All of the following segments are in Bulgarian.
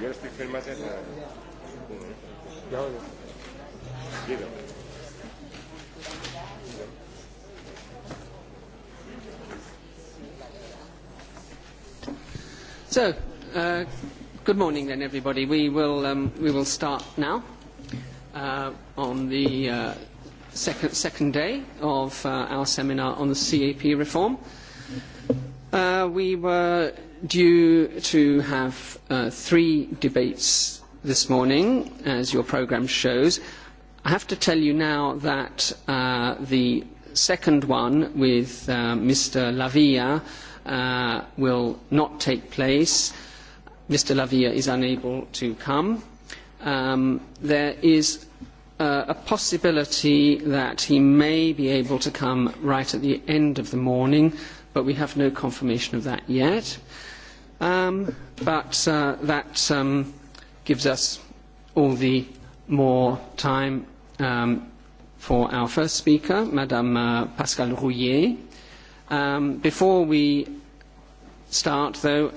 Yo estoy So, uh, good morning then everybody. We will, um, we will start now uh, on the uh, second, second day of uh, our seminar on the CAP reform. Uh, we were due to have uh, three debates this morning, as your programme shows. I have to tell you now that uh, the second one with uh, Mr. Lavia uh, will not take place. Mr. Lavia is unable to come. Um, there is uh, a possibility that he may be able to come right at the end of the morning, but we have no confirmation of that yet but that gives us all the more time for our first speaker, Madame Pascale Rouillet. before we start, though,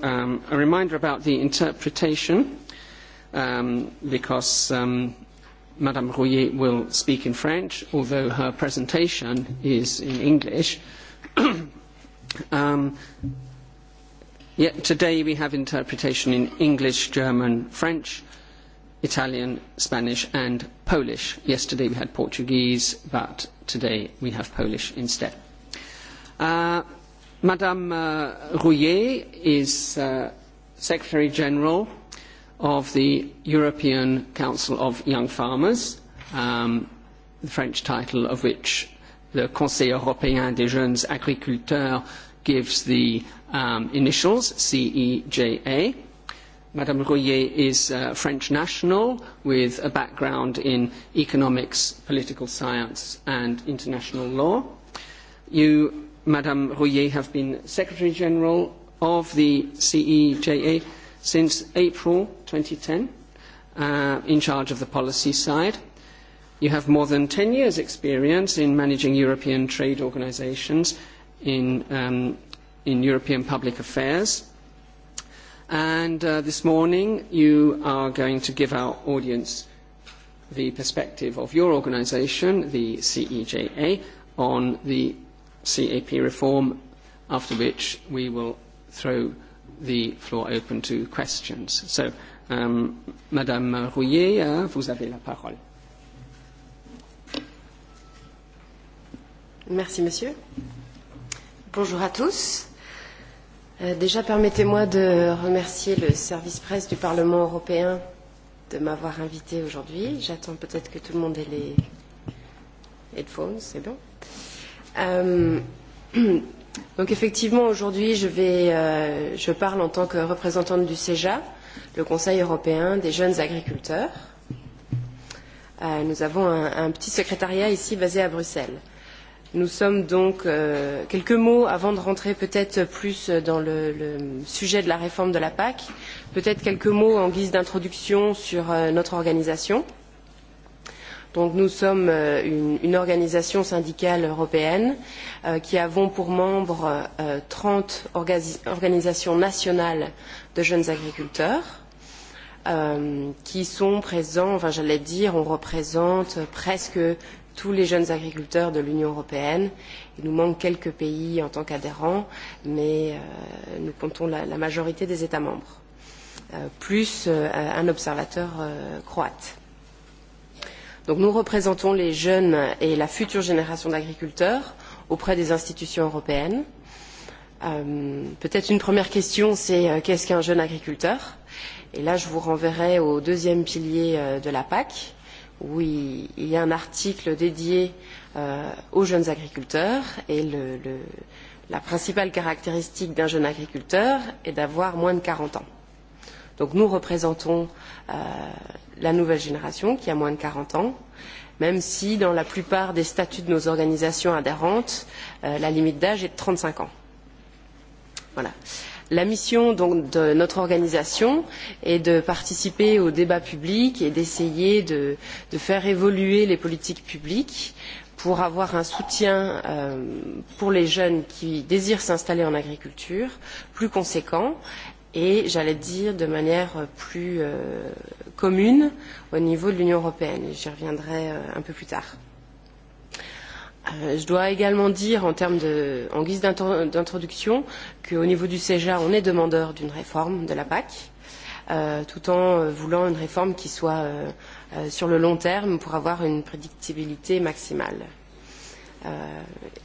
a reminder about the interpretation, because Madame Rouillet will speak in French, although her presentation is in English Yet today we have interpretation in English, German, French, Italian, Spanish and Polish. Yesterday we had Portuguese, but today we have Polish instead. Madame Rouillet is Secretary General of the European Council of Young Farmers, the French title of which the Conseil européen des jeunes agriculteurs gives the um, initials, CEJA. Madame Royer is a French national with a background in economics, political science, and international law. You, Madame Royer, have been Secretary General of the CEJA since April 2010, uh, in charge of the policy side. You have more than 10 years' experience in managing European trade organizations in um, in European public affairs. And this morning you are going to give our audience the perspective of your organisation, the CEJA, on the CAP reform, after which we will throw the floor open to questions. So, um, Madame Rouillet, uh, vous avez la parole. Merci, monsieur. Bonjour à tous. Déjà, permettez-moi de remercier le service presse du Parlement européen de m'avoir invité aujourd'hui. J'attends peut-être que tout le monde ait les headphones, c'est bon. Euh, donc effectivement, aujourd'hui, je, vais, euh, je parle en tant que représentante du CEJA, le Conseil européen des jeunes agriculteurs. Euh, nous avons un, un petit secrétariat ici basé à Bruxelles. Nous sommes donc quelques mots avant de rentrer peut-être plus dans le, sujet de la réforme de la PAC, peut-être quelques mots en guise d'introduction sur notre organisation. Donc nous sommes une, organisation syndicale européenne qui avons pour membres trente organisations nationales de jeunes agriculteurs qui sont présents, enfin j'allais dire, on représente presque tous les jeunes agriculteurs de l'Union européenne. Il nous manque quelques pays en tant qu'adhérents, mais nous comptons la, majorité des États membres, plus un observateur croate. Donc nous représentons les jeunes et la future génération d'agriculteurs auprès des institutions européennes. Peut-être une première question, c'est qu'est-ce qu'un jeune agriculteur Et là, je vous renverrai au deuxième pilier de la PAC, où il, y a un article dédié aux jeunes agriculteurs et le, le, la principale caractéristique d'un jeune agriculteur est d'avoir moins de quarante ans. Donc nous représentons la nouvelle génération qui a moins de quarante ans, même si dans la plupart des statuts de nos organisations adhérentes, la limite d'âge est de trente cinq ans. Voilà. Euh, La mission de notre organisation est de participer au débat public et d'essayer de, faire évoluer les politiques publiques pour avoir un soutien pour les jeunes qui désirent s'installer en agriculture plus conséquent et, j'allais dire, de manière plus commune au niveau de l'Union européenne. J'y reviendrai un peu plus tard je dois également dire en, guise d'introduction qu'au niveau du CEJA, on est demandeur d'une réforme de la PAC, tout en voulant une réforme qui soit sur le long terme pour avoir une prédictibilité maximale.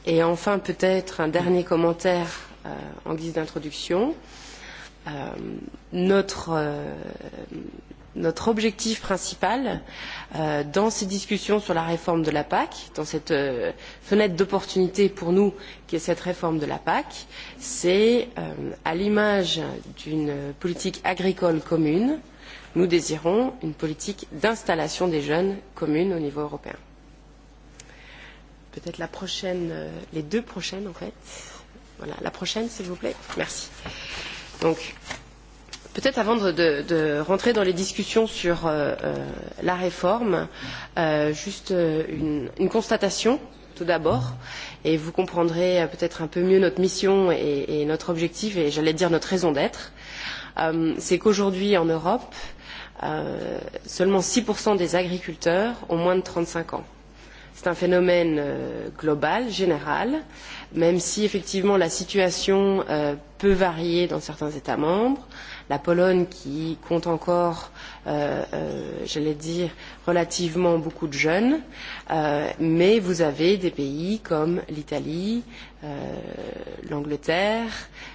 et enfin, peut-être un dernier commentaire en guise d'introduction. notre notre objectif principal dans ces discussions sur la réforme de la PAC, dans cette fenêtre d'opportunité pour nous qui est cette réforme de la PAC, c'est, à l'image d'une politique agricole commune, nous désirons une politique d'installation des jeunes commune au niveau européen. Peut-être la prochaine, les deux prochaines en fait. Voilà, la prochaine s'il vous plaît. Merci. Donc, Peut-être avant de, de, de rentrer dans les discussions sur euh, la réforme, euh, juste une, une constatation tout d'abord, et vous comprendrez peut-être un peu mieux notre mission et, et notre objectif, et j'allais dire notre raison d'être. Euh, C'est qu'aujourd'hui en Europe, euh, seulement 6% des agriculteurs ont moins de 35 ans. C'est un phénomène euh, global, général, même si effectivement la situation euh, peut varier dans certains États membres la Pologne qui compte encore, euh, euh, j'allais dire, relativement beaucoup de jeunes, euh, mais vous avez des pays comme l'Italie, euh, l'Angleterre,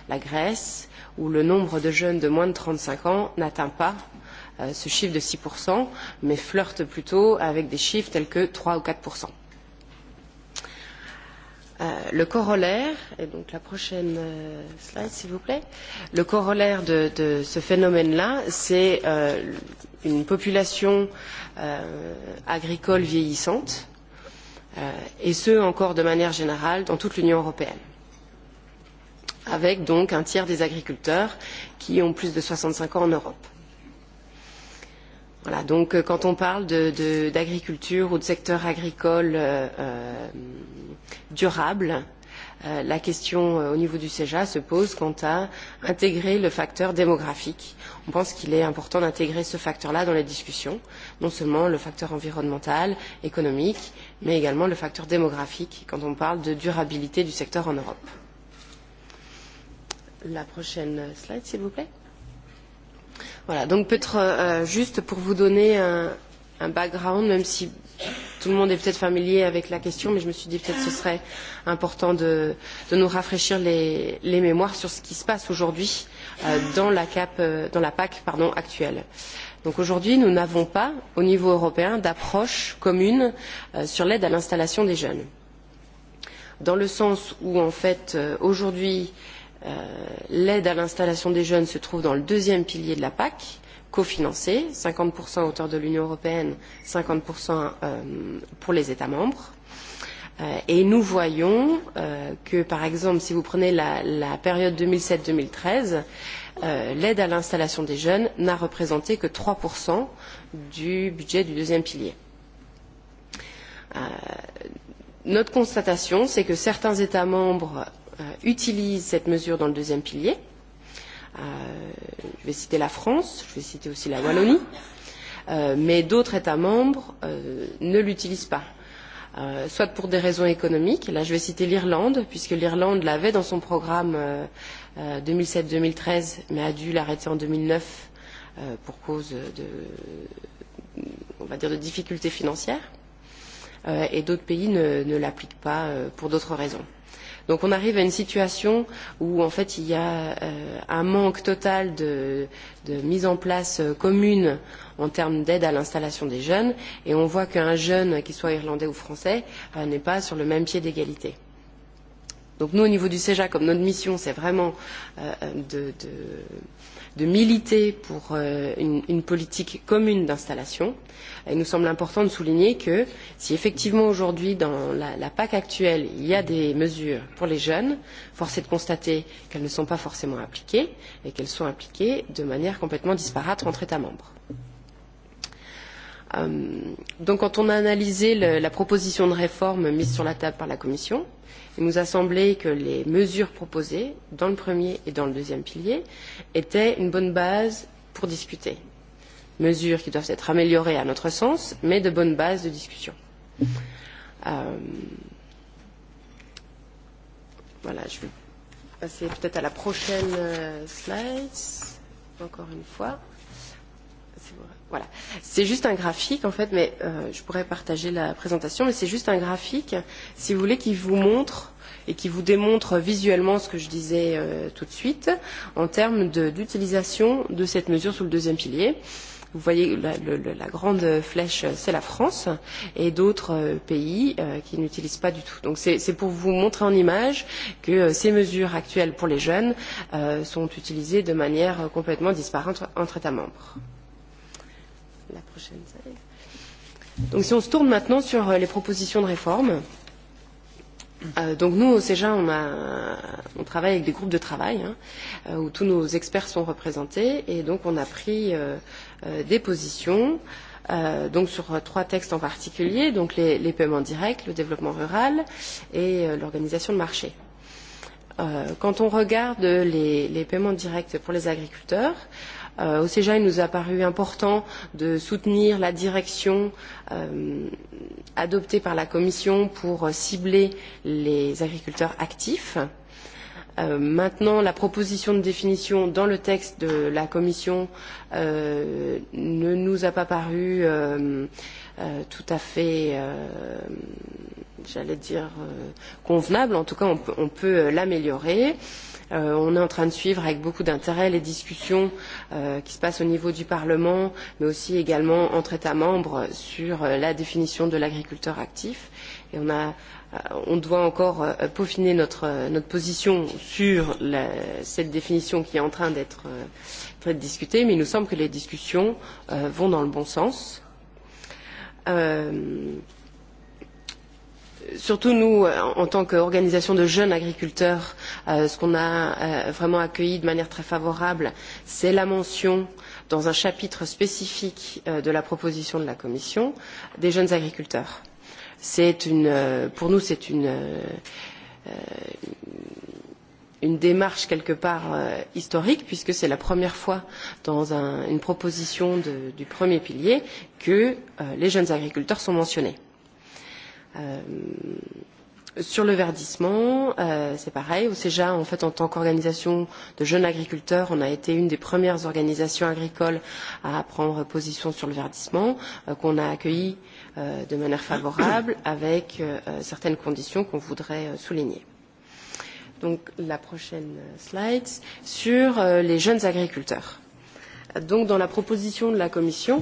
la Grèce, où le nombre de jeunes de moins de 35 ans n'atteint pas euh, ce chiffre de 6%, mais flirte plutôt avec des chiffres tels que 3 ou 4% le corollaire, et donc la prochaine slide s'il vous plaît, le corollaire de, de ce phénomène-là, c'est une population agricole vieillissante, et ce encore de manière générale dans toute l'Union européenne avec donc un tiers des agriculteurs qui ont plus de soixante cinq ans en Europe. Voilà, donc quand on parle d'agriculture ou de secteur agricole durable, la question au niveau du CEJA se pose quant à intégrer le facteur démographique. On pense qu'il est important d'intégrer ce facteur-là dans les discussions, non seulement le facteur environnemental, économique, mais également le facteur démographique quand on parle de durabilité du secteur en Europe. La prochaine slide, s'il vous plaît. Voilà, donc peut-être euh, juste pour vous donner un, un background, même si tout le monde est peut-être familier avec la question, mais je me suis dit peut-être ce serait important de, de nous rafraîchir les, les mémoires sur ce qui se passe aujourd'hui euh, dans, la euh, dans la PAC pardon, actuelle. Donc aujourd'hui, nous n'avons pas, au niveau européen, d'approche commune euh, sur l'aide à l'installation des jeunes. Dans le sens où, en fait, euh, aujourd'hui, euh, l'aide à l'installation des jeunes se trouve dans le deuxième pilier de la PAC, cofinancé, 50% à hauteur de l'Union européenne, 50% pour les États membres. Et nous voyons que, par exemple, si vous prenez la, période deux mille sept deux mille treize, l'aide à l'installation des jeunes n'a représenté que trois du budget du deuxième pilier. notre constatation, c'est que certains États membres utilisent cette mesure dans le deuxième pilier. je vais citer la France, je vais citer aussi la Wallonie, mais d'autres États membres ne l'utilisent pas soit pour des raisons économiques. Là, je vais citer l'Irlande, puisque l'Irlande l'avait dans son programme deux mille sept mais a dû l'arrêter en deux mille neuf pour cause de, on va dire, de difficultés financières. et d'autres pays ne, ne l'appliquent pas pour d'autres raisons. Donc on arrive à une situation où en fait il y a un manque total de, mise en place commune en termes d'aide à l'installation des jeunes et on voit qu'un jeune, qu'il soit irlandais ou français, n'est pas sur le même pied d'égalité. Donc nous au niveau du CEJA, comme notre mission c'est vraiment de de militer pour une, politique commune d'installation. Il nous semble important de souligner que si effectivement aujourd'hui dans la, PAC actuelle il y a des mesures pour les jeunes, force est de constater qu'elles ne sont pas forcément appliquées et qu'elles sont appliquées de manière complètement disparate entre États membres. donc quand on a analysé la proposition de réforme mise sur la table par la Commission, Il nous a semblé que les mesures proposées dans le premier et dans le deuxième pilier étaient une bonne base pour discuter. Mesures qui doivent être améliorées à notre sens, mais de bonnes bases de discussion. Euh... Voilà, je vais passer peut-être à la prochaine slide, encore une fois. Voilà. C'est juste un graphique, en fait, mais euh, je pourrais partager la présentation, mais c'est juste un graphique, si vous voulez, qui vous montre et qui vous démontre visuellement ce que je disais euh, tout de suite en termes d'utilisation de, de cette mesure sous le deuxième pilier. Vous voyez, la, le, la grande flèche, c'est la France et d'autres pays euh, qui n'utilisent pas du tout. Donc c'est pour vous montrer en image que euh, ces mesures actuelles pour les jeunes euh, sont utilisées de manière complètement disparate entre, entre États membres la prochaine slide. Donc si on se tourne maintenant sur les propositions de réforme, euh, donc nous au CEJA on, a, on travaille avec des groupes de travail hein, où tous nos experts sont représentés et donc on a pris euh, des positions euh, donc sur trois textes en particulier, donc les, les paiements directs, le développement rural et euh, l'organisation de marché. Euh, quand on regarde les, les paiements directs pour les agriculteurs, au CGI, il nous a paru important de soutenir la direction adoptée par la Commission pour cibler les agriculteurs actifs. maintenant, la proposition de définition dans le texte de la Commission ne nous a pas paru tout à fait, j'allais dire, convenable. En tout cas, on peut, l'améliorer. Euh, on est en train de suivre avec beaucoup d'intérêt les discussions qui se passent au niveau du Parlement, mais aussi également entre États membres sur la définition de l'agriculteur actif. Et on a on doit encore peaufiner notre, position sur cette définition qui est en train d'être discutée, mais il nous semble que les discussions vont dans le bon sens. Euh, surtout nous, en tant qu'organisation de jeunes agriculteurs, ce qu'on a vraiment accueilli de manière très favorable, c'est la mention dans un chapitre spécifique de la proposition de la Commission des jeunes agriculteurs. pour nous, c'est une, une démarche quelque part historique puisque c'est la première fois dans une proposition du premier pilier que les jeunes agriculteurs sont mentionnés sur le verdissement, c'est pareil. Au CEJA, en fait, en tant qu'organisation de jeunes agriculteurs, on a été une des premières organisations agricoles à prendre position sur le verdissement, qu'on a accueilli de manière favorable, avec certaines conditions qu'on voudrait souligner. Donc la prochaine slide sur les jeunes agriculteurs Donc, dans la proposition de la Commission,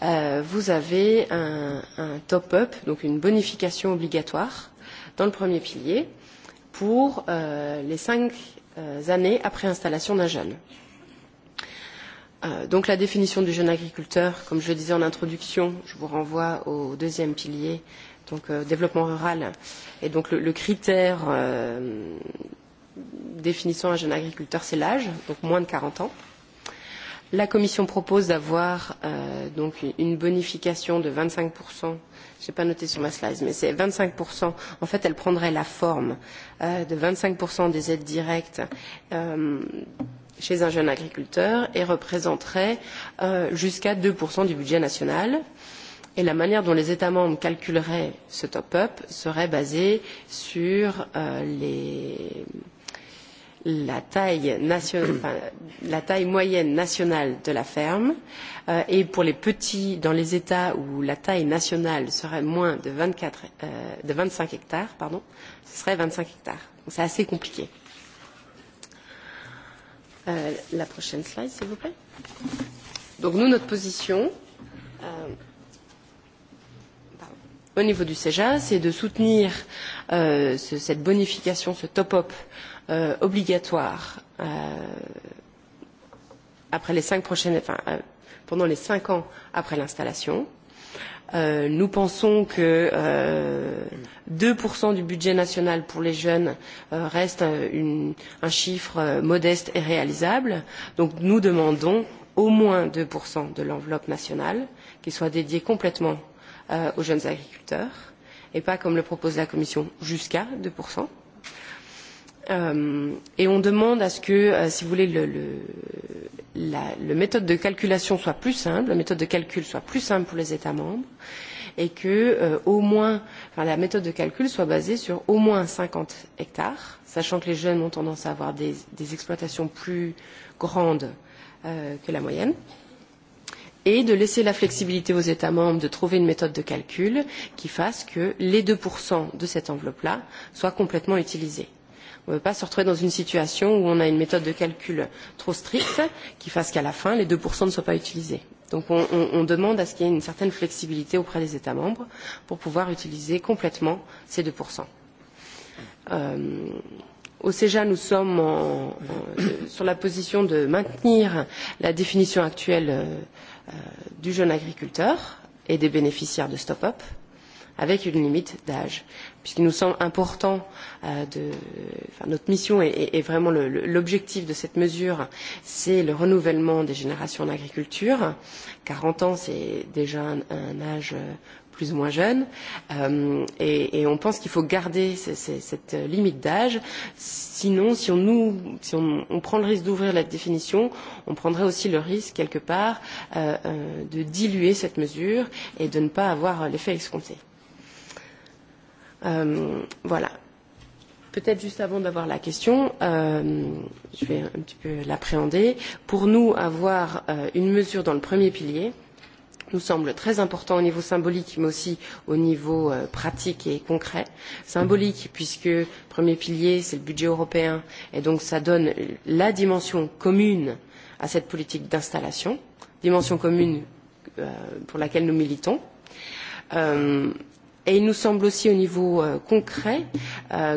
vous avez un, top-up, donc une bonification obligatoire dans le premier pilier pour les cinq années après installation d'un jeune. donc, la définition du jeune agriculteur, comme je le disais en introduction, je vous renvoie au deuxième pilier, donc développement rural, et donc le, critère définissant un jeune agriculteur, c'est l'âge, donc moins de quarante ans La Commission propose d'avoir donc une bonification de vingt cinq je n'ai pas noté sur ma slide, mais c'est 25%. En fait, elle prendrait la forme euh, de 25% des aides directes euh, chez un jeune agriculteur et représenterait euh, jusqu'à 2% du budget national. Et la manière dont les États membres calculeraient ce top-up serait basée sur euh, les la taille, moyenne nationale de la ferme et pour les petits dans les États où la taille nationale serait moins de, 24, de 25 hectares, pardon, ce serait cinq hectares. Donc c'est assez compliqué. Euh, la prochaine slide, s'il vous plaît. Donc nous, notre position au niveau du CEJA, c'est de soutenir cette bonification, ce top-up obligatoire après les cinq prochaines, enfin, pendant les cinq ans après l'installation. nous pensons que deux du budget national pour les jeunes reste un chiffre modeste et réalisable. Donc nous demandons au moins deux de l'enveloppe nationale qui soit dédiée complètement aux jeunes agriculteurs et pas comme le propose la Commission jusqu'à deux et on demande à ce que, si vous voulez, la, méthode de calculation soit plus simple, la méthode de calcul soit plus simple pour les États membres, et que au moins, la méthode de calcul soit basée sur au moins cinquante hectares, sachant que les jeunes ont tendance à avoir des, exploitations plus grandes que la moyenne et de laisser la flexibilité aux États membres de trouver une méthode de calcul qui fasse que les deux de cette enveloppe-là soient complètement utilisés On ne veut pas se retrouver dans une situation où on a une méthode de calcul trop stricte qui fasse qu'à la fin, les 2% ne soient pas utilisés. Donc on, on, on demande à ce qu'il y ait une certaine flexibilité auprès des États membres pour pouvoir utiliser complètement ces 2%. Euh, au CEJA, nous sommes en, en, sur la position de maintenir la définition actuelle euh, du jeune agriculteur et des bénéficiaires de Stop Up avec une limite d'âge puisqu'il nous semble important de notre mission et, vraiment l'objectif de cette mesure, c'est le renouvellement des générations en agriculture. Quarante ans, c'est déjà un, âge plus ou moins jeune, et, on pense qu'il faut garder cette limite d'âge. Sinon, si on, prend le risque d'ouvrir la définition, on prendrait aussi le risque quelque part de diluer cette mesure et de ne pas avoir l'effet escompté voilà. Peut-être juste avant d'avoir la question, euh, je vais un petit peu l'appréhender. Pour nous, avoir euh, une mesure dans le premier pilier nous semble très important au niveau symbolique, mais aussi au niveau euh, pratique et concret. Symbolique, puisque premier pilier, c'est le budget européen, et donc ça donne la dimension commune à cette politique d'installation, dimension commune euh, pour laquelle nous militons. Euh, Et il nous semble aussi au niveau concret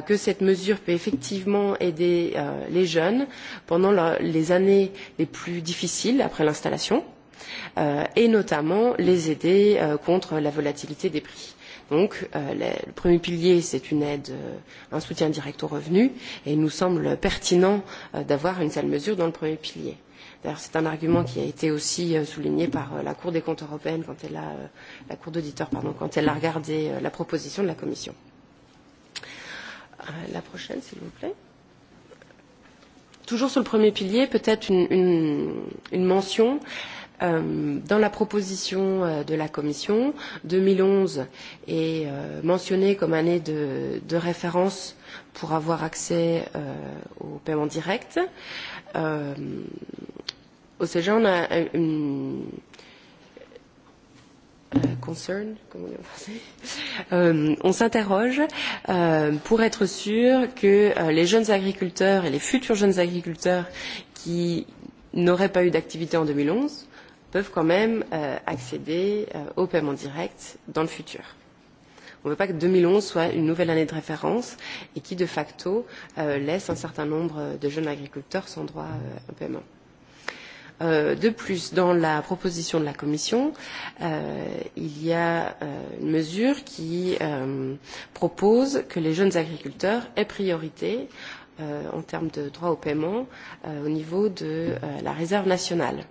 que cette mesure peut effectivement aider les jeunes pendant les années les plus difficiles après l'installation et notamment les aider contre la volatilité des prix. Donc le premier pilier, c'est une aide, un soutien direct aux revenus et il nous semble pertinent d'avoir une telle mesure dans le premier pilier. C'est un argument qui a été aussi souligné par la Cour des comptes européenne quand elle a, la Cour d'auditeur, pardon, quand elle a regardé la proposition de la Commission. La prochaine, s'il vous plaît. Toujours sur le premier pilier, peut-être une, une, une mention. Dans la proposition de la Commission, 2011 est mentionnée comme année de, de référence pour avoir accès euh, au paiement direct. Euh, euh, au CEGEN, on a une concern, comment dire en français euh, On s'interroge euh, pour être sûr que euh, les jeunes agriculteurs et les futurs jeunes agriculteurs qui n'auraient pas eu d'activité en 2011 peuvent quand même euh, accéder euh, au paiement direct dans le futur. Euh, On ne veut pas que 2011 soit une nouvelle année de référence et qui, de facto, euh, laisse un certain nombre de jeunes agriculteurs sans droit euh, au paiement. Euh, de plus, dans la proposition de la Commission, euh, il y a euh, une mesure qui euh, propose que les jeunes agriculteurs aient priorité euh, en termes de droit au paiement euh, au niveau de euh, la réserve nationale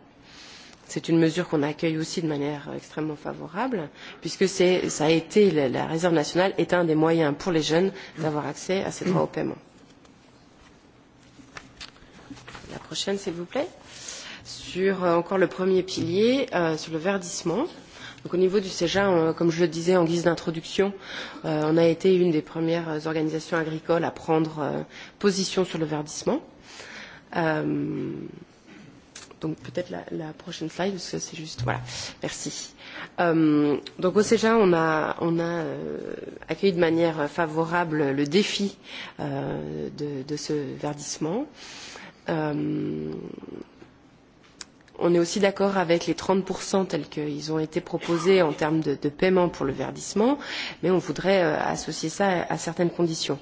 C'est une mesure qu'on accueille aussi de manière extrêmement favorable, puisque ça a été la réserve nationale est un des moyens pour les jeunes d'avoir accès à ces droits au paiement. La prochaine, s'il vous plaît. Sur encore le premier pilier, sur le verdissement. Donc, au niveau du CEJA, comme je le disais en guise d'introduction, on a été une des premières organisations agricoles à prendre position sur le verdissement. Euh, Donc peut-être la, la prochaine slide, parce que c'est juste... Voilà, merci. Euh, donc au CEJA, on a, on a euh, accueilli de manière favorable le défi euh, de, de ce verdissement. Euh, on est aussi d'accord avec les 30% tels qu'ils ont été proposés en termes de, de paiement pour le verdissement, mais on voudrait euh, associer ça à, à certaines conditions.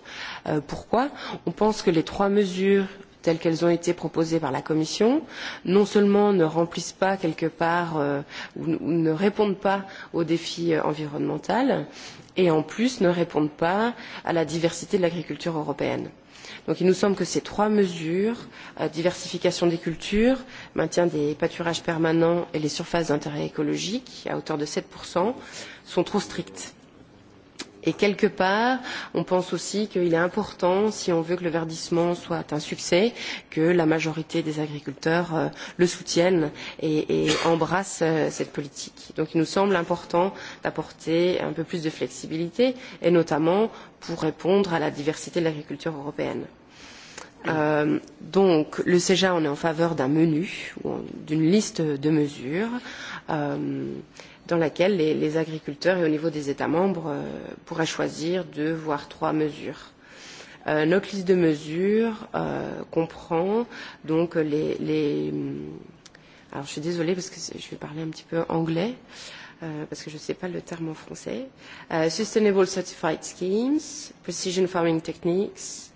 Euh, pourquoi On pense que les trois mesures telles qu'elles ont été proposées par la Commission, non seulement ne remplissent pas quelque part ou, ne répondent pas au défi environnemental, et en plus ne répondent pas à la diversité de l'agriculture européenne. Donc il nous semble que ces trois mesures, diversification des cultures, maintien des pâturages permanents et les surfaces d'intérêt écologique à hauteur de 7%, sont trop strictes Et quelque part, on pense aussi qu'il est important, si on veut que le verdissement soit un succès, que la majorité des agriculteurs le soutiennent et, embrassent cette politique. Donc il nous semble important d'apporter un peu plus de flexibilité, et notamment pour répondre à la diversité de l'agriculture européenne donc, le CEJA, on est en faveur d'un menu, d'une liste de mesures dans laquelle les, les agriculteurs et au niveau des États membres euh, pourraient choisir deux voire trois mesures. Euh, notre liste de mesures euh, comprend donc les, les. Alors je suis désolée parce que je vais parler un petit peu anglais. Euh, parce que je ne sais pas le terme en français. Euh, Sustainable Certified Schemes, Precision Farming Techniques,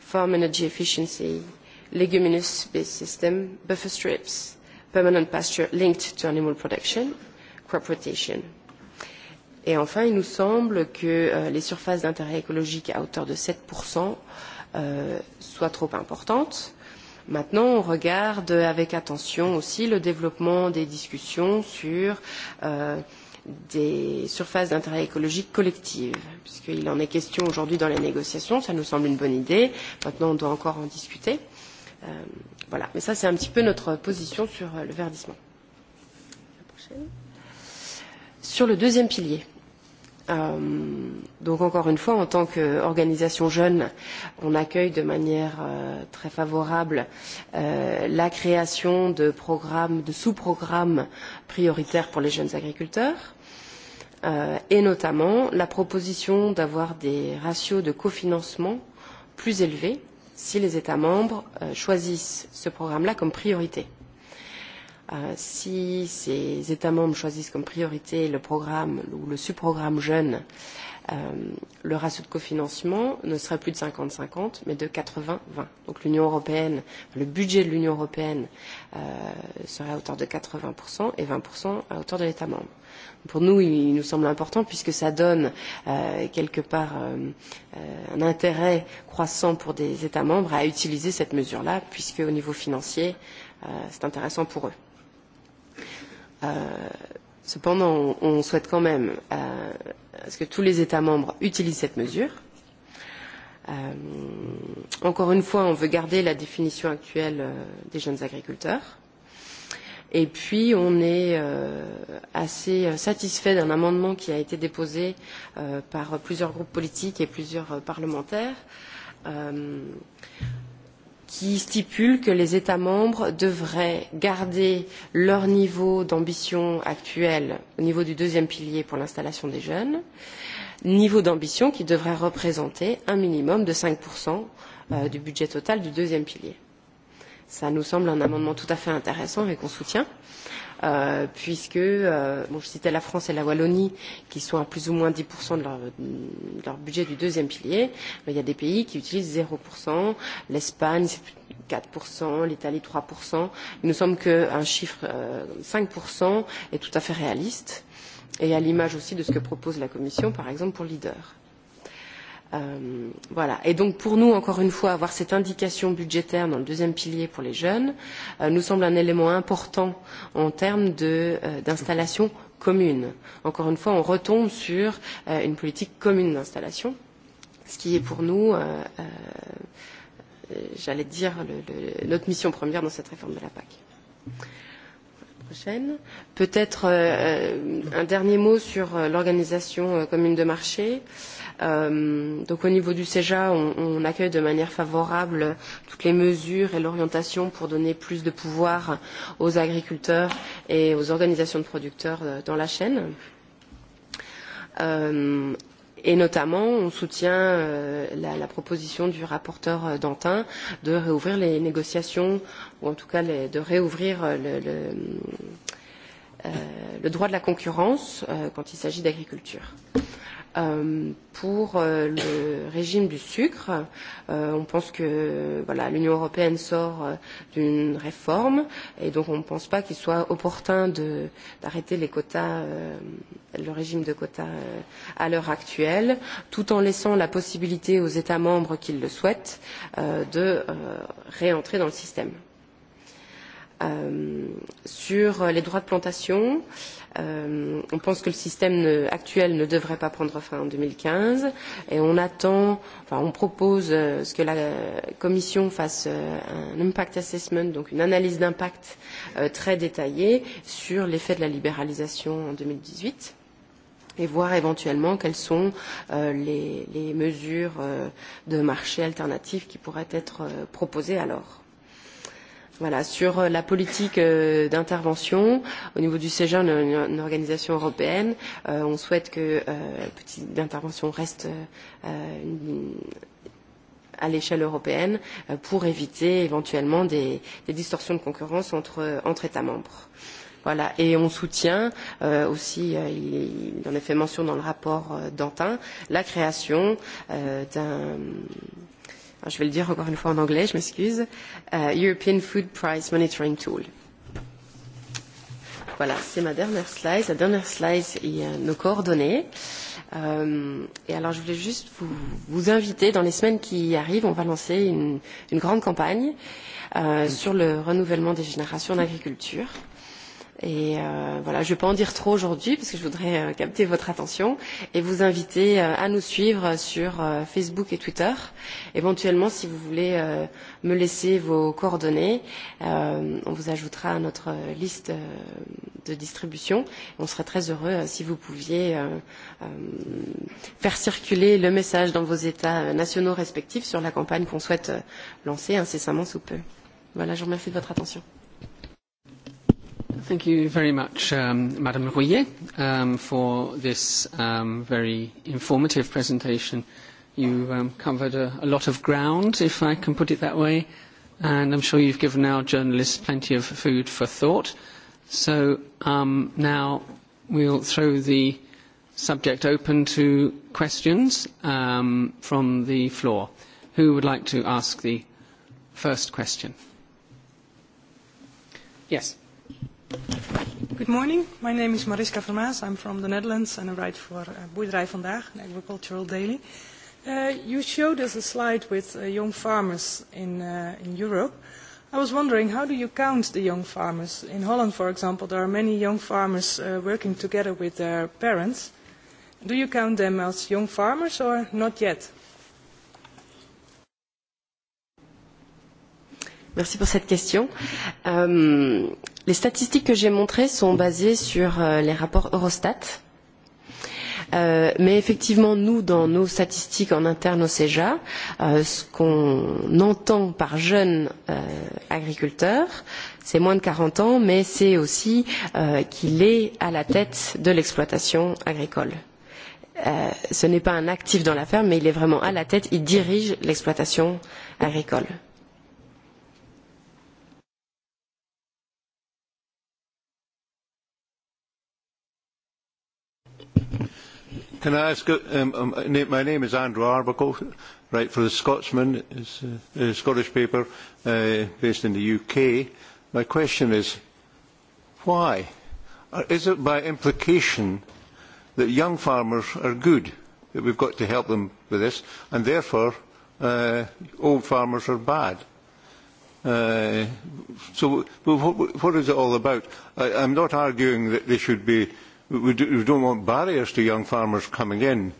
Farm Energy Efficiency, Leguminous Based System, Buffer Strips, Permanent Pasture Linked to Animal Production, crop rotation. Et enfin, il nous semble que les surfaces d'intérêt écologique à hauteur de 7% soient trop importantes. Maintenant, on regarde avec attention aussi le développement des discussions sur des surfaces d'intérêt écologique collectives, puisqu'il en est question aujourd'hui dans les négociations. Ça nous semble une bonne idée. Maintenant, on doit encore en discuter. voilà. Mais ça, c'est un petit peu notre position sur le verdissement. La prochaine. Sur le deuxième pilier, donc encore une fois, en tant qu'organisation jeune, on accueille de manière très favorable la création de programmes, de sous-programmes prioritaires pour les jeunes agriculteurs et notamment la proposition d'avoir des ratios de cofinancement plus élevés si les États membres choisissent ce programme-là comme priorité si ces États membres choisissent comme priorité le programme ou le sous-programme jeune, le ratio de cofinancement ne serait plus de cinquante cinquante, mais de quatre vingt vingt. Donc l'Union européenne, le budget de l'Union européenne serait à hauteur de quatre 80% et vingt à hauteur de l'État membre. Pour nous, il nous semble important puisque ça donne quelque part un intérêt croissant pour des États membres à utiliser cette mesure-là, puisque au niveau financier, c'est intéressant pour eux cependant, on souhaite quand même ce que tous les États membres utilisent cette mesure. encore une fois, on veut garder la définition actuelle des jeunes agriculteurs. Et puis, on est assez satisfait d'un amendement qui a été déposé par plusieurs groupes politiques et plusieurs parlementaires qui stipule que les États membres devraient garder leur niveau d'ambition actuel au niveau du deuxième pilier pour l'installation des jeunes, niveau d'ambition qui devrait représenter un minimum de cinq du budget total du deuxième pilier. Cela nous semble un amendement tout à fait intéressant et qu'on soutient. Euh, puisque bon, je citais la France et la Wallonie qui sont à plus ou moins 10% de leur, de leur budget du deuxième pilier, mais il y a des pays qui utilisent 0%, l'Espagne 4%, l'Italie 3%. Il nous semble qu'un chiffre euh, 5% est tout à fait réaliste et à l'image aussi de ce que propose la Commission, par exemple, pour Leader voilà. Et donc pour nous, encore une fois, avoir cette indication budgétaire dans le deuxième pilier pour les jeunes nous semble un élément important en termes d'installation commune. Encore une fois, on retombe sur une politique commune d'installation, ce qui est pour nous, j'allais dire, notre mission première dans cette réforme de la PAC prochaine. Peut-être un dernier mot sur l'organisation commune de marché. Euh, donc au niveau du CEJA, on, on accueille de manière favorable toutes les mesures et l'orientation pour donner plus de pouvoir aux agriculteurs et aux organisations de producteurs dans la chaîne. Euh, et notamment on soutient la, proposition du rapporteur Dantin de réouvrir les négociations ou en tout cas de réouvrir le, droit de la concurrence quand il s'agit d'agriculture. Euh, pour le régime du sucre. on pense que voilà, l'Union européenne sort d'une réforme et donc on ne pense pas qu'il soit opportun d'arrêter les quotas, le régime de quotas à l'heure actuelle, tout en laissant la possibilité aux États membres qui le souhaitent de réentrer dans le système sur les droits de plantation, on pense que le système actuel ne devrait pas prendre fin en deux mille quinze et on attend, enfin on propose ce que la Commission fasse un impact assessment, donc une analyse d'impact très détaillée sur l'effet de la libéralisation en deux mille dix huit et voir éventuellement quelles sont euh, les, les mesures euh, de marché alternatives qui pourraient être euh, proposées alors. Voilà, sur la politique euh, d'intervention au niveau du CEGEN, une, une organisation européenne, euh, on souhaite que euh, la politique d'intervention reste euh, une, à l'échelle européenne euh, pour éviter éventuellement des, des distorsions de concurrence entre, entre États membres. Voilà. Et on soutient euh, aussi, euh, il, il en est fait mention dans le rapport euh, d'Antin, la création euh, d'un je vais le dire encore une fois en anglais, je m'excuse, European Food Price Monitoring Tool. Voilà, c'est ma dernière slide. La dernière slide est nos coordonnées. Euh, et alors, je voulais juste vous, vous inviter, dans les semaines qui arrivent, on va lancer une, une grande campagne euh, sur le renouvellement des générations d'agriculture. agriculture Et voilà, je ne vais pas en dire trop aujourd'hui parce que je voudrais capter votre attention et vous inviter à nous suivre sur Facebook et Twitter. Éventuellement, si vous voulez me laisser vos coordonnées, on vous ajoutera à notre liste de distribution. On serait très heureux si vous pouviez faire circuler le message dans vos États nationaux respectifs sur la campagne qu'on souhaite lancer incessamment sous peu. Voilà, je vous remercie de votre attention. Thank you very much, um, Madame Rouillet, um, for this um, very informative presentation. You um, covered a, a lot of ground, if I can put it that way, and I'm sure you've given our journalists plenty of food for thought. So um, now we'll throw the subject open to questions um, from the floor. Who would like to ask the first question? Yes. Good morning. My name is Mariska Vermaas. I'm from the Netherlands and I write for Boerderij Vandaag, an agricultural daily. Uh, you showed us a slide with uh, young farmers in, uh, in Europe. I was wondering, how do you count the young farmers? In Holland, for example, there are many young farmers uh, working together with their parents. Do you count them as young farmers or not yet? Merci pour cette question. Euh, Les statistiques que j'ai montrées sont basées sur les rapports Eurostat. mais effectivement, nous, dans nos statistiques en interne au CEJA, ce qu'on entend par jeune agriculteur, c'est moins de quarante ans, mais c'est aussi qu'il est à la tête de l'exploitation agricole ce n'est pas un actif dans la ferme, mais il est vraiment à la tête, il dirige l'exploitation agricole. Can I ask, um, my name is Andrew Arbuckle, right, for the Scotsman, a, a Scottish paper uh, based in the UK. My question is, why? Is it by implication that young farmers are good, that we've got to help them with this, and therefore uh, old farmers are bad? Uh, so what, what is it all about? I, I'm not arguing that they should be we, do, we don't want barriers to young farmers coming in.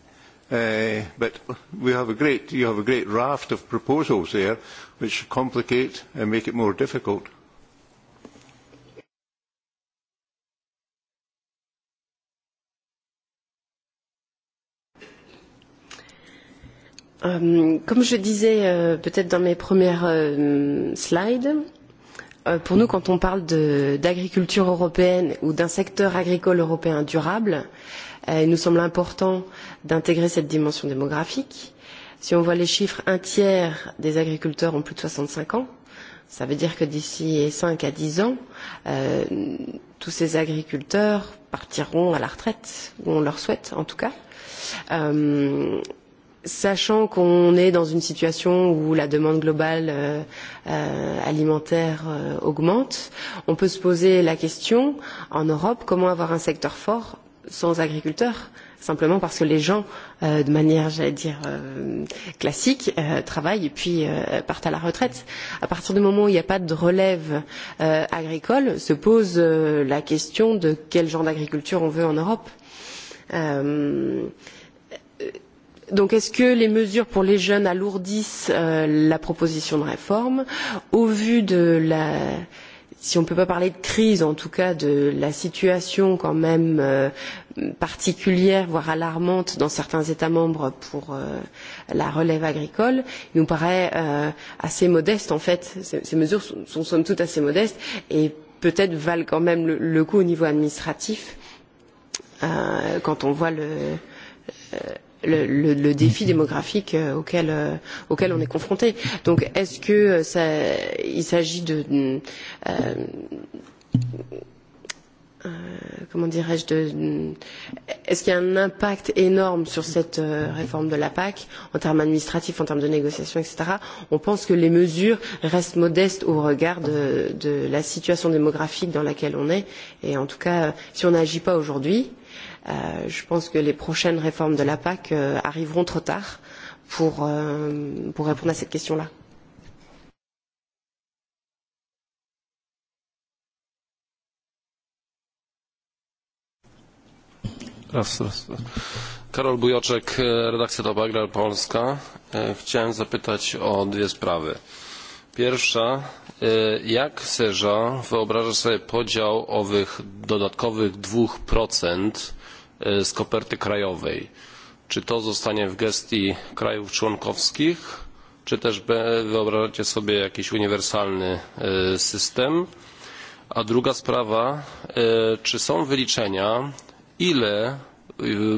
Uh, but we have a great, you have a great raft of proposals there which complicate and make it more difficult. Comme je disais peut-être dans mes premières slides, pour nous, quand on parle d'agriculture européenne ou d'un secteur agricole européen durable, il nous semble important d'intégrer cette dimension démographique. Si on voit les chiffres, un tiers des agriculteurs ont plus de soixante cinq ans. Ça veut dire que d'ici cinq à dix ans, tous ces agriculteurs partiront à la retraite, ou on leur souhaite en tout cas sachant qu'on est dans une situation où la demande globale alimentaire augmente, on peut se poser la question en Europe comment avoir un secteur fort sans agriculteurs simplement parce que les gens, de manière, j'allais dire, classique, travaillent et puis partent à la retraite. À partir du moment où il n'y a pas de relève agricole, se pose la question de quel genre d'agriculture on veut en Europe Donc est-ce que les mesures pour les jeunes alourdissent la proposition de réforme au vu de la si on ne peut pas parler de crise, en tout cas de la situation quand même particulière, voire alarmante dans certains États membres pour la relève agricole, il nous paraît assez modeste en fait. Ces, mesures sont, somme toute assez modestes et peut-être valent quand même le, coup au niveau administratif quand on voit le le, le, le défi démographique auquel, euh, auquel on est confronté. Donc est-ce que ça, il s'agit de. Euh, comment dirais-je de est-ce qu'il y a un impact énorme sur cette réforme de la PAC en termes administratifs, en termes de négociations, etc. On pense que les mesures restent modestes au regard de, de la situation démographique dans laquelle on est. Et en tout cas, si on n'agit pas aujourd'hui, euh, je pense que les prochaines réformes de la PAC arriveront trop tard pour, répondre à cette question-là. Karol Bujoczek, redakcja Toba Agrar Polska. Chciałem zapytać o dwie sprawy. Pierwsza, jak Serza wyobraża sobie podział owych dodatkowych 2% z koperty krajowej. Czy to zostanie w gestii krajów członkowskich, czy też wyobrażacie sobie jakiś uniwersalny system? A druga sprawa, czy są wyliczenia, ile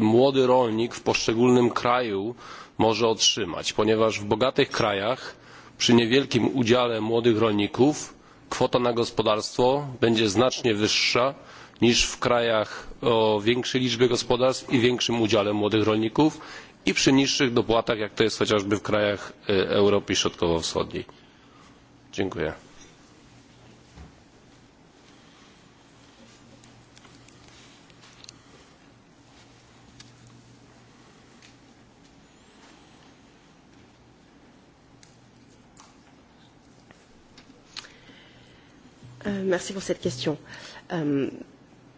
młody rolnik w poszczególnym kraju może otrzymać, ponieważ w bogatych krajach przy niewielkim udziale młodych rolników kwota na gospodarstwo będzie znacznie wyższa niż w krajach o większej liczbie gospodarstw i większym udziale młodych rolników i przy niższych dopłatach, jak to jest chociażby w krajach Europy Środkowo-Wschodniej. Dziękuję. Merci pour cette question. Euh,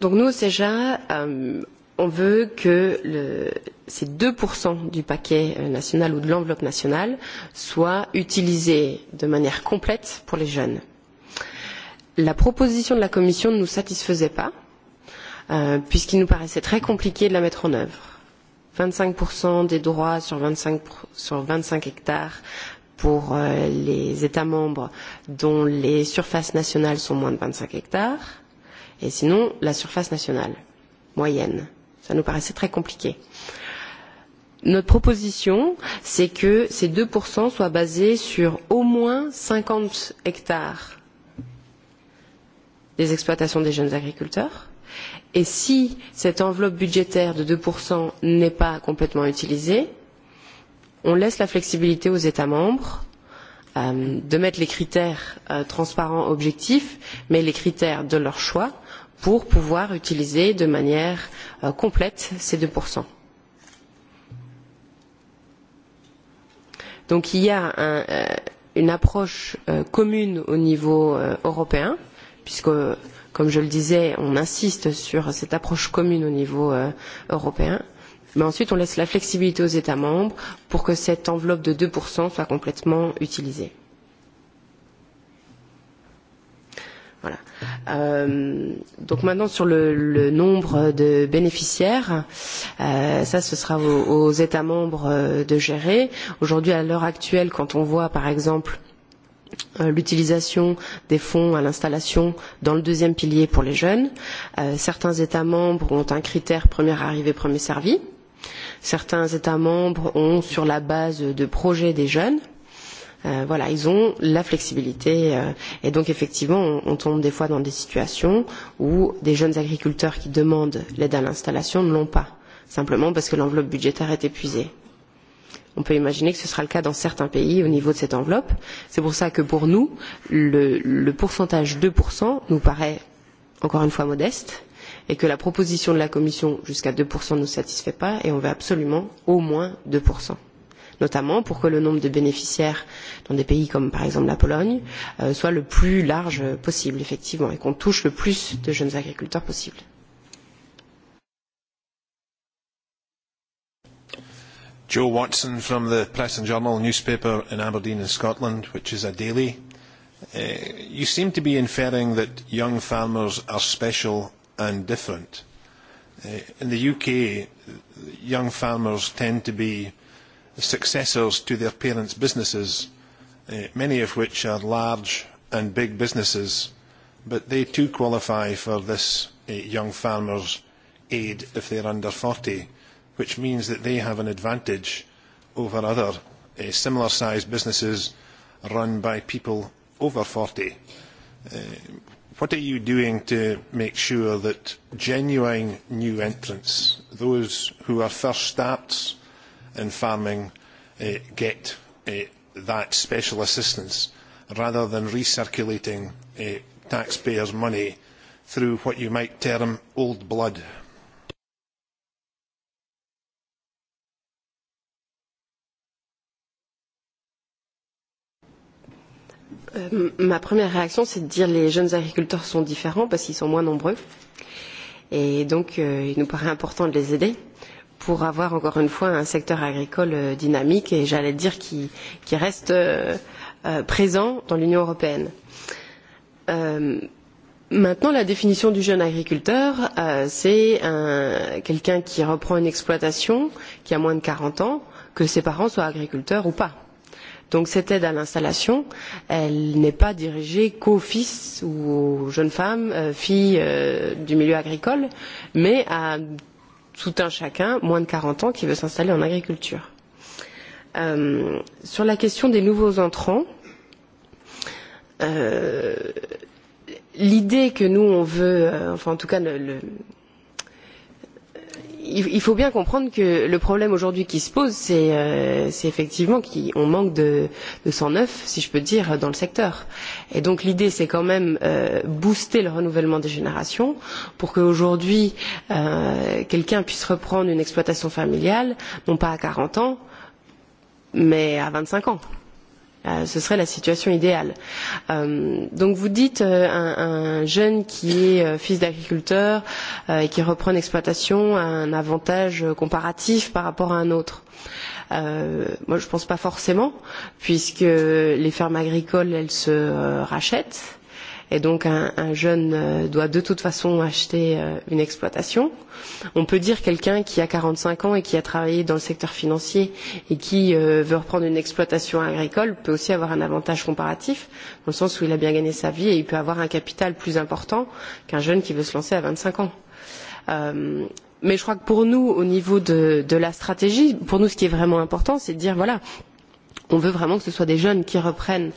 Donc nous, au CEJA, on veut que le, ces 2% du paquet national ou de l'enveloppe nationale soient utilisés de manière complète pour les jeunes. La proposition de la Commission ne nous satisfaisait pas, puisqu'il nous paraissait très compliqué de la mettre en œuvre. 25% des droits sur 25, sur 25 hectares pour les États membres dont les surfaces nationales sont moins de 25 hectares et sinon la surface nationale moyenne. Ça nous paraissait très compliqué. Notre proposition, c'est que ces 2% soient basés sur au moins 50 hectares des exploitations des jeunes agriculteurs. Et si cette enveloppe budgétaire de 2% n'est pas complètement utilisée, on laisse la flexibilité aux États membres de mettre les critères transparents objectifs, mais les critères de leur choix pour pouvoir utiliser de manière complète ces deux Donc il y a une approche commune au niveau européen, puisque, comme je le disais, on insiste sur cette approche commune au niveau européen. Mais ensuite, on laisse la flexibilité aux États membres pour que cette enveloppe de deux soit complètement utilisée. Voilà. Euh, donc maintenant sur le, le nombre de bénéficiaires, euh, ça ce sera aux, aux États membres de gérer. Aujourd'hui, à l'heure actuelle, quand on voit par exemple l'utilisation des fonds à l'installation dans le deuxième pilier pour les jeunes. certains États membres ont un critère premier arrivé, premier servi. Certains États membres ont sur la base de projets des jeunes voilà, ils ont la flexibilité. et donc, effectivement, on, tombe des fois dans des situations où des jeunes agriculteurs qui demandent l'aide à l'installation ne l'ont pas, simplement parce que l'enveloppe budgétaire est épuisée. On peut imaginer que ce sera le cas dans certains pays au niveau de cette enveloppe. C'est pour ça que pour nous, le, le pourcentage 2% nous paraît encore une fois modeste et que la proposition de la Commission jusqu'à 2% ne nous satisfait pas et on veut absolument au moins 2% notamment pour que le nombre de bénéficiaires dans des pays comme par exemple la Pologne soit le plus large possible, effectivement, et qu'on touche le plus de jeunes agriculteurs possible. Joe Watson from the Press and Journal newspaper in Aberdeen in Scotland, which is a daily. Uh, you seem to be inferring that young farmers are special and different. Uh, in the UK, young farmers tend to be uh, successors to their parents' businesses, many of which are large and big businesses, but they too qualify for this young farmers' aid if they are under forty, which means that they have an advantage over other similar sized businesses run by people over forty. what are you doing to make sure that genuine new entrants, those who are first starts, in farming get that special assistance rather than recirculating taxpayers' money through what you might term old blood. ma première réaction, c'est de dire que les jeunes agriculteurs sont différents parce qu'ils sont moins nombreux. Et donc, il nous paraît important de les aider. Euh, pour avoir encore une fois un secteur agricole dynamique et j'allais dire qui, reste présent dans l'Union européenne. maintenant, la définition du jeune agriculteur, c'est quelqu'un qui reprend une exploitation, qui a moins de quarante ans, que ses parents soient agriculteurs ou pas. Donc cette aide à l'installation, elle n'est pas dirigée qu'aux fils ou aux jeunes femmes, filles du milieu agricole, mais à tout un chacun, moins de 40 ans, qui veut s'installer en agriculture. Euh, sur la question des nouveaux entrants, euh, l'idée que nous on veut, euh, enfin en tout cas le, le, il faut bien comprendre que le problème aujourd'hui qui se pose, c'est effectivement qu'on manque de, de 109, si je peux dire, dans le secteur. Et donc l'idée, c'est quand même euh, booster le renouvellement des générations pour qu'aujourd'hui, euh, quelqu'un puisse reprendre une exploitation familiale, non pas à 40 ans, mais à 25 ans ce serait la situation idéale. donc vous dites un, jeune qui est fils d'agriculteur et qui reprend une exploitation a un avantage comparatif par rapport à un autre. moi je ne pense pas forcément puisque les fermes agricoles elles se rachètent Et donc un, un jeune doit de toute façon acheter une exploitation. On peut dire quelqu'un qui a 45 ans et qui a travaillé dans le secteur financier et qui veut reprendre une exploitation agricole peut aussi avoir un avantage comparatif dans le sens où il a bien gagné sa vie et il peut avoir un capital plus important qu'un jeune qui veut se lancer à 25 ans. Euh, mais je crois que pour nous, au niveau de, de la stratégie, pour nous, ce qui est vraiment important, c'est de dire voilà, on veut vraiment que ce soit des jeunes qui reprennent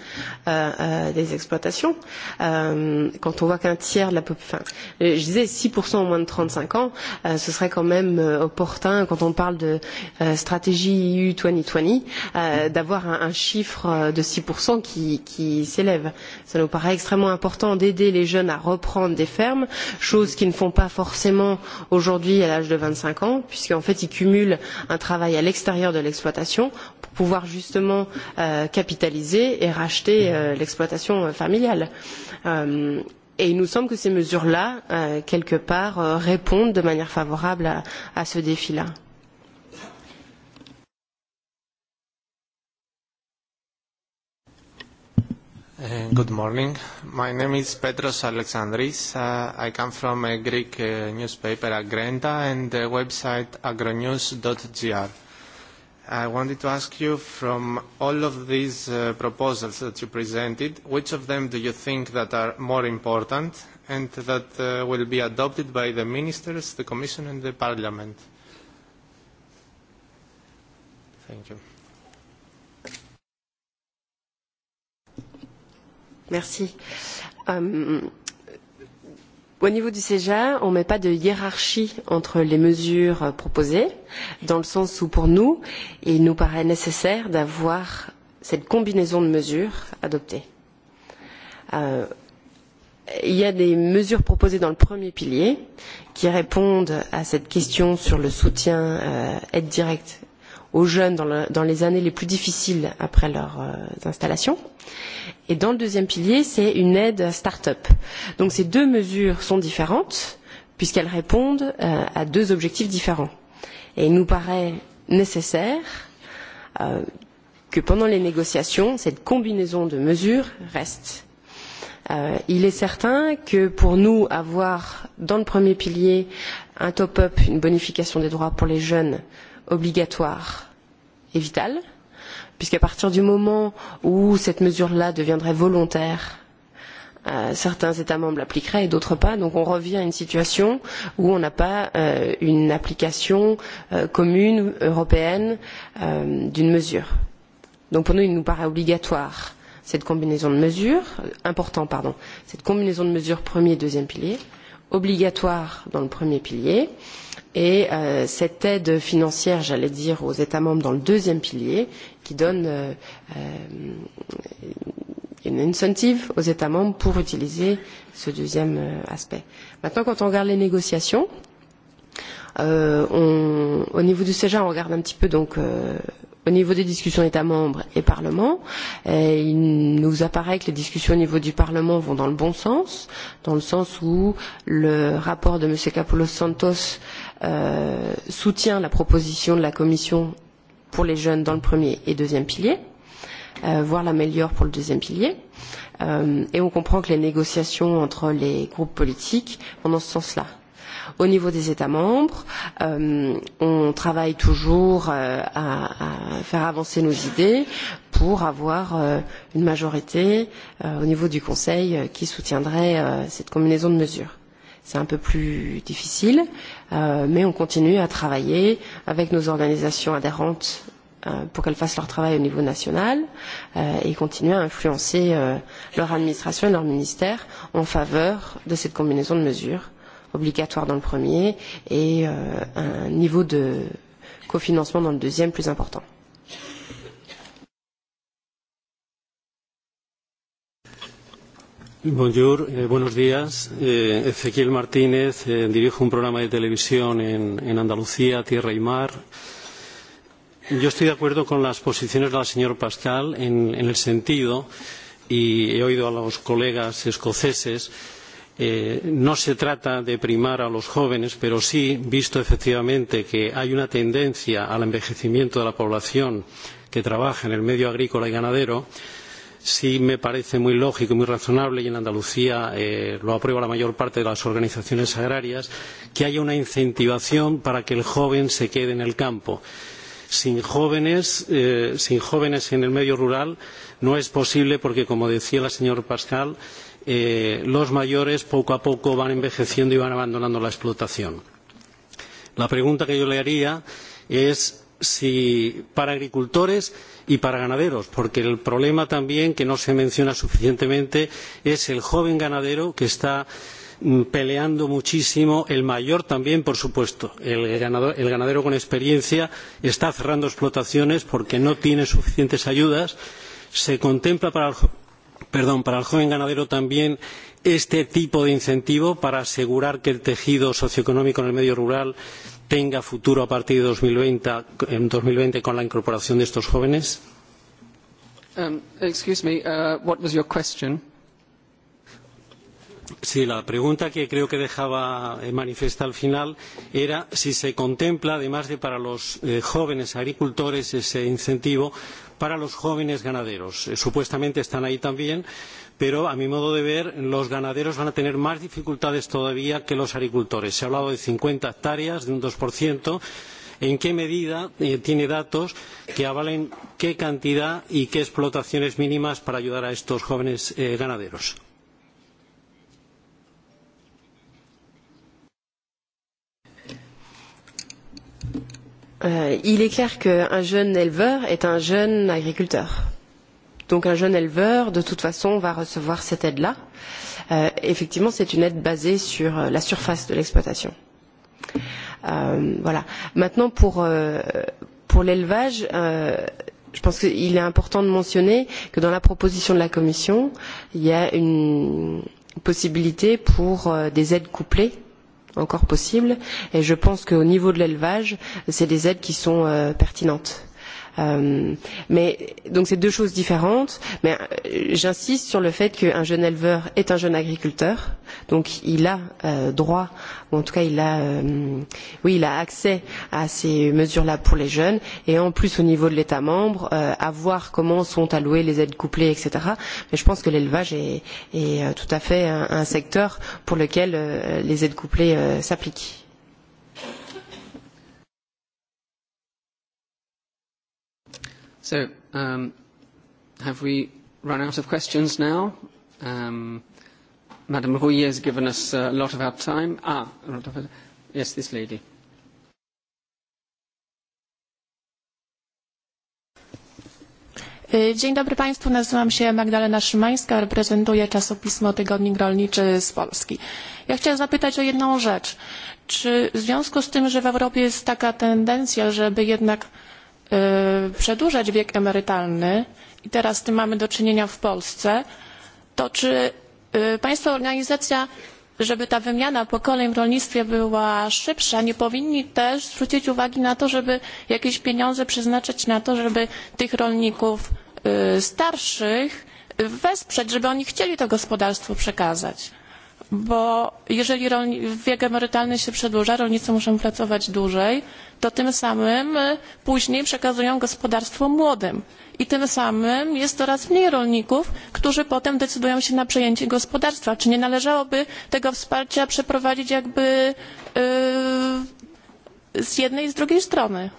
euh, euh, des exploitations. Euh, quand on voit qu'un tiers de la population, enfin, je disais 6% au moins de 35 ans, euh, ce serait quand même euh, opportun quand on parle de euh, stratégie EU 2020 euh, d'avoir un, un chiffre de 6% qui, qui s'élève. Ça nous paraît extrêmement important d'aider les jeunes à reprendre des fermes, chose qu'ils ne font pas forcément aujourd'hui à l'âge de 25 ans, puisqu'en fait ils cumulent un travail à l'extérieur de l'exploitation pour pouvoir justement seront capitalisées et racheter l'exploitation familiale. Et il nous semble que ces mesures-là, quelque part, répondent de manière favorable à, ce défi-là. good morning. My name is Petros Alexandris. I come from a Greek newspaper, Agrenta, and the website agronews.gr. I wanted to ask you from all of these uh, proposals that you presented, which of them do you think that are more important and that uh, will be adopted by the ministers, the Commission and the Parliament? Thank you. Merci. Um, Au niveau du CEJA, on ne met pas de hiérarchie entre les mesures proposées, dans le sens où pour nous, il nous paraît nécessaire d'avoir cette combinaison de mesures adoptées. il y a des mesures proposées dans le premier pilier qui répondent à cette question sur le soutien aide directe aux jeunes dans, les années les plus difficiles après leurs installations. Et dans le deuxième pilier, c'est une aide start-up. Donc ces deux mesures sont différentes puisqu'elles répondent à deux objectifs différents. Et il nous paraît nécessaire que pendant les négociations, cette combinaison de mesures reste. il est certain que pour nous, avoir dans le premier pilier un top-up, une bonification des droits pour les jeunes, obligatoire est vital, puisqu'à partir du moment où cette mesure-là deviendrait volontaire, certains États membres l'appliqueraient et d'autres pas. Donc on revient à une situation où on n'a pas une application commune européenne d'une mesure. Donc pour nous, il nous paraît obligatoire cette combinaison de mesures, important pardon, cette combinaison de mesures premier et deuxième pilier, obligatoire dans le premier pilier, euh, et cette aide financière, j'allais dire, aux États membres dans le deuxième pilier, qui donne une incentive aux États membres pour utiliser ce deuxième aspect. Maintenant, quand on regarde les négociations, au niveau du CEJA, on regarde un petit peu donc au niveau des discussions États membres et Parlement, il nous apparaît que les discussions au niveau du Parlement vont dans le bon sens, dans le sens où le rapport de M. Capoulos Santos soutient la proposition de la Commission pour les jeunes dans le premier et deuxième pilier, voire l'améliore pour le deuxième pilier. et on comprend que les négociations entre les groupes politiques vont dans ce sens-là. Au niveau des États membres, on travaille toujours à, faire avancer nos idées pour avoir une majorité au niveau du Conseil qui soutiendrait cette combinaison de mesures. C'est un peu plus difficile, mais on continue à travailler avec nos organisations adhérentes pour qu'elles fassent leur travail au niveau national et continuer à influencer leur administration et leur ministère en faveur de cette combinaison de mesures obligatoire dans le premier et un niveau de cofinancement dans le deuxième plus important. Bonjour, eh, buenos días. Eh, Ezequiel Martínez, eh, dirijo un programa de televisión en, en Andalucía, Tierra y Mar. Yo estoy de acuerdo con las posiciones de la señora Pascal en, en el sentido, y he oído a los colegas escoceses, eh, no se trata de primar a los jóvenes, pero sí, visto efectivamente que hay una tendencia al envejecimiento de la población que trabaja en el medio agrícola y ganadero, sí me parece muy lógico y muy razonable, y en Andalucía lo aprueba la mayor parte de las organizaciones agrarias, que haya una incentivación para que el joven se quede en el campo. Sin jóvenes, en el medio rural no es posible porque, como decía la señora Pascal, los mayores poco a poco van envejeciendo y van abandonando la explotación. La pregunta que yo le haría es si para agricultores y para ganaderos, porque el problema también que no se menciona suficientemente es el joven ganadero que está peleando muchísimo, el mayor también, por supuesto. El, ganadero con experiencia está cerrando explotaciones porque no tiene suficientes ayudas. Se contempla para el, joven ganadero también este tipo de incentivo para asegurar que el tejido socioeconómico en el medio rural tenga futuro a partir de dos mil veinte con la incorporación de estos jóvenes? Sí, la pregunta que creo que dejaba manifiesta al final era si se contempla, además de para los jóvenes agricultores, ese incentivo para los jóvenes ganaderos. supuestamente están ahí también. Eh, pero a mi modo de ver los ganaderos van a tener más dificultades todavía que los agricultores. Se ha hablado de cincuenta hectáreas, de un dos en qué medida tiene datos que avalen qué cantidad y qué explotaciones mínimas para ayudar a estos jóvenes ganaderos. il est clair qu'un jeune éleveur est un jeune agriculteur Donc un jeune éleveur, de toute façon, va recevoir cette aide-là. Euh, effectivement, c'est une aide basée sur la surface de l'exploitation. Euh, voilà. Maintenant, pour, euh, pour l'élevage, euh, je pense qu'il est important de mentionner que dans la proposition de la Commission, il y a une possibilité pour euh, des aides couplées encore possibles. Et je pense qu'au niveau de l'élevage, c'est des aides qui sont euh, pertinentes mais donc c'est deux choses différentes. Mais j'insiste sur le fait qu'un jeune éleveur est un jeune agriculteur, donc il a droit, ou en tout cas il a, oui, il a accès à ces mesures-là pour les jeunes. Et en plus au niveau de l'État membre, à voir comment sont allouées les aides couplées, etc. Mais je pense que l'élevage est, tout à fait un, secteur pour lequel les aides couplées s'appliquent So um, have we run out of questions now? Um, Madame Rouillet has given us a lot of our time. Ah, yes, this lady. Dzień dobry Państwu, nazywam się Magdalena Szymańska, reprezentuję czasopismo Tygodnik Rolniczy z Polski. Ja chciałam zapytać o jedną rzecz. Czy w związku z tym, że w Europie jest taka tendencja, żeby jednak przedłużać wiek emerytalny i teraz z tym mamy do czynienia w Polsce, to czy Państwa organizacja, żeby ta wymiana pokoleń w rolnictwie była szybsza, nie powinni też zwrócić uwagi na to, żeby jakieś pieniądze przeznaczyć na to, żeby tych rolników starszych wesprzeć, żeby oni chcieli to gospodarstwo przekazać? bo jeżeli wiek emerytalny się przedłuża, rolnicy muszą pracować dłużej, to tym samym później przekazują gospodarstwo młodym. I tym samym jest coraz mniej rolników, którzy potem decydują się na przejęcie gospodarstwa. Czy nie należałoby tego wsparcia przeprowadzić jakby z jednej i z drugiej strony?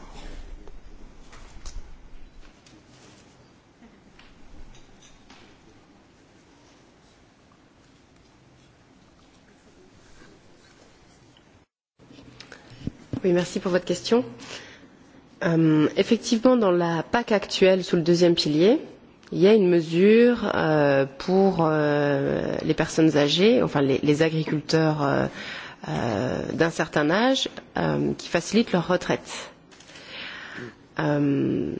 Oui, merci pour votre question. Euh, effectivement, dans la PAC actuelle, sous le deuxième pilier, il y a une mesure euh, pour euh, les personnes âgées, enfin les, les agriculteurs euh, euh, d'un certain âge, euh, qui facilite leur retraite. Euh,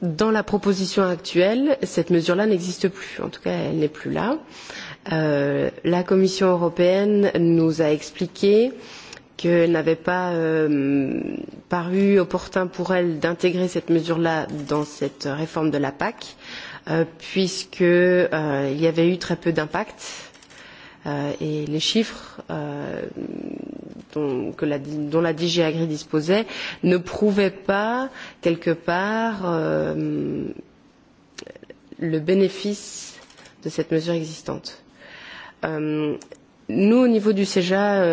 dans la proposition actuelle, cette mesure-là n'existe plus. En tout cas, elle n'est plus là. Euh, la Commission européenne nous a expliqué euh, qu'elle n'avait pas paru opportun pour elle d'intégrer cette mesure-là dans cette réforme de la PAC, puisqu'il y avait eu très peu d'impact. et les chiffres dont, la, DG Agri disposait ne prouvaient pas, quelque part, le bénéfice de cette mesure existante. nous, au niveau du CEJA,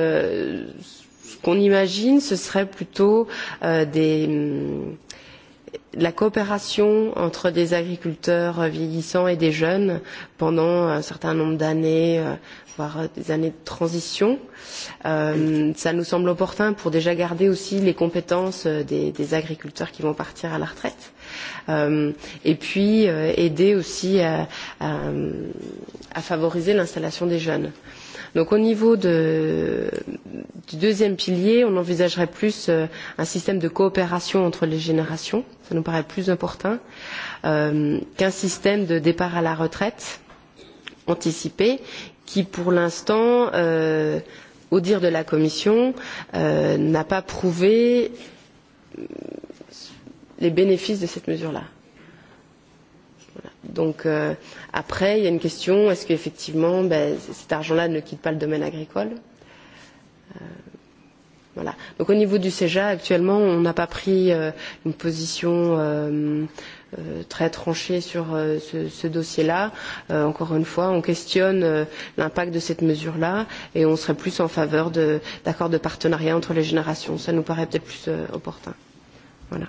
qu'on imagine, ce serait plutôt la coopération entre des agriculteurs vieillissants et des jeunes pendant un certain nombre d'années, voire des années de transition. Euh, ça nous semble opportun pour déjà garder aussi les compétences des, des agriculteurs qui vont partir à la retraite. Euh, et puis euh, aider aussi à, à, à favoriser l'installation des jeunes. Euh, Donc au niveau de, du deuxième pilier, on envisagerait plus un système de coopération entre les générations, ça nous paraît plus important, euh, qu'un système de départ à la retraite anticipé qui pour l'instant, euh, au dire de la Commission, euh, n'a pas prouvé les bénéfices de cette mesure-là. Voilà. Donc euh, après, il y a une question est-ce qu'effectivement, ben, cet argent-là ne quitte pas le domaine agricole euh, voilà. Donc au niveau du CEJA, actuellement, on n'a pas pris euh, une position euh, euh, très tranchée sur euh, ce, ce dossier-là. Euh, encore une fois, on questionne euh, l'impact de cette mesure-là et on serait plus en faveur d'accords de, de partenariat entre les générations. Ça nous paraît peut-être plus euh, opportun. Voilà.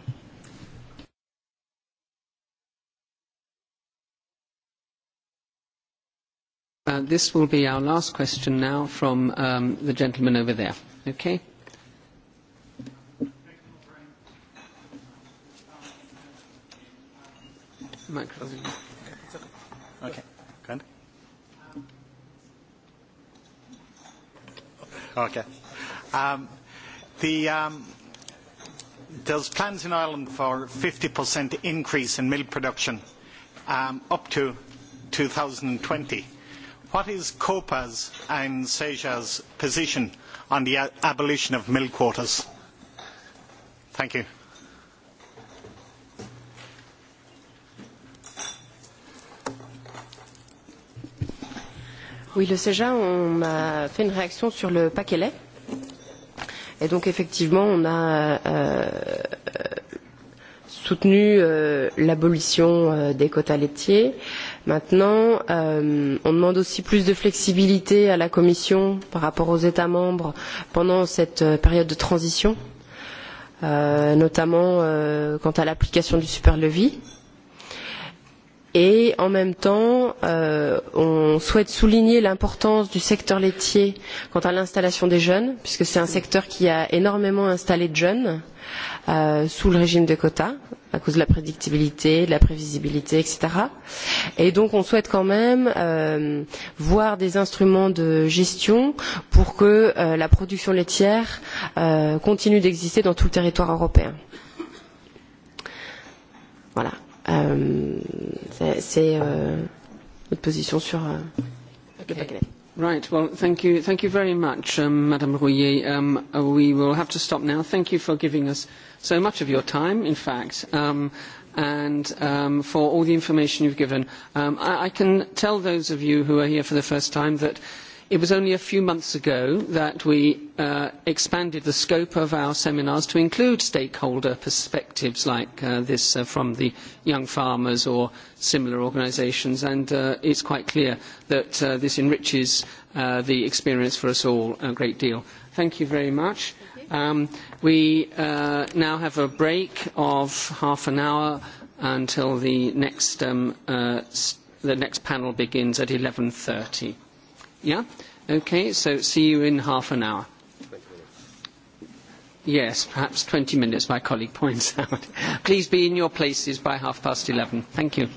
Uh, this will be our last question now from um, the gentleman over there. Okay. Microphone. Okay. Okay. Um, the, um, there's plans in Ireland for 50% increase in milk production um, up to 2020 What is COPA's and SEJA's position on the abolition of milk quotas? Thank you. Oui, le SEJA on a fait une réaction sur le paquet lait. Et donc, effectivement, on a euh, soutenu euh, l'abolition euh, des quotas laitiers. Euh, Maintenant, on demande aussi plus de flexibilité à la Commission par rapport aux États membres pendant cette période de transition, notamment quant à l'application du superlevis. Et en même temps, on souhaite souligner l'importance du secteur laitier quant à l'installation des jeunes, puisque c'est un secteur qui a énormément installé de jeunes. Euh, sous le régime des quotas à cause de la prédictibilité, de la prévisibilité, etc. Et donc on souhaite quand même euh, voir des instruments de gestion pour que euh, la production laitière euh, continue d'exister dans tout le territoire européen. Voilà. Euh, c'est euh, notre position sur euh, okay. le paquet. Right. Well, thank you. Thank you very much, Madame Rouillet. We will have to stop now. Thank you for giving us so much of your time, in fact, and for all the information you've given. I can tell those of you who are here for the first time that It was only a few months ago that we expanded the scope of our seminars to include stakeholder perspectives like this from the young farmers or similar organisations, and it is quite clear that this enriches the experience for us all a great deal. Thank you very much. we now have a break of half an hour until the next, panel begins at eleven thirty. Yeah? Okay, so see you in half an hour. Yes, perhaps 20 minutes, my colleague points out. Please be in your places by half past 11. Thank you.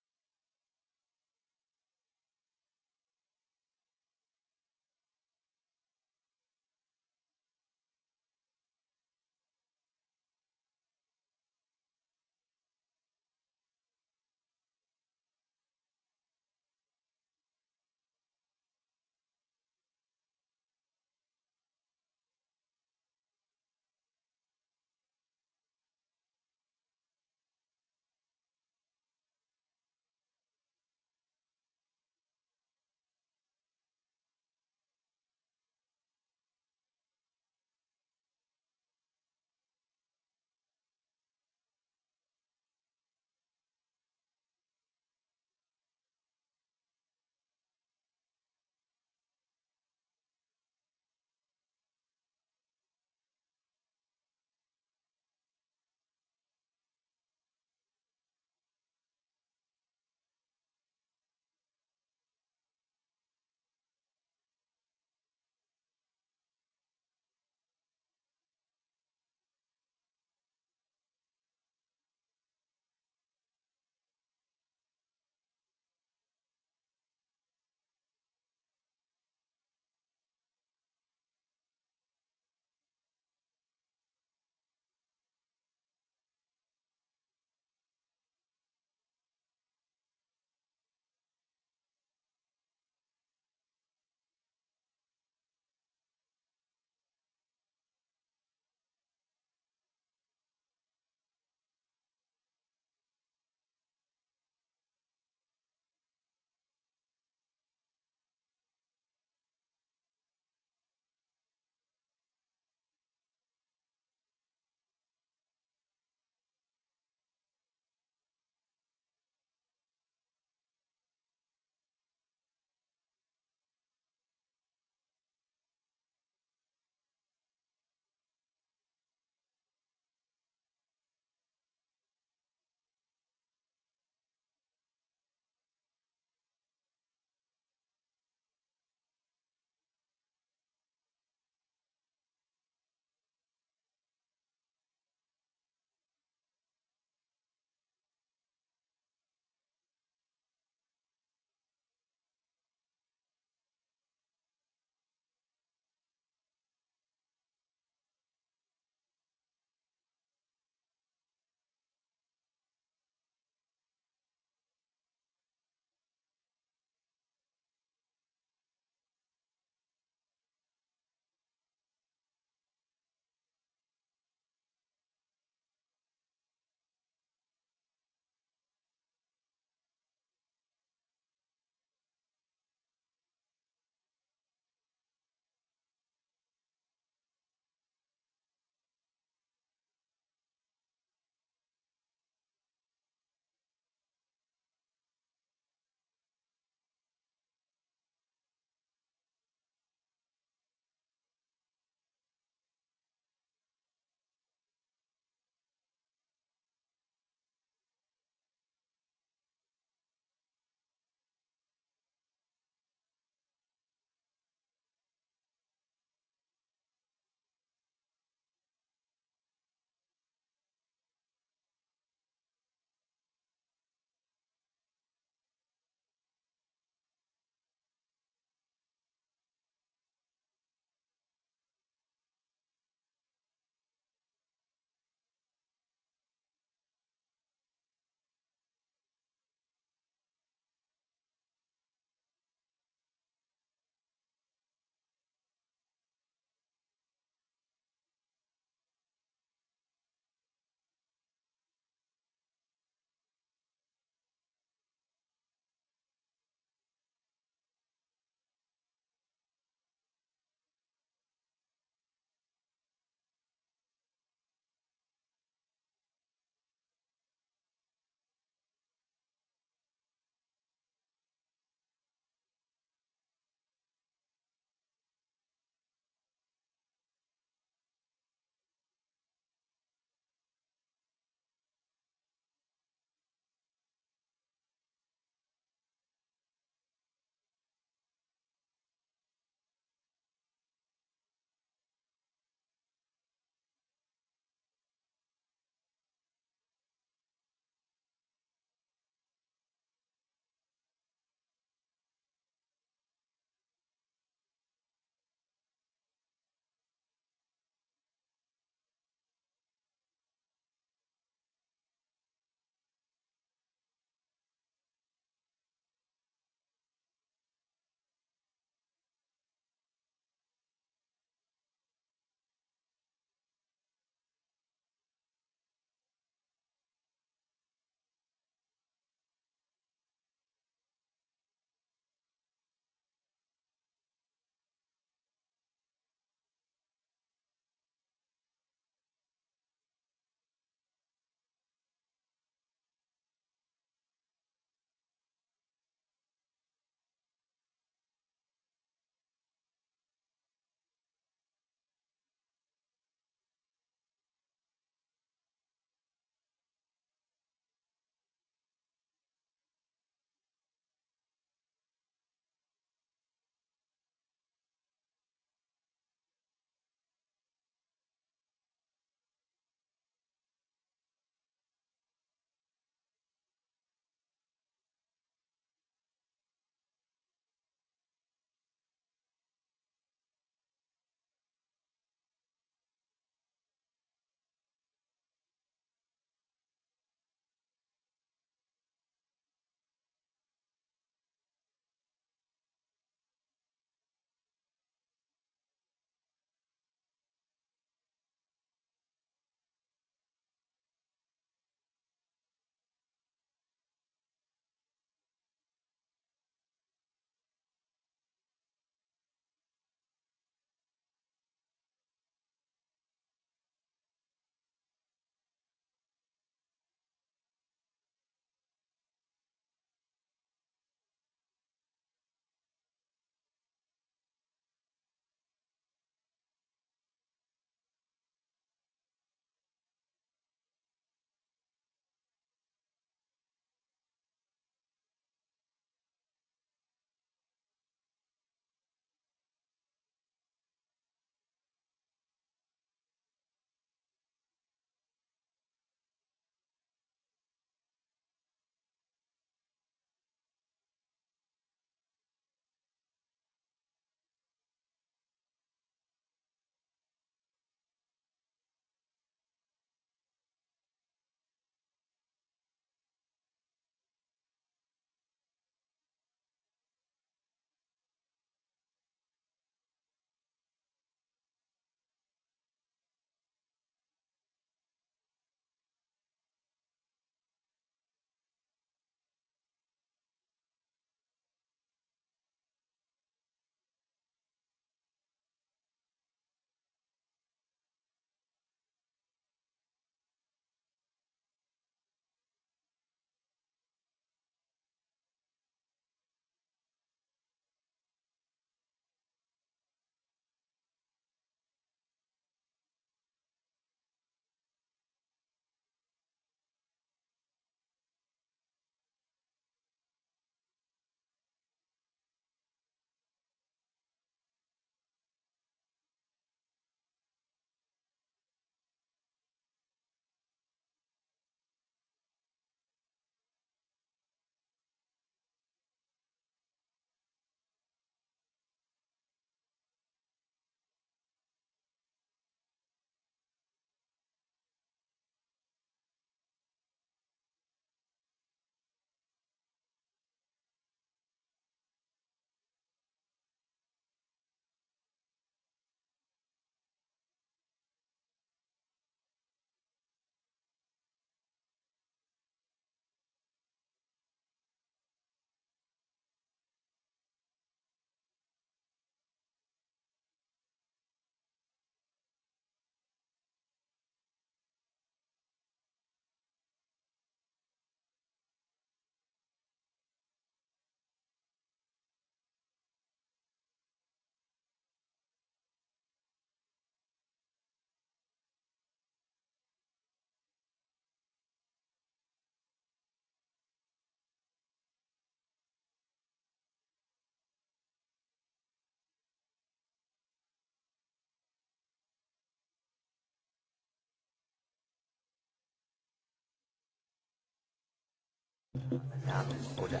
Namen oder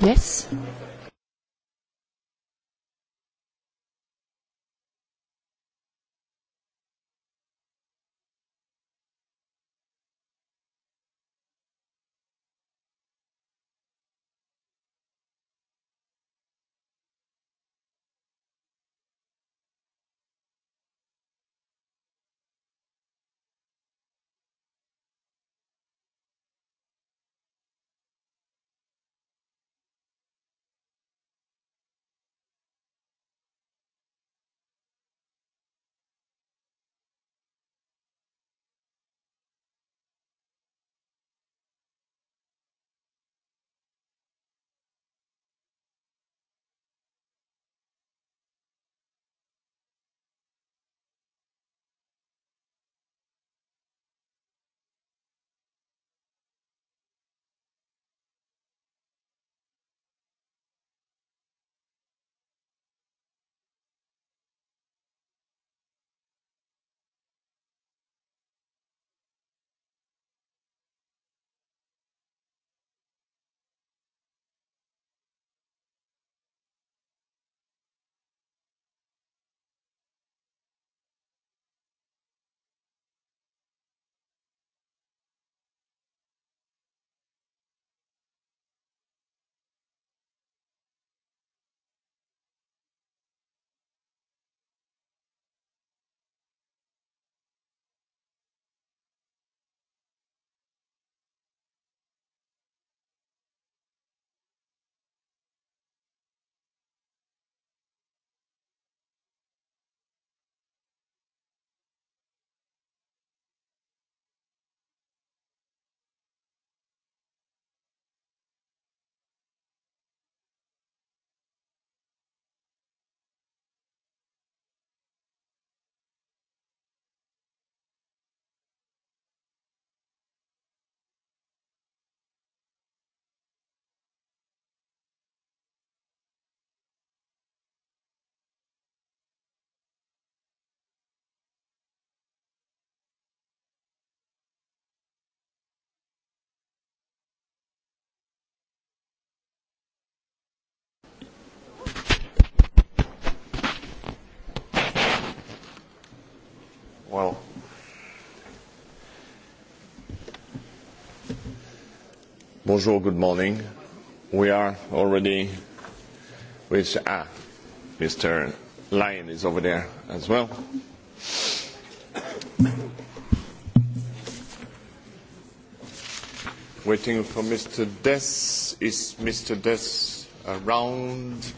Yes. Well. Bonjour, good morning. We are already with ah, Mr. Lyon is over there as well. Waiting for Mr. Dess. Is Mr. Dess around?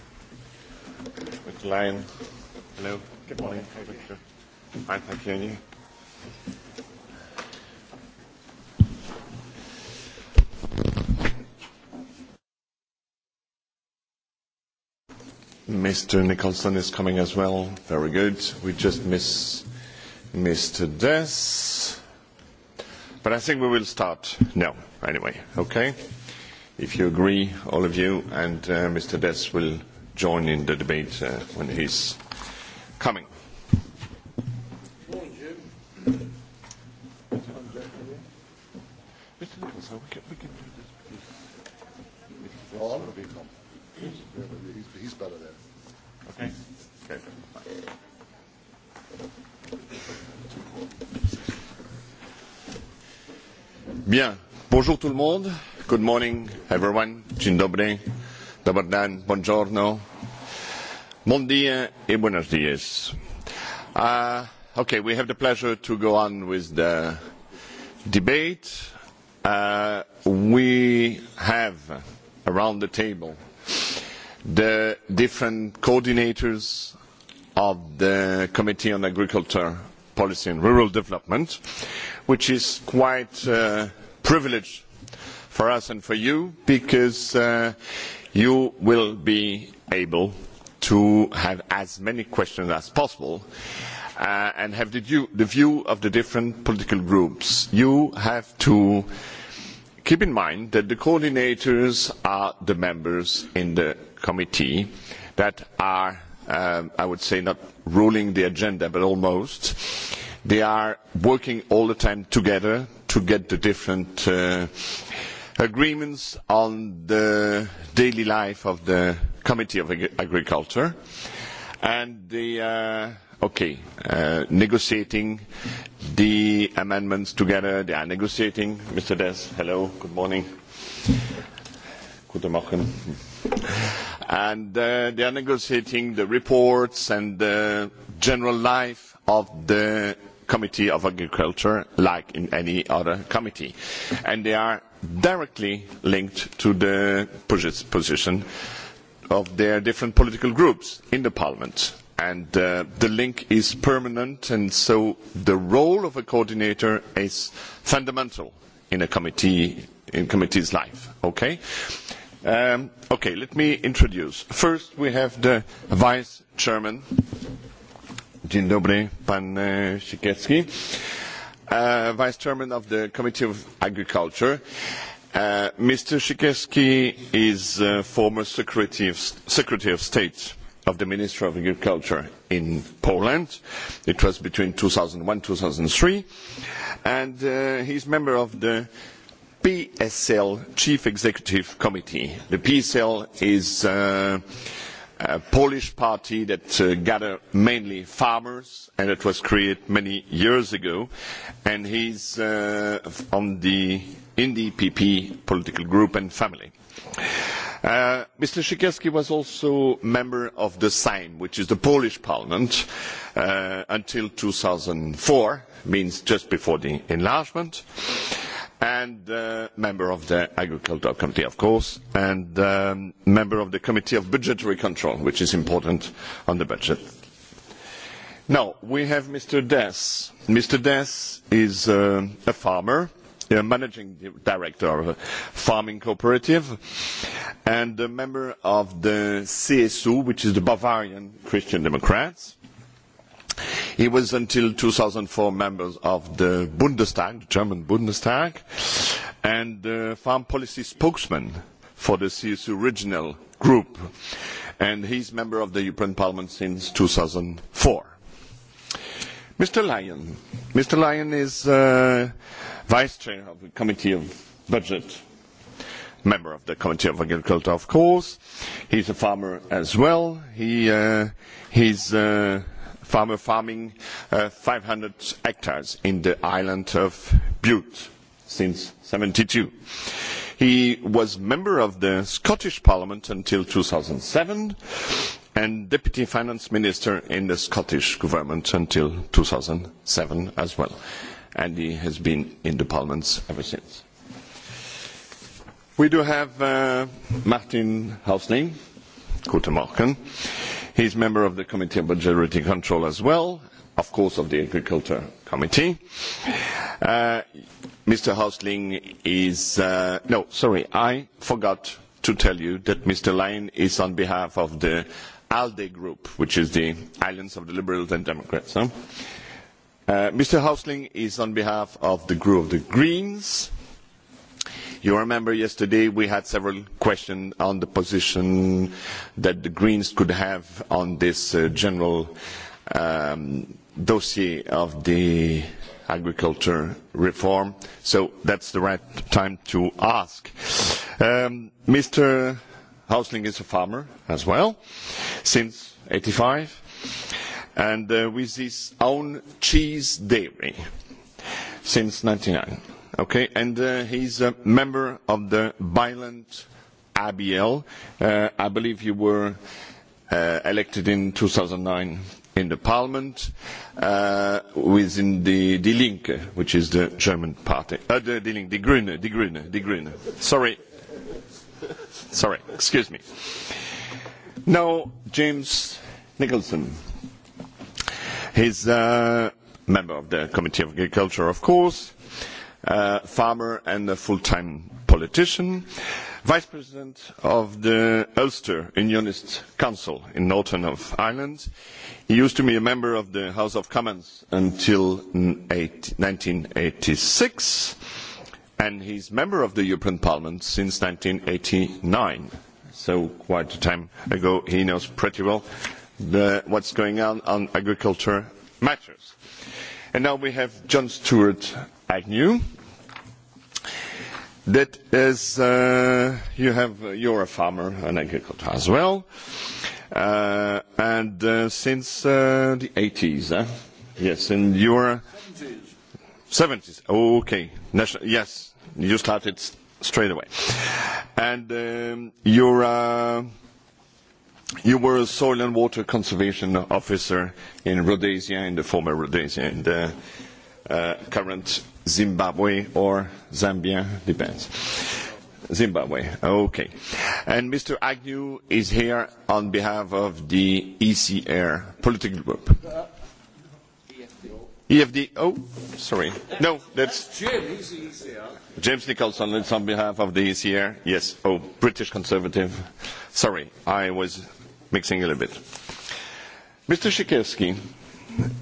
Mr. Lyon. Hello. Good morning. Hi Victor. Ein thank Kenny. Mr. Nicholson is coming as well. Very good. We just miss Mr. Dess. But I think we will start now, anyway. Okay? If you agree, all of you, and uh, Mr. Dess will join in the debate uh, when he's coming. Bien. Bonjour tout le monde. Good morning everyone. Dzień dobry. Dobar dan. Buongiorno. Bon dia et buenos dias. Uh, okay, we have the pleasure to go on with the debate. Uh, we have around the table the different coordinators of the Committee on Agriculture policy and rural development, which is quite a privilege for us and for you because you will be able to have as many questions as possible and have the view of the different political groups. You have to keep in mind that the coordinators are the members in the committee that are, I would say, not ruling the agenda, but almost. They are working all the time together to get the different agreements on the daily life of the Committee of Agriculture. And they are negotiating the amendments together. They are negotiating. Mr. Dess, hello, good morning. Guten Morgen and they are negotiating the reports and the general life of the Committee of Agriculture, like in any other committee. And they are directly linked to the position of their different political groups in the Parliament. And the link is permanent, and so the role of a coordinator is fundamental in a committee in committee's life. Okay? okay, let me introduce. First, we have the Vice Chairman. Dzień dobry, pan Vice Chairman of the Committee of Agriculture. Mr. siekierski is uh, former Secretary of, State of the Ministry of Agriculture in Poland. It was between two thousand and one And he is a member of the PSL Chief Executive Committee. The PSL is a Polish party that gather mainly farmers and it was created many years ago. And he's from on the NDPP political group and family. Mr. Siekierski was also a member of the Sejm, which is the Polish parliament, until 2004, means just before the enlargement and member of the Agricultural Committee, of course, and member of the Committee of Budgetary Control, which is important on the budget. Now, we have Mr. Dess. Mr. Dess is a farmer, a managing director of a farming cooperative, and a member of the CSU, which is the Bavarian Christian Democrats He was until 2004 member of the Bundestag, the German Bundestag, and uh, farm policy spokesman for the CSU regional group. And he's member of the European Parliament since 2004. Mr. Lyon. Mr. Lyon is uh, vice chair of the Committee of Budget, member of the Committee of Agriculture, of course. He's a farmer as well. He uh, he's uh, farmer farming five hundred hectares in the island of Bute since seventy two. He was member of the Scottish Parliament until two thousand seven and Deputy Finance Minister in the Scottish Government until two thousand seven as well. And he has been in the Parliament ever since. We do have Martin Hausling. Guten Morgen. He is member of the Committee on Budgetary Control as well, of course, of the Agriculture Committee. Mr. Hosling is... no, sorry, I forgot to tell you that Mr. Lyon is on behalf of the ALDE group, which is the Islands of the Liberals and Democrats. Mr. Hausling is on behalf of the group of the Greens You remember yesterday we had several questions on the position that the Greens could have on this general dossier of the agriculture reform. So that's the right time to ask. Mr. Hausling is a farmer as well, since eighty five and with his own cheese dairy since ninety nine Okay, and uh, he's a member of the Violent ABL. Uh, I believe you were uh, elected in 2009 in the parliament uh, within the Die Linke, which is the German party. Uh, the Die Linke, Die Grüne, Die Grüne, Die Grüne. Sorry. Sorry, excuse me. Now, James Nicholson. He's a member of the Committee of Agriculture, of course farmer and a full-time politician, vice president of the Ulster Unionist Council in Northern Ireland. He used to be a member of the House of Commons until eighty six and he is a member of the European Parliament since eighty nine. So quite a time ago, he knows pretty well what is going on on agricultural matters. And now we have John Stewart Agnew that is uh, you have uh you're a farmer an agriculture as well uh, and uh, since uh, the 80s huh? yes and you're 70s okay National, yes you started straight away and um, you're uh, you were a soil and water conservation officer in Rhodesia in the former Rhodesia in the uh, current Zimbabwe or Zambia, depends. Zimbabwe, okay. And Mr. Agnew is here on behalf of the ECR political group. EFD, oh, sorry. No, that's James Nicholson, it's on behalf of the ECR. Yes, oh, British Conservative. Sorry, I was mixing a little bit. Mr. Siekierski,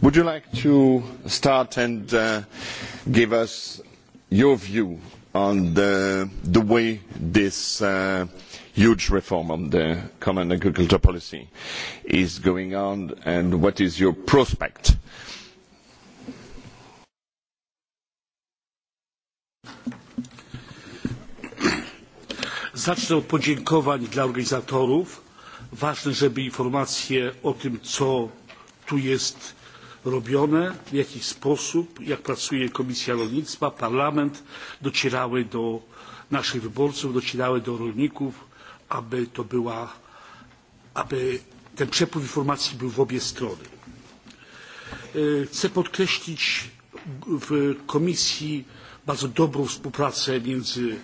Would you like to start and uh, give us your view on the, the way this uh, huge reform on the common agriculture policy is going on and what is your prospect? Zacznę od podziękowań dla organizatorów. Ważne, żeby informacje o tym, co tu jest robione, w jaki sposób, jak pracuje Komisja Rolnictwa, Parlament, docierały do naszych wyborców, docierały do rolników, aby to była, aby ten przepływ informacji był w obie strony. Chcę podkreślić w Komisji bardzo dobrą współpracę między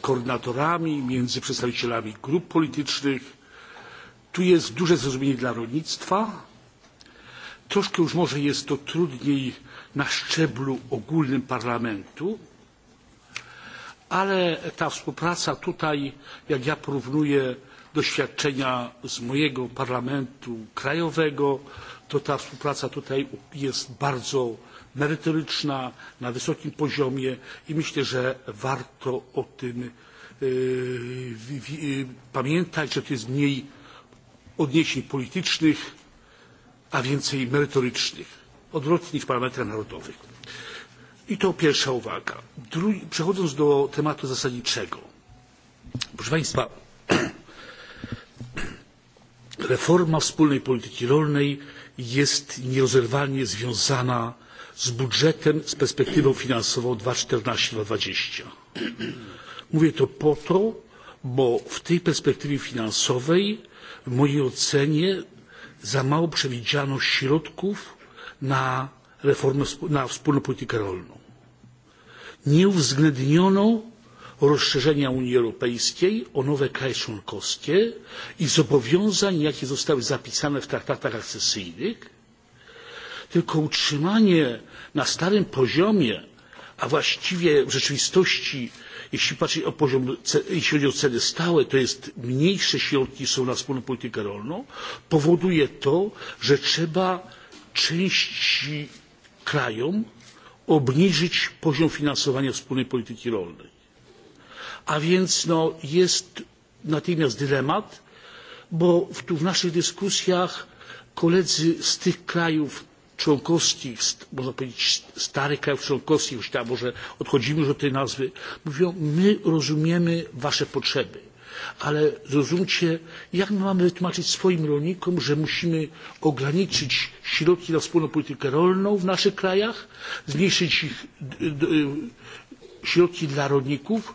koordynatorami, między przedstawicielami grup politycznych. Tu jest duże zrozumienie dla rolnictwa, Troszkę już może jest to trudniej na szczeblu ogólnym parlamentu, ale ta współpraca tutaj, jak ja porównuję doświadczenia z mojego parlamentu krajowego, to ta współpraca tutaj jest bardzo merytoryczna, na wysokim poziomie i myślę, że warto o tym pamiętać, że to jest mniej odniesień politycznych, a więcej merytorycznych, odwrotnie niż w parlamentach narodowych. I to pierwsza uwaga. przechodząc do tematu zasadniczego. Proszę Państwa, reforma wspólnej polityki rolnej jest nierozerwalnie związana z budżetem, z perspektywą finansową 2014-2020. Mówię to po to, bo w tej perspektywie finansowej w mojej ocenie za mało przewidziano środków na, reformę, na wspólną politykę rolną. Nie uwzględniono rozszerzenia Unii Europejskiej o nowe kraje członkowskie i zobowiązań, jakie zostały zapisane w traktatach akcesyjnych, tylko utrzymanie na starym poziomie, a właściwie w rzeczywistości Jeśli patrzeć o poziom, jeśli chodzi o ceny stałe, to jest mniejsze środki są na wspólną politykę rolną. Powoduje to, że trzeba części krajom obniżyć poziom finansowania wspólnej polityki rolnej. A więc jest natychmiast dylemat, bo tu w naszych dyskusjach koledzy z tych krajów, członkowskich, można powiedzieć, starych krajów członkowskich, już tam może odchodzimy już od tej nazwy, mówią, my rozumiemy wasze potrzeby, ale zrozumcie, jak my mamy wytłumaczyć swoim rolnikom, że musimy ograniczyć środki na wspólną politykę rolną w naszych krajach, zmniejszyć ich środki dla rolników,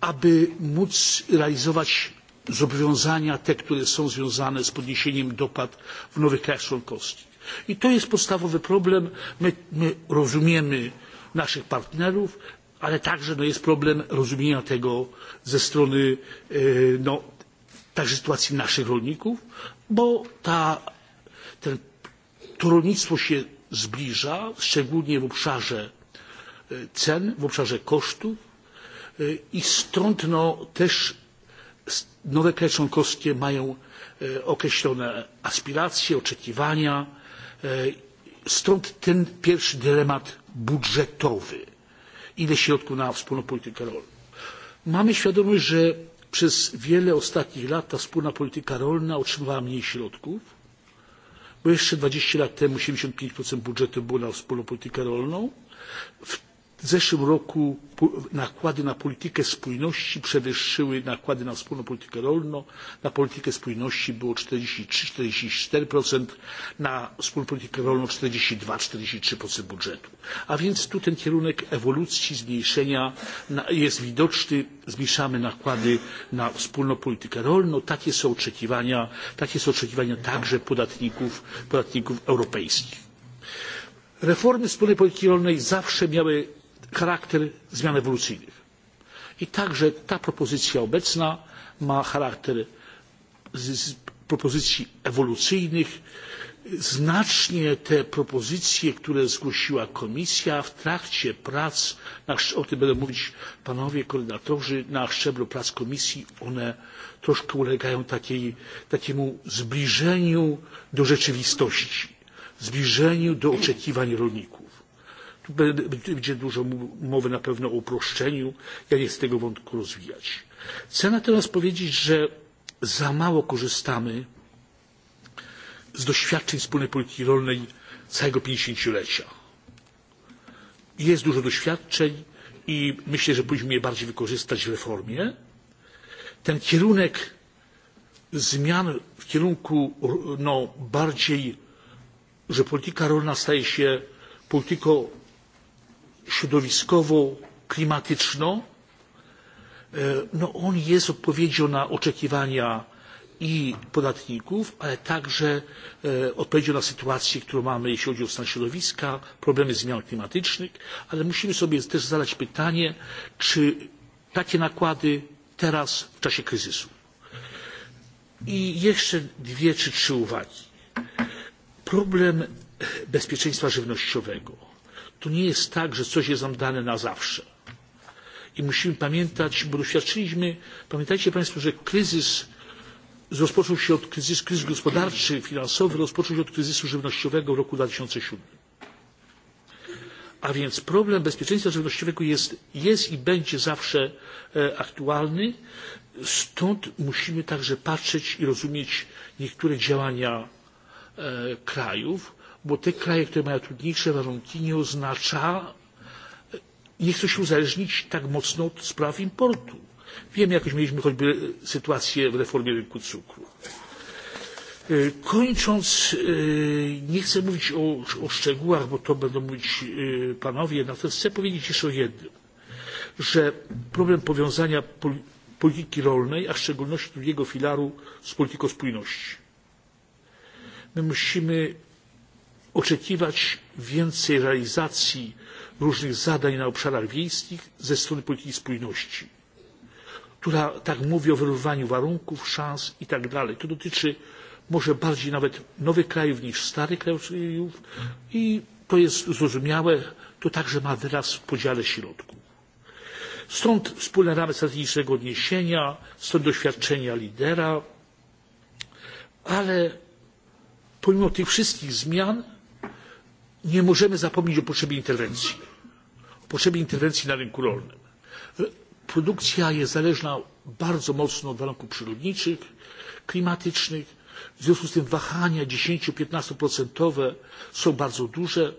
aby móc realizować zobowiązania te, które są związane z podniesieniem dopłat w nowych krajach członkowskich. I to jest podstawowy problem. My, my rozumiemy naszych partnerów, ale także no, jest problem rozumienia tego ze strony no, także sytuacji naszych rolników, bo ta, ten, to rolnictwo się zbliża, szczególnie w obszarze cen, w obszarze kosztów i stąd no, też nowe kraje członkowskie mają określone aspiracje, oczekiwania, Stąd ten pierwszy dylemat budżetowy. Ile środków na wspólną politykę rolną? Mamy świadomość, że przez wiele ostatnich lat ta wspólna polityka rolna otrzymywała mniej środków, bo jeszcze dwadzieścia lat temu 75% budżetu było na wspólną politykę rolną. W W zeszłym roku nakłady na politykę spójności przewyższyły nakłady na wspólną politykę rolną. Na politykę spójności było 43-44%, na wspólną politykę rolną 42-43% budżetu. A więc tu ten kierunek ewolucji, zmniejszenia jest widoczny. Zmniejszamy nakłady na wspólną politykę rolną. Takie są oczekiwania, takie są oczekiwania także podatników, podatników europejskich. Reformy wspólnej polityki rolnej zawsze miały charakter zmian ewolucyjnych. I także ta propozycja obecna ma charakter propozycji ewolucyjnych. Znacznie te propozycje, które zgłosiła Komisja w trakcie prac, o tym będą mówić panowie koordynatorzy, na szczeblu prac Komisji, one troszkę ulegają takiemu zbliżeniu do rzeczywistości, zbliżeniu do oczekiwań rolników Będzie dużo mowy na pewno o uproszczeniu. Ja nie chcę tego wątku rozwijać. Chcę natomiast powiedzieć, że za mało korzystamy z doświadczeń wspólnej polityki rolnej całego pięćdziesięciolecia. Jest dużo doświadczeń i myślę, że powinniśmy je bardziej wykorzystać w reformie. Ten kierunek zmian w kierunku bardziej, że polityka rolna staje się polityką środowiskowo klimatyczną, on jest odpowiedzią na oczekiwania i podatników, ale także odpowiedzią na sytuację, którą mamy, jeśli chodzi o stan środowiska, problemy zmian klimatycznych, ale musimy sobie też zadać pytanie, czy takie nakłady teraz, w czasie kryzysu. I jeszcze dwie czy trzy uwagi. Problem bezpieczeństwa żywnościowego to nie jest tak, że coś jest nam dane na zawsze. I musimy pamiętać, bo doświadczyliśmy, pamiętajcie Państwo, że kryzys rozpoczął się od kryzysu, kryzys gospodarczy, finansowy rozpoczął się od kryzysu żywnościowego w roku 2007. A więc problem bezpieczeństwa żywnościowego jest, jest i będzie zawsze aktualny. Stąd musimy także patrzeć i rozumieć niektóre działania krajów bo te kraje, które mają trudniejsze warunki, nie oznacza, nie chcą się uzależnić tak mocno od spraw importu. Wiemy, jakoś mieliśmy choćby sytuację w reformie rynku cukru. Kończąc, nie chcę mówić o, szczegółach, bo to będą mówić panowie, natomiast chcę powiedzieć jeszcze o jednym, że problem powiązania polityki rolnej, a w szczególności drugiego filaru z polityką spójności. My musimy oczekiwać więcej realizacji różnych zadań na obszarach wiejskich ze strony polityki spójności, która tak mówi o wyrównywaniu warunków, szans itd. To dotyczy może bardziej nawet nowych krajów niż starych krajów i to jest zrozumiałe, to także ma wyraz w podziale środków. Stąd wspólne ramy strategicznego odniesienia, stąd doświadczenia lidera, ale pomimo tych wszystkich zmian nie możemy zapomnieć o potrzebie interwencji, o potrzebie interwencji na rynku rolnym. Produkcja jest zależna bardzo mocno od warunków przyrodniczych, klimatycznych, w związku z tym wahania 10-15% są bardzo duże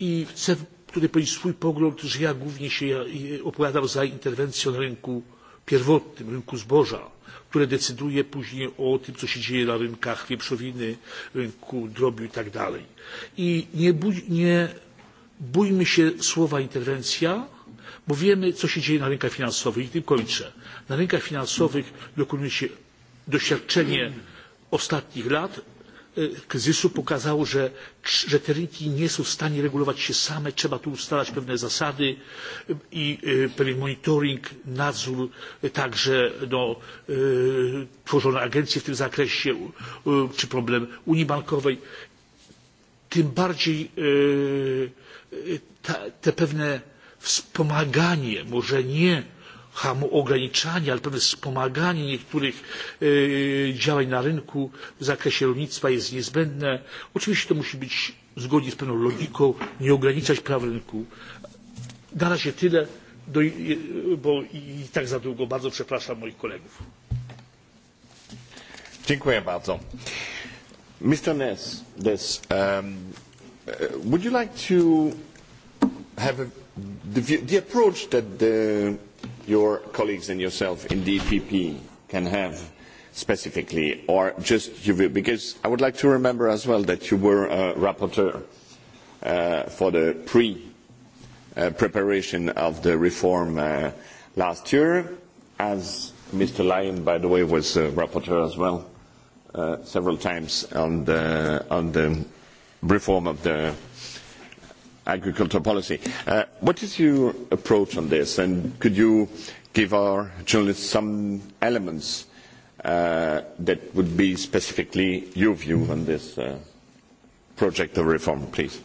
i chcę tutaj powiedzieć swój pogląd, że ja głównie się opowiadam za interwencją na rynku pierwotnym, rynku zboża, które decyduje później o tym, co się dzieje na rynkach wieprzowiny, rynku drobiu i tak dalej. I nie bójmy się słowa interwencja, bo wiemy, co się dzieje na rynkach finansowych. I tym kończę. Na rynkach finansowych dokonuje się doświadczenie ostatnich lat kryzysu pokazało, że, że te rynki nie są w stanie regulować się same, trzeba tu ustalać pewne zasady i pewien monitoring, nadzór, także tworzone agencje w tym zakresie, czy problem Unii Bankowej. Tym bardziej te pewne wspomaganie, może nie ograniczanie, ale pewne wspomaganie niektórych działań na rynku w zakresie rolnictwa jest niezbędne. Oczywiście to musi być zgodnie z pewną logiką, nie ograniczać praw rynku. Na razie tyle, bo i tak za długo. Bardzo przepraszam moich kolegów. Dziękuję bardzo. Mr. Ness, this, um, would you like to have a, the, the approach that the your colleagues and yourself in DPP can have specifically, or just your view? Because I would like to remember as well that you were a rapporteur for the pre-preparation of the reform last year, as Mr. Lyon, by the way, was a rapporteur as well several times on the reform of the agricultural policy. Uh, what is your approach on this, and could you give our journalists some elements uh, that would be specifically your view on this uh, project of reform, please?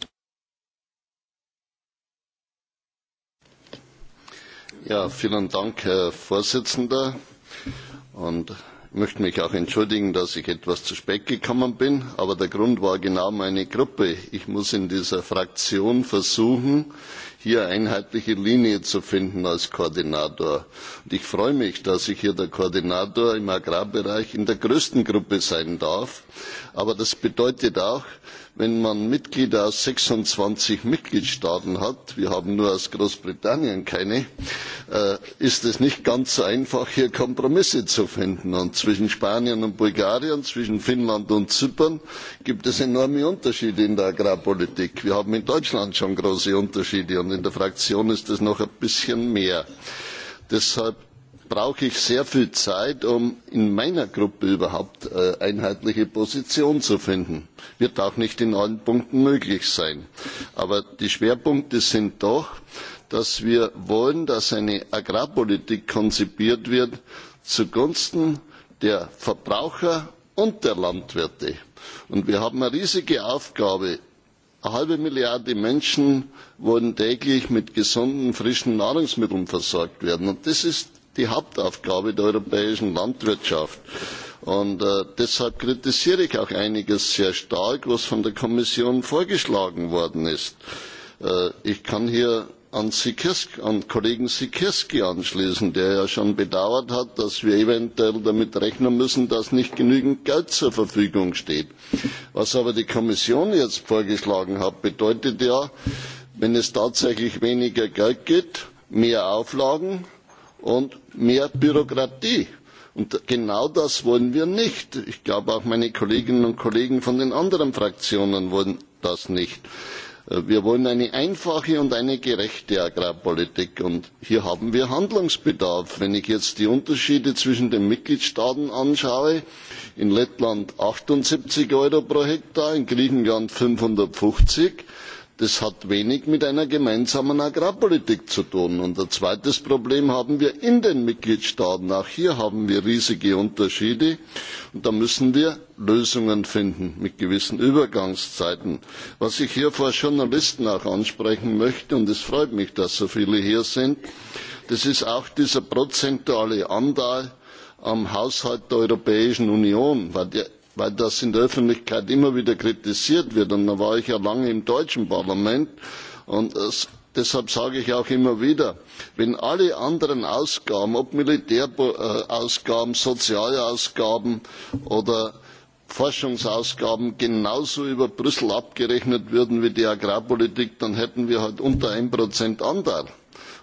Ja, vielen Dank, Herr Vorsitzender. Und Ich möchte mich auch entschuldigen, dass ich etwas zu spät gekommen bin, aber der Grund war genau meine Gruppe. Ich muss in dieser Fraktion versuchen, hier eine einheitliche Linie zu finden als Koordinator. ich freue mich, dass ich hier der Koordinator im Agrarbereich in der größten Gruppe sein darf. Aber das bedeutet auch, wenn man Mitglieder aus 26 Mitgliedstaaten hat, wir haben nur aus Großbritannien keine, ist es nicht ganz so einfach, hier Kompromisse zu finden. Und zwischen Spanien und Bulgarien, zwischen Finnland und Zypern gibt es enorme Unterschiede in der Agrarpolitik. Wir haben in Deutschland schon große Unterschiede und in der Fraktion ist es noch ein bisschen mehr. Deshalb brauche ich sehr viel zeit um in meiner fraktion überhaupt eine einheitliche position zu finden. das wird auch nicht in allen punkten möglich sein. aber die schwerpunkte sind doch dass wir wollen dass eine agrarpolitik konzipiert wird zugunsten der verbraucher und der landwirte. wir haben eine riesige aufgabe eine halbe milliarde menschen wollen täglich mit gesunden frischen nahrungsmitteln versorgt werden und das ist die Hauptaufgabe der europäischen Landwirtschaft. Und deshalb kritisiere ich auch einiges sehr stark, was von der Kommission vorgeschlagen worden ist. ich kann hier an, Kollegen siekierski anschließen, der ja schon bedauert hat, dass wir eventuell damit rechnen müssen, dass nicht genügend Geld zur Verfügung steht. Was aber die Kommission jetzt vorgeschlagen hat, bedeutet ja, wenn es tatsächlich weniger Geld gibt, mehr Auflagen, und mehr bürokratie. Und genau das wollen wir nicht. Ich glaube, auch meine Kolleginnen und Kollegen von den anderen Fraktionen wollen das nicht. Wir wollen eine einfache und eine gerechte Agrarpolitik. Und hier haben wir Handlungsbedarf. Wenn ich jetzt die Unterschiede zwischen den Mitgliedstaaten anschaue, in Lettland achtundsiebzig Euro pro Hektar, in Griechenland 550, das hat wenig mit einer gemeinsamen agrarpolitik zu tun. ein zweites problem haben wir in den mitgliedstaaten. auch hier haben wir riesige unterschiede und da müssen wir lösungen finden mit gewissen übergangszeiten. was ich hier vor journalisten auch ansprechen möchte und es freut mich dass so viele hier sind das ist auch dieser prozentuale anteil am haushalt der europäischen union weil weil das in der Öffentlichkeit immer wieder kritisiert wird. Und da war ich ja lange im deutschen Parlament. Und deshalb sage ich auch immer wieder, wenn alle anderen Ausgaben, ob Militärausgaben, Sozialausgaben oder Forschungsausgaben genauso über Brüssel abgerechnet würden wie die Agrarpolitik, dann hätten wir halt unter 1% Anteil.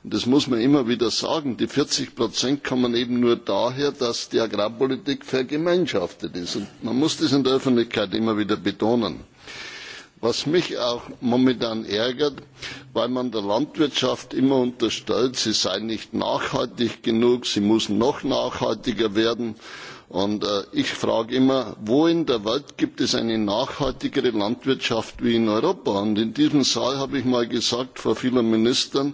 Und das muss man immer wieder sagen, die 40 Prozent kommen eben nur daher, dass die Agrarpolitik vergemeinschaftet ist. Und man muss das in der Öffentlichkeit immer wieder betonen. Was mich auch momentan ärgert, weil man der Landwirtschaft immer unterstellt, sie sei nicht nachhaltig genug, sie muss noch nachhaltiger werden. Und ich frage immer, wo in der Welt gibt es eine nachhaltigere Landwirtschaft wie in Europa? Und in diesem Saal habe ich mal gesagt vor vielen Ministern,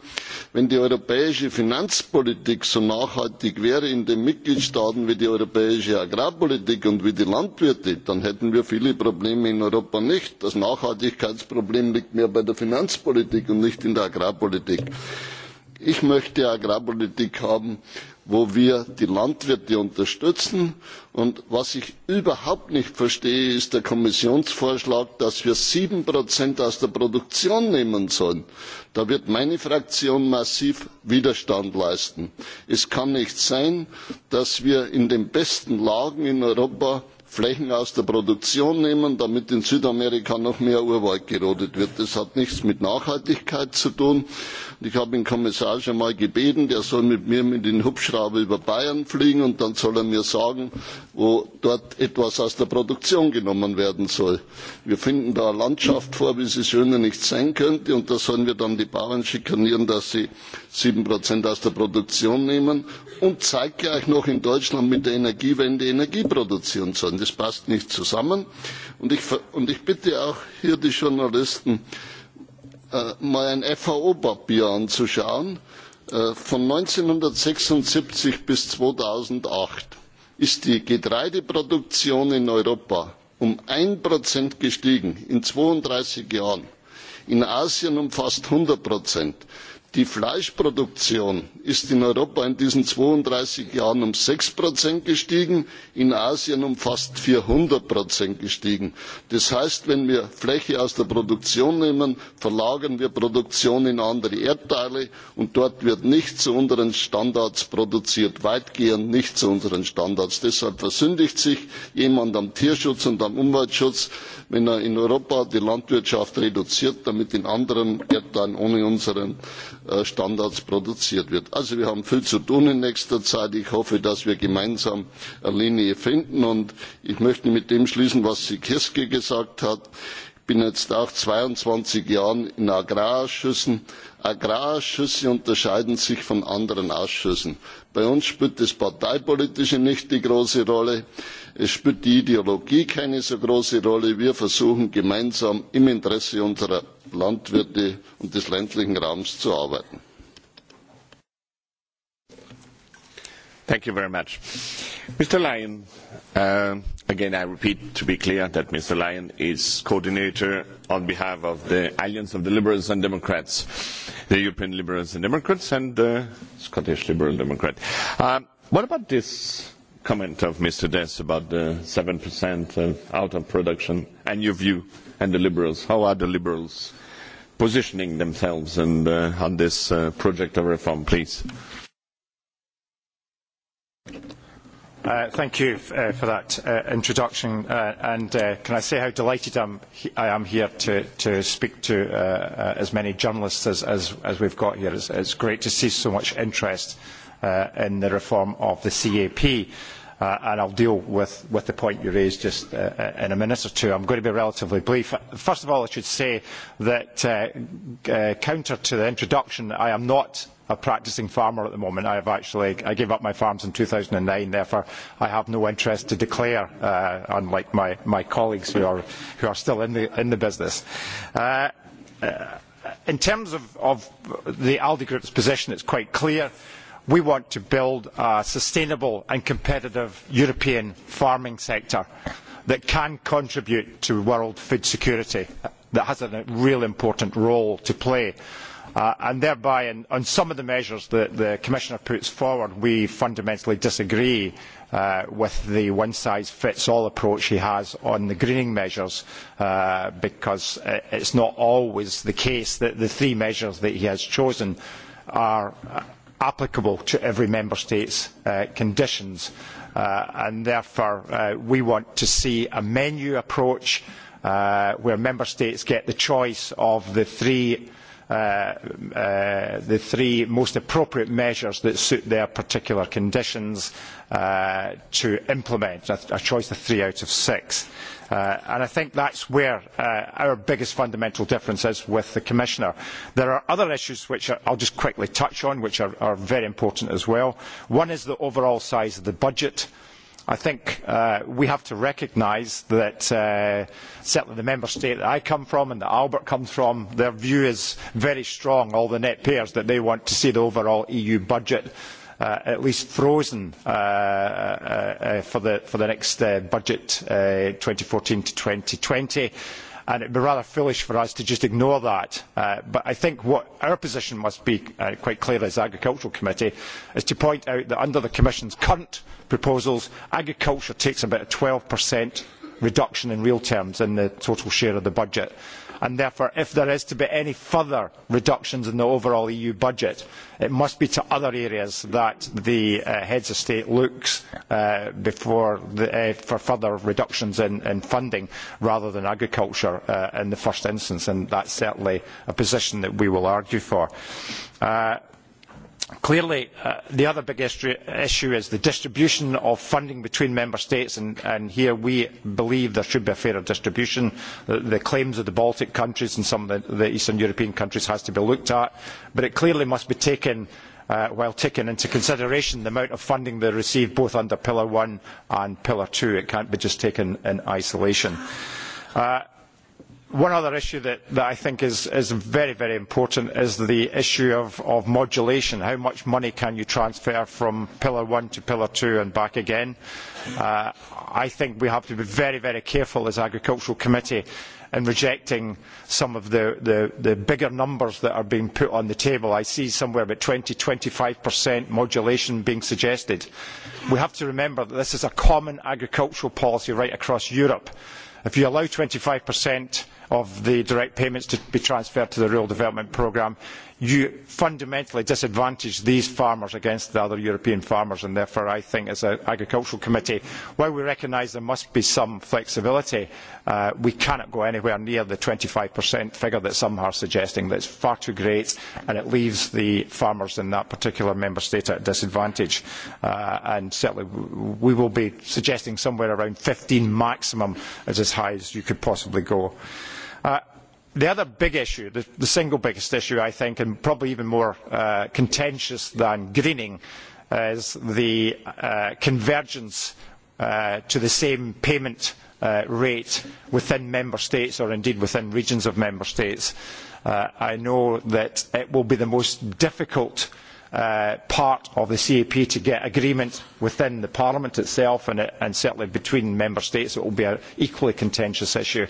wenn die europäische Finanzpolitik so nachhaltig wäre in den Mitgliedstaaten wie die europäische Agrarpolitik und wie die Landwirte, dann hätten wir viele Probleme in Europa nicht. Das Nachhaltigkeitsproblem liegt mehr bei der Finanzpolitik und nicht in der Agrarpolitik. Ich möchte Agrarpolitik haben, wo wir die Landwirte unterstützen. Und was ich überhaupt nicht verstehe, ist der Kommissionsvorschlag, dass wir sieben Prozent aus der Produktion nehmen sollen. Da wird meine Fraktion massiv Widerstand leisten. Es kann nicht sein, dass wir in den besten Lagen in Europa flächen aus der produktion nehmen damit in südamerika noch mehr urwald gerodet wird. das hat nichts mit nachhaltigkeit zu tun. ich habe den kommissar schon einmal gebeten er soll mit mir mit dem hubschrauber über bayern fliegen und dann soll er mir sagen wo dort etwas aus der produktion genommen werden soll. wir finden da eine landschaft vor wie sie schöner nicht sein könnte und da sollen wir dann die bauern schikanieren dass sie sieben Prozent aus der produktion nehmen und zeitgleich noch in deutschland mit der energiewende energie produzieren sollen das passt nicht zusammen. Und ich, bitte auch hier die Journalisten, mal ein FAO Papier anzuschauen von 1976 bis 2008 ist die Getreideproduktion in Europa um ein Prozent gestiegen in 32 Jahren. In Asien um fast 100 Prozent die fleischproduktion ist in europa in diesen zweiunddreißig jahren um sechs gestiegen in asien um fast vierhundert gestiegen. das heißt wenn wir fläche aus der produktion nehmen verlagern wir produktion in andere erdteile und dort wird nicht zu unseren standards produziert weitgehend nicht zu unseren standards. deshalb versündigt sich jemand am tierschutz und am umweltschutz wenn er in europa die landwirtschaft reduziert damit in anderen erdteilen ohne unseren Standards produziert wird. Also wir haben viel zu tun in nächster Zeit. Ich hoffe, dass wir gemeinsam eine Linie finden. Und ich möchte mit dem schließen, was Sikerski gesagt hat. Ich bin jetzt auch zweiundzwanzig Jahren in Agrarausschüssen. Agrarausschüsse unterscheiden sich von anderen Ausschüssen. Bei uns spielt das Parteipolitische nicht die große Rolle es spielt die ideologie keine so große rolle wir versuchen gemeinsam im interesse unserer landwirte und des ländlichen raums zu arbeiten. Thank you very much. Mr. Lyon, again, I repeat to be clear that Mr. Lyon is coordinator on behalf of the Alliance of the Liberals and Democrats, the European Liberals and Democrats, and the Scottish Liberal Democrat. what about this comment of Mr. Dess about the 7% out of production and your view and the Liberals. How are the Liberals positioning themselves and on this project of reform, please? Thank you for that introduction. and Can I say how delighted I am here to speak to as many journalists as we've got here. It's great to see so much interest in the reform of the CAP. and I will deal with, the point you raised just in a minute or two. I am going to be relatively brief. First of all, I should say that, counter to the introduction, I am not a practising farmer at the moment. I have actually I gave up my farms in two thousand nine. Therefore, I have no interest to declare, unlike my, my colleagues who are who are still in the business. in terms of, of the ALDE Group's position, it is quite clear we want to build a sustainable and competitive European farming sector that can contribute to world food security, that has a real important role to play. and thereby, on some of the measures that the Commissioner puts forward, we fundamentally disagree with the one-size-fits-all approach he has on the greening measures, because it is not always the case that the three measures that he has chosen are applicable to every member state's conditions. and therefore, we want to see a menu approach where member states get the choice of the three the three most appropriate measures that suit their particular conditions to implement, a choice of three out of six and I think that is where our biggest fundamental difference is with the Commissioner. There are other issues which I will just quickly touch on, which are, very important as well. One is the overall size of the budget. I think we have to recognise that certainly the member state that I come from and that Albert comes from, their view is very strong, all the net payers, that they want to see the overall EU budget at least frozen for the next budget, uh, 2014 to 2020 and it would be rather foolish for us to just ignore that. but I think what our position must be quite clear as the Agricultural Committee is to point out that under the Commission's current proposals, agriculture takes about a 12% reduction in real terms in the total share of the budget and therefore if there is to be any further reductions in the overall EU budget, it must be to other areas that the heads of state looks for further reductions in, funding rather than agriculture in the first instance, and that is certainly a position that we will argue for. Clearly, the other big issue is the distribution of funding between member states, and, here we believe there should be a fairer distribution. The, claims of the Baltic countries and some of the, Eastern European countries has to be looked at, but it clearly must be taken while taking into consideration the amount of funding they receive both under Pillar one and Pillar two. It cannot be just taken in isolation. One other issue that, I think is, very, very important is the issue of, modulation. How much money can you transfer from Pillar one to Pillar two and back again? I think we have to be very, very careful as Agricultural Committee in rejecting some of the, bigger numbers that are being put on the table. I see somewhere about twenty 20-25% modulation being suggested. We have to remember that this is a common agricultural policy right across Europe. If you allow twenty 25%, of the direct payments to be transferred to the rural development programme, you fundamentally disadvantage these farmers against the other European farmers and therefore I think as an agricultural committee, while we recognise there must be some flexibility, we cannot go anywhere near the twenty 25% figure that some are suggesting. That is far too great and it leaves the farmers in that particular member state at a disadvantage. and certainly we will be suggesting somewhere around fifteen maximum is as high as you could possibly go the other big issue, the, single biggest issue, I think, and probably even more contentious than greening, is the convergence to the same payment rate within member states or indeed within regions of member states. I know that it will be the most difficult part of the CAP to get agreement within the Parliament itself and, certainly between member states. It will be an equally contentious issue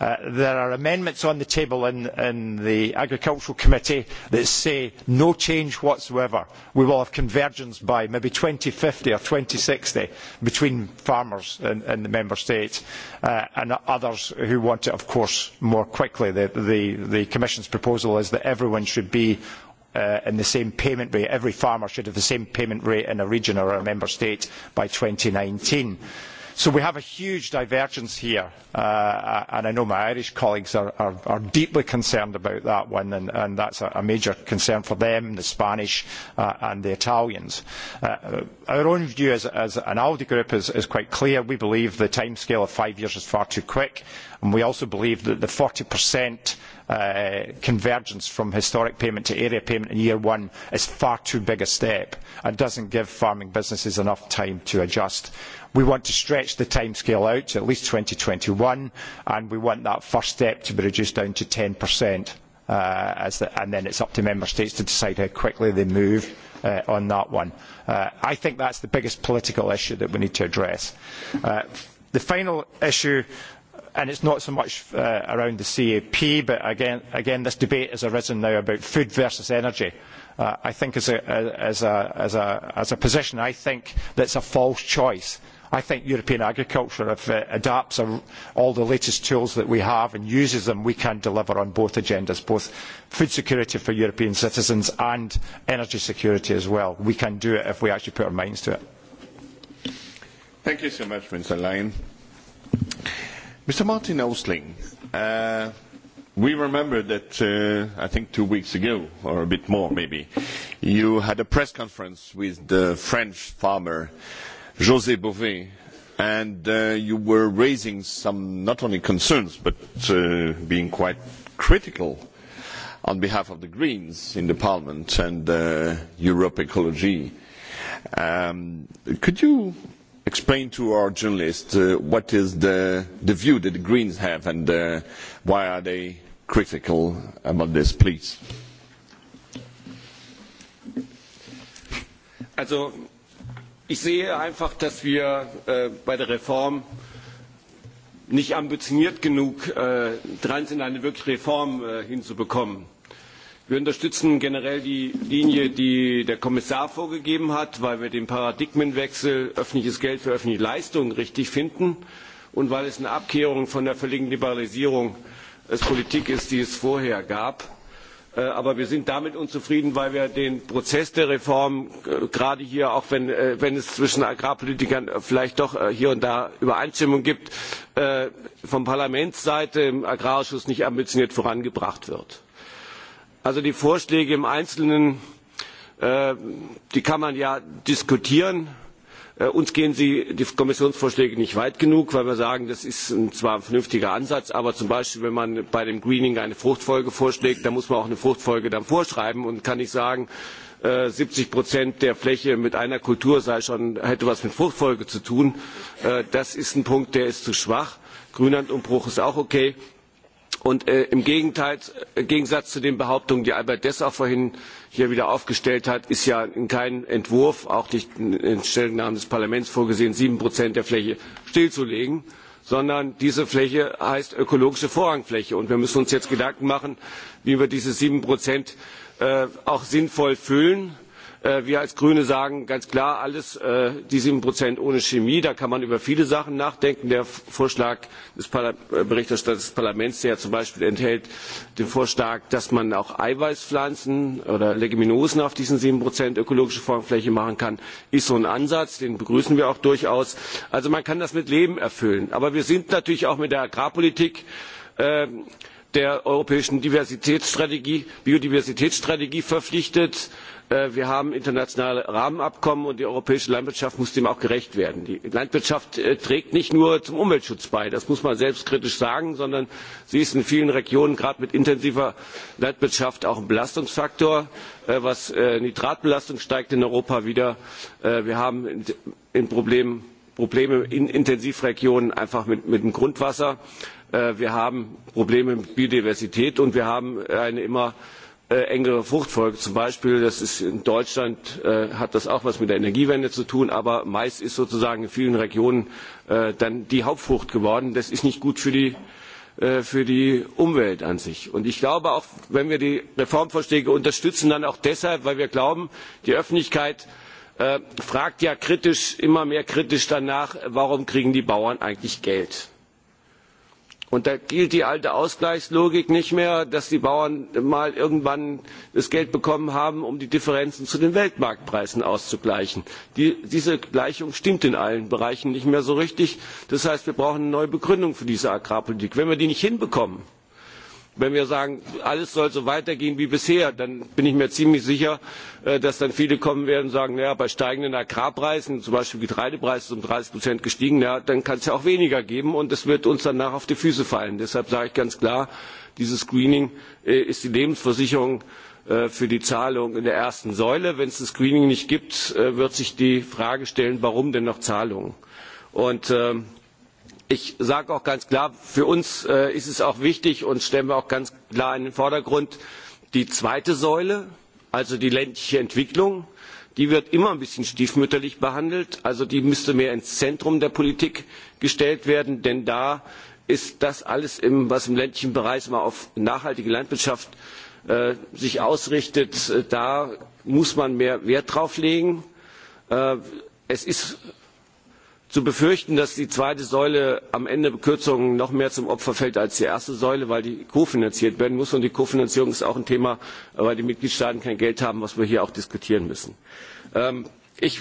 there are amendments on the table in, the Agricultural Committee that say no change whatsoever. We will have convergence by maybe fifty or sixty between farmers in, the Member States and others who want it, of course, more quickly. the Commission's proposal is that everyone should be in the same payment rate. Every farmer should have the same payment rate in a region or a member state by nineteen. So we have a huge divergence here, and I know my Irish colleagues are, deeply concerned about that one, and, and that's a, major concern for them, the Spanish and the Italians. our own view as, an ALDE group is, quite clear. We believe the timescale of five years is far too quick, and we also believe that the 40% convergence from historic payment to area payment in year one is far too big a step and does not give farming businesses enough time to adjust. We want to stretch the timescale out to at least twenty one and we want that first step to be reduced down to 10% and then it is up to member states to decide how quickly they move on that one. I think that is the biggest political issue that we need to address. the final issue and it is not so much around the cap but again this debate has arisen now about food versus energy i think as a position i think that is a false choice I think European agriculture, if it adapts all the latest tools that we have and uses them, we can deliver on both agendas, both food security for European citizens and energy security as well. We can do it if we actually put our minds to it. Thank you so much, Mr. Lyon. Mr. Martin Osling, uh, we remember that uh, I think two weeks ago, or a bit more maybe, you had a press conference with the French farmer José Bové, and uh, you were raising some not only concerns but uh, being quite critical on behalf of the Greens in the Parliament and uh, Europe Ecology. Um, could you explain to our journalists what is the, the view that the Greens have and why are they critical about this, please. Also, ich sehe einfach, dass wir bei der Reform nicht ambitioniert genug dran sind, eine wirkliche Reform hinzubekommen Wir unterstützen generell die Linie, die der Kommissar vorgegeben hat, weil wir den Paradigmenwechsel öffentliches Geld für öffentliche Leistungen richtig finden und weil es eine Abkehrung von der völligen Liberalisierung des Politik ist, die es vorher gab. Aber wir sind damit unzufrieden, weil wir den Prozess der Reform gerade hier, auch wenn, es zwischen Agrarpolitikern vielleicht doch hier und da Übereinstimmung gibt, von Parlamentsseite im Agrarausschuss nicht ambitioniert vorangebracht wird Also die Vorschläge im Einzelnen, kann man ja diskutieren. Uns gehen die Kommissionsvorschläge nicht weit genug, weil wir sagen, das ist zwar ein vernünftiger Ansatz, aber zum Beispiel, wenn man bei dem Greening eine Fruchtfolge vorschlägt, dann muss man auch eine Fruchtfolge dann vorschreiben und kann nicht sagen, 70 Prozent der Fläche mit einer Kultur sei schon, hätte was mit Fruchtfolge zu tun. Das ist ein Punkt, der ist zu schwach. Grünlandumbruch ist auch okay. Und im Gegensatz zu den Behauptungen, die Albert Dessau vorhin hier wieder aufgestellt hat, ist ja in keinem Entwurf, auch nicht in Stellungnahmen des Parlaments vorgesehen, sieben Prozent der Fläche stillzulegen, sondern diese Fläche heißt ökologische Vorrangfläche. Und wir müssen uns jetzt Gedanken machen, wie wir diese sieben Prozent auch sinnvoll füllen wir als grüne sagen ganz klar alles die sieben ohne chemie da kann man über viele sachen nachdenken. der vorschlag des berichterstatters des parlaments der zum beispiel enthält den vorschlag dass man auch eiweißpflanzen oder leguminosen auf diesen sieben ökologische formfläche machen kann ist so ein ansatz den begrüßen wir auch durchaus. also man kann das mit leben erfüllen. aber wir sind natürlich auch mit der agrarpolitik der europäischen biodiversitätsstrategie verpflichtet. wir haben internationale rahmenabkommen und die europäische landwirtschaft muss dem auch gerecht werden. die landwirtschaft trägt nicht nur zum umweltschutz bei das muss man selbstkritisch sagen sondern sie ist in vielen regionen gerade mit intensiver landwirtschaft auch ein belastungsfaktor. was nitratbelastung steigt in europa wieder. wir haben probleme in intensivregionen einfach mit dem grundwasser wir haben Probleme mit Biodiversität und wir haben eine immer engere Fruchtfolge. Zum Beispiel, das ist in Deutschland hat das auch was mit der Energiewende zu tun, aber Mais ist sozusagen in vielen Regionen dann die Hauptfrucht geworden. Das ist nicht gut für die für die Umwelt an sich. Und ich glaube auch, wenn wir die Reformvorschläge unterstützen, dann auch deshalb, weil wir glauben, die Öffentlichkeit fragt ja kritisch, immer mehr kritisch danach, warum kriegen die Bauern eigentlich Geld? Und da gilt die alte Ausgleichslogik nicht mehr, dass die Bauern mal irgendwann das Geld bekommen haben, um die Differenzen zu den Weltmarktpreisen auszugleichen. diese Gleichung stimmt in allen Bereichen nicht mehr so richtig. Das heißt, wir brauchen eine neue Begründung für diese Agrarpolitik. Wenn wir die nicht hinbekommen, wenn wir sagen, alles soll so weitergehen wie bisher, dann bin ich mir ziemlich sicher, dass dann viele kommen werden und sagen, naja, bei steigenden Agrarpreisen, zum Beispiel Getreidepreise sind um 30 Prozent gestiegen, ja, dann kann es ja auch weniger geben und es wird uns danach auf die Füße fallen. Deshalb sage ich ganz klar, dieses Screening ist die Lebensversicherung für die Zahlung in der ersten Säule. Wenn es das Screening nicht gibt, wird sich die Frage stellen, warum denn noch Zahlungen? Und ich sage auch ganz klar, für uns ist es auch wichtig und stellen wir auch ganz klar in den Vordergrund, die zweite Säule, also die ländliche Entwicklung, die wird immer ein bisschen stiefmütterlich behandelt. Also die müsste mehr ins Zentrum der Politik gestellt werden, denn da ist das alles, was im ländlichen Bereich mal auf nachhaltige Landwirtschaft sich ausrichtet, da muss man mehr Wert drauf legen. Es ist zu befürchten, dass die zweite Säule am Ende Kürzungen noch mehr zum Opfer fällt als die erste Säule, weil die kofinanziert werden muss. Und die Kofinanzierung ist auch ein Thema, weil die Mitgliedstaaten kein Geld haben, was wir hier auch diskutieren müssen. ich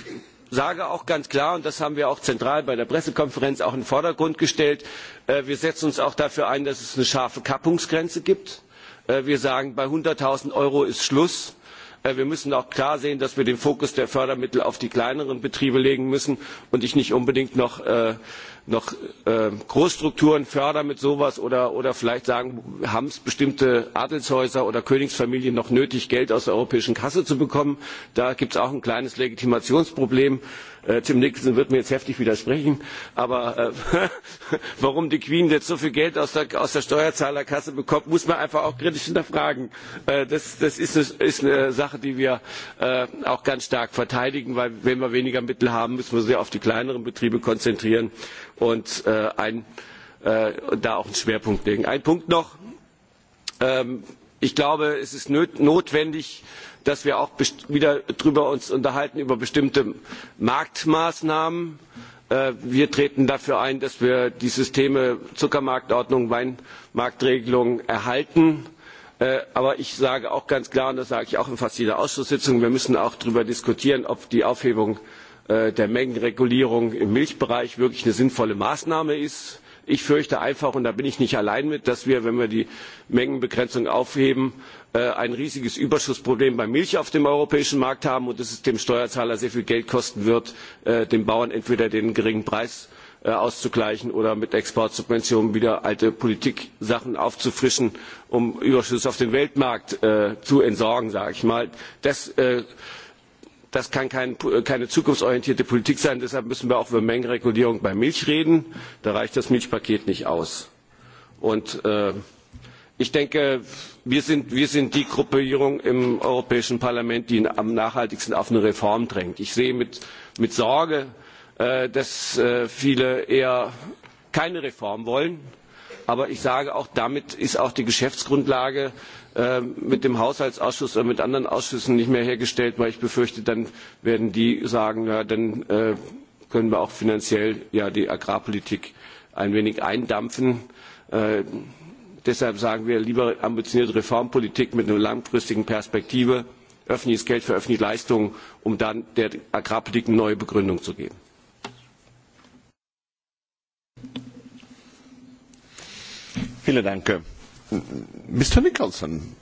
sage auch ganz klar, und das haben wir auch zentral bei der Pressekonferenz auch in den Vordergrund gestellt, wir setzen uns auch dafür ein, dass es eine scharfe Kappungsgrenze gibt. wir sagen, bei null Euro ist Schluss wir müssen auch klar sehen dass wir den fokus der fördermittel auf die kleineren betriebe legen müssen und ich nicht unbedingt noch noch Großstrukturen fördern mit sowas oder, oder vielleicht sagen, haben es bestimmte Adelshäuser oder Königsfamilien noch nötig, Geld aus der europäischen Kasse zu bekommen. Da gibt es auch ein kleines Legitimationsproblem. Tim Nicholson wird mir jetzt heftig widersprechen, aber warum die Queen jetzt so viel Geld aus der, Steuerzahlerkasse bekommt, muss man einfach auch kritisch hinterfragen. das ist, eine, Sache, die wir auch ganz stark verteidigen, weil wenn wir weniger Mittel haben, müssen wir sie auf die kleineren Betriebe konzentrieren und da auch einen Schwerpunkt legen. Ein Punkt noch. Ich glaube, es ist notwendig, dass wir uns auch wieder darüber unterhalten, über bestimmte Marktmaßnahmen. Wir treten dafür ein, dass wir die Systeme Zuckermarktordnung, Weinmarktregelung erhalten. Aber ich sage auch ganz klar, und das sage ich auch in fast jeder Ausschusssitzung, wir müssen auch darüber diskutieren, ob die Aufhebung der mengenregulierung im milchbereich wirklich eine sinnvolle maßnahme ist. ich fürchte einfach und da bin ich nicht allein mit dass wir wenn wir die mengenbegrenzung aufheben ein riesiges überschussproblem bei milch auf dem europäischen markt haben und es dem steuerzahler sehr viel geld kosten wird den bauern entweder den geringen preis auszugleichen oder mit exportsubventionen wieder alte politiksachen aufzufrischen um überschüsse auf dem weltmarkt zu entsorgen sage ich das Das kann keine zukunftsorientierte Politik sein. Deshalb müssen wir auch über Mengenregulierung bei Milch reden. Da reicht das Milchpaket nicht aus. Und ich denke, wir sind, die Gruppierung im Europäischen Parlament, die am nachhaltigsten auf eine Reform drängt. Ich sehe mit, Sorge, dass viele eher keine Reform wollen Aber ich sage auch, damit ist auch die Geschäftsgrundlage mit dem Haushaltsausschuss oder mit anderen Ausschüssen nicht mehr hergestellt, weil ich befürchte, dann werden die sagen, ja, dann können wir auch finanziell ja die Agrarpolitik ein wenig eindampfen. deshalb sagen wir lieber ambitionierte Reformpolitik mit einer langfristigen Perspektive, öffentliches Geld für öffentliche Leistungen, um dann der Agrarpolitik eine neue Begründung zu geben. Mr. Nicholson,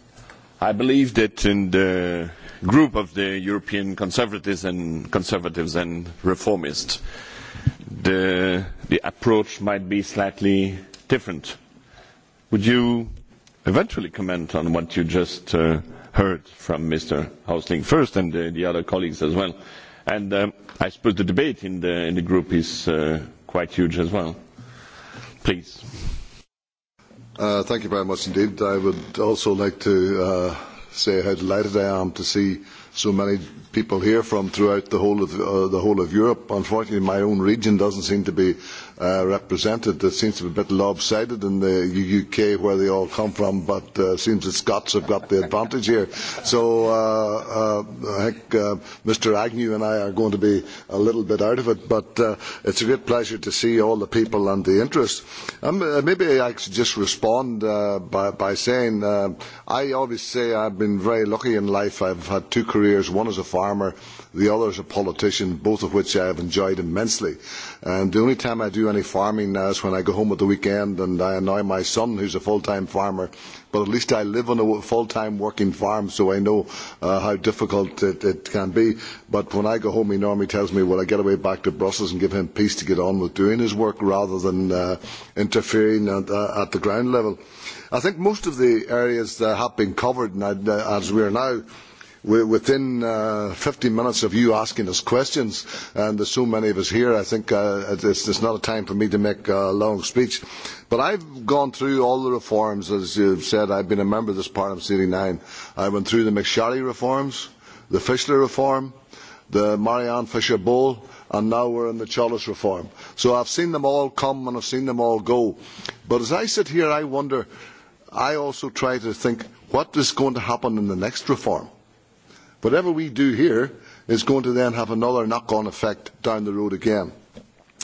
I believe that in the group of the European conservatives and conservatives and reformists, the, the approach might be slightly different. Would you eventually comment on what you just uh, heard from Mr. Hausling first and the, the other colleagues as well? And um, I suppose the debate in the, in the group is uh, quite huge as well. Please thank you very much indeed. I would also like to say how delighted I am to see so many people here from throughout the whole of, Europe. Unfortunately, my own region does not seem to be represented. It seems to be a bit lopsided in the UK where they all come from, but it seems the Scots have got the advantage here. So I think Mr Agnew and I are going to be a little bit out of it, but it is a great pleasure to see all the people and the interest. maybe I should just respond by, saying I always say I have been very lucky in life. I have had two careers, one as a farmer, the other as a politician, both of which I have enjoyed immensely. And the only time I do any farming now is when I go home at the weekend and I annoy my son, who's a full-time farmer. But at least I live on a full-time working farm, so I know how difficult it, can be. But when I go home, he normally tells me, well, I get away back to Brussels and give him peace to get on with doing his work rather than interfering at, the ground level. I think most of the areas that have been covered, and as we are now, within uh, minutes of you asking us questions, and there's so many of us here, I think uh, it's, it's not a time for me to make a long speech. But I've gone through all the reforms, as you've said. I've been a member of this Parliament since 89. I went through the McSharry reforms, the Fischler reform, the Marianne Fisher Bowl, and now we're in the Chalice reform. So I've seen them all come and I've seen them all go. But as I sit here, I wonder, I also try to think, what is going to happen in the next reform? Whatever we do here is going to then have another knock-on effect down the road again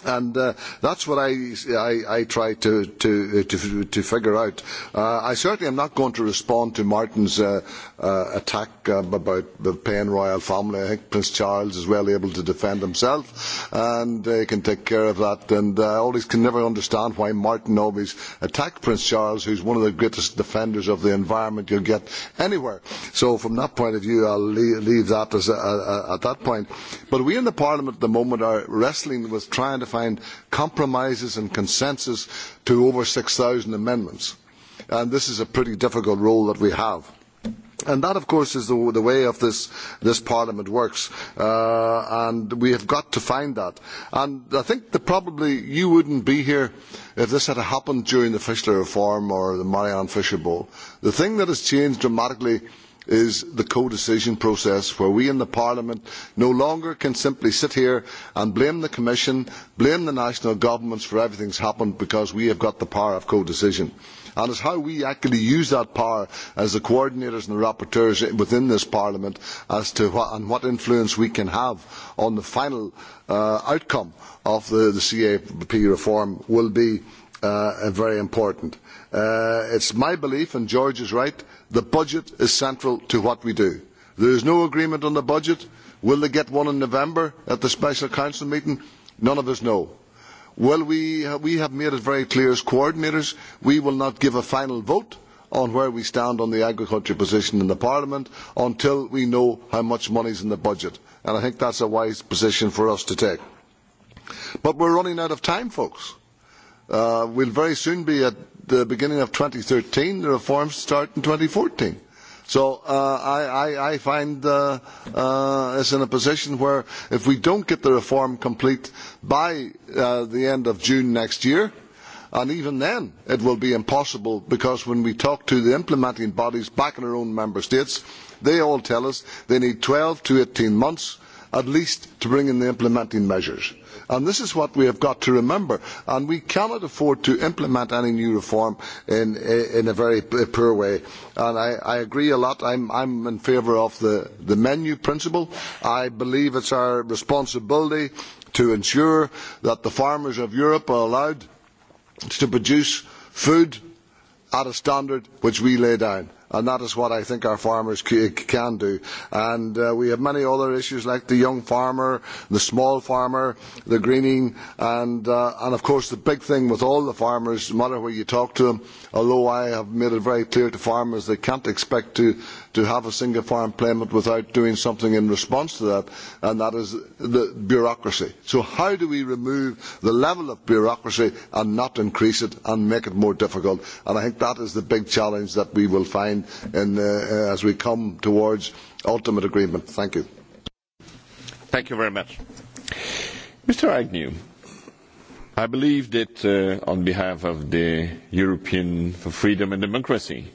and uh, that's what I, I, I try to, to, to, to figure out. Uh, I certainly am not going to respond to Martin's uh, uh, attack um, about the paying royal family. I think Prince Charles is well able to defend himself and uh, can take care of that. And I always can never understand why Martin always attacked Prince Charles, who's one of the greatest defenders of the environment you'll get anywhere. So from that point of view, I'll will leave that as a, a, a, at that point. But we in the Parliament at the moment are wrestling with trying to find compromises and consensus to over six 6,000 amendments. And this is a pretty difficult role that we have. And that, of course, is the, way of this, Parliament works. and we have got to find that. And I think that probably you would not be here if this had happened during the Fischler Reform or the Marianne Fisher Bowl. The thing that has changed dramatically is the codecision process where we in parliament no longer can simply sit here and blame the commission blame the national governments for everything that has happened because we have got the power of codecision. it is how we actually use that power as the coordinators and the rapporteurs within this parliament as to what influence we can have on the final outcome of the cap reform will be very important. it is my belief and george is right The budget is central to what we do. There is no agreement on the budget. Will they get one in November at the special council meeting? None of us know. Well, we, have made it very clear as coordinators we will not give a final vote on where we stand on the agriculture position in Parliament until we know how much money is in the budget. And I think that is a wise position for us to take. But we are running out of time, folks. We will very soon be at the beginning of 2013. The reforms start in 2014. So uh, I, I, I find uh, uh, us in a position where if we don't get the reform complete by uh, the end of June next year, and even then it will be impossible because when we talk to the implementing bodies back in our own member states, they all tell us they need twelve to eighteen months at least to bring in the implementing measures this is what we have got to remember. And we cannot afford to implement any new reform in, a very poor way. I, agree a lot. I am in favour of the, the menu principle. I believe it is our responsibility to ensure that the farmers of Europe are allowed to produce food at a standard which we lay down and that is what I think our farmers can do. we have many other issues like the young farmer, the small farmer, the greening, and, of course the big thing with all the farmers, no matter where you talk to them, although I have made it very clear to farmers they cannot expect to to have a single farm payment without doing something in response to that, and that is the bureaucracy. So how do we remove the level of bureaucracy and not increase it and make it more difficult? And I think that is the big challenge that we will find as we come towards ultimate agreement. Thank you. Thank you very much. Mr. Agnew, I believe that on behalf of the European for Freedom and Democracy,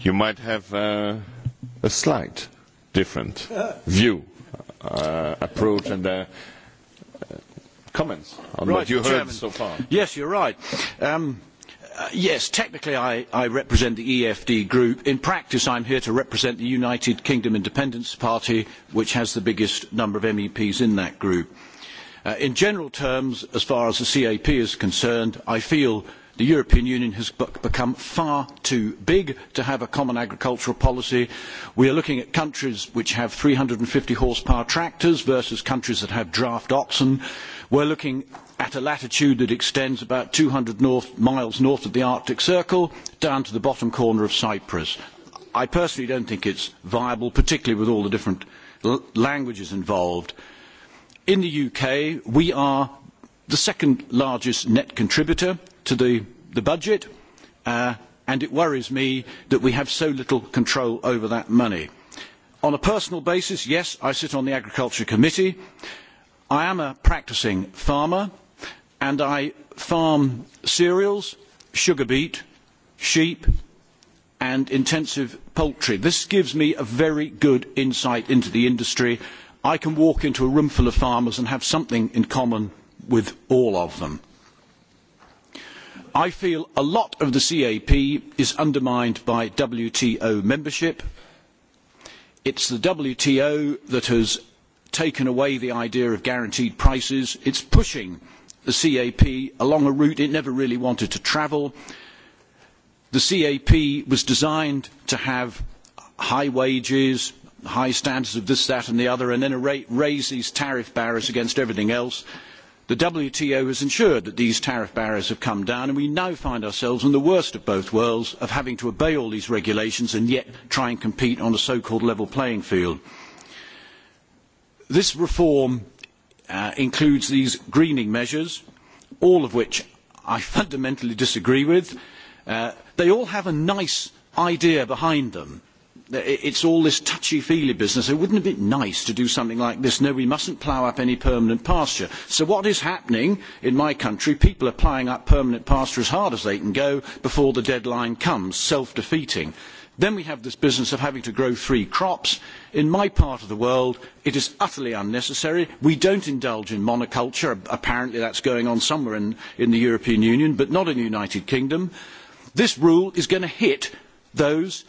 you might have a slight different view, uh, approach, and uh, comments on what you heard so far. Yes, you're right. Um, yes, technically I, I represent the EFD group. In practice, I'm here to represent the United Kingdom Independence Party, which has the biggest number of MEPs in that group. in general terms, as far as the CAP is concerned, I feel the European Union has become far too big to have a common agricultural policy. We are looking at countries which have three hundred and fifty horsepower tractors versus countries that have draft oxen. We are looking at a latitude that extends about two hundred miles north of the Arctic Circle down to the bottom corner of Cyprus. I personally do not think it is viable, particularly with all the different languages involved. In the UK, we are the second largest net contributor to the, budget, and it worries me that we have so little control over that money. On a personal basis, yes, I sit on the Agriculture Committee. I am a practising farmer, and I farm cereals, sugar beet, sheep, and intensive poultry. This gives me a very good insight into the industry. I can walk into a room full of farmers and have something in common with all of them. I feel a lot of the CAP is undermined by WTO membership. It is the WTO that has taken away the idea of guaranteed prices. It is pushing the CAP along a route it never really wanted to travel. The CAP was designed to have high wages, high standards of this, that and the other, and then raise these tariff barriers against everything else The WTO has ensured that these tariff barriers have come down, and we now find ourselves in the worst of both worlds of having to obey all these regulations and yet try and compete on a so-called level playing field. This reform includes these greening measures, all of which I fundamentally disagree with. they all have a nice idea behind them it's all this touchy-feely business. Wouldn't it be nice to do something like this? No, we mustn't plough up any permanent pasture. So what is happening in my country? People are ploughing up permanent pasture as hard as they can go before the deadline comes, self-defeating. Then we have this business of having to grow three crops. In my part of the world, it is utterly unnecessary. We don't indulge in monoculture. Apparently that is going on somewhere in, the European Union, but not in the United Kingdom. This rule is going to hit those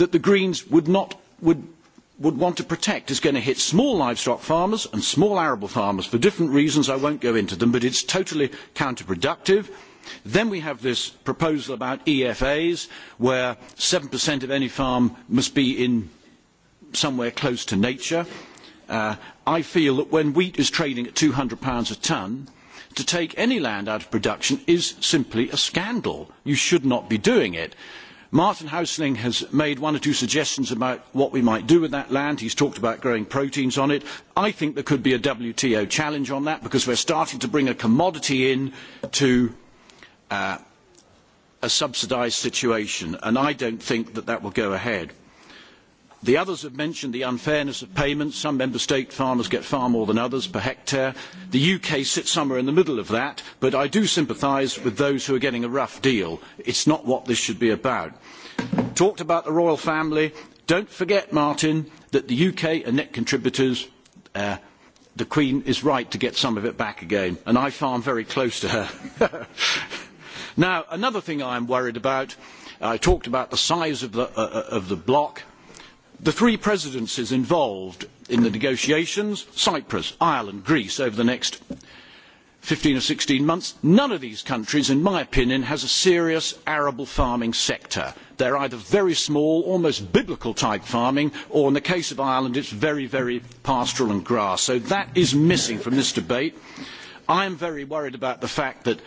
that the Greens would want to protect is going to hit small livestock farmers and small arable farmers for different reasons. I will not go into them, but it is totally counterproductive. Then we have this proposal about EFAs, where 7% of any farm must be in somewhere close to nature. I feel that when wheat is trading at two hundred pounds a tonne, to take any land out of production is simply a scandal. You should not be doing it. Martin Hausling has made one or two suggestions about what we might do with that land. He has talked about growing proteins on it. I think there could be a WTO challenge on that because we are starting to bring a commodity in to a subsidised situation, and I do not think that that will go ahead. The others have mentioned the unfairness of payments. Some member state farmers get far more than others per hectare. The UK sits somewhere in the middle of that, but I do sympathise with those who are getting a rough deal. It's not what this should be about. Talked about the royal family. Don't forget, Martin, that the UK are net contributors. the Queen is right to get some of it back again, and I farm very close to her. now, another thing I am worried about, I talked about the size of the, bloc the three presidencies involved in the negotiations cyprus ireland greece over the next fifteen or sixteen months none of these countries in my opinion has a serious arable farming sector. they are either very small almost biblical type farming or in the case of ireland it is very very pastoral and grass so that is missing from this debate. i am very worried about the fact that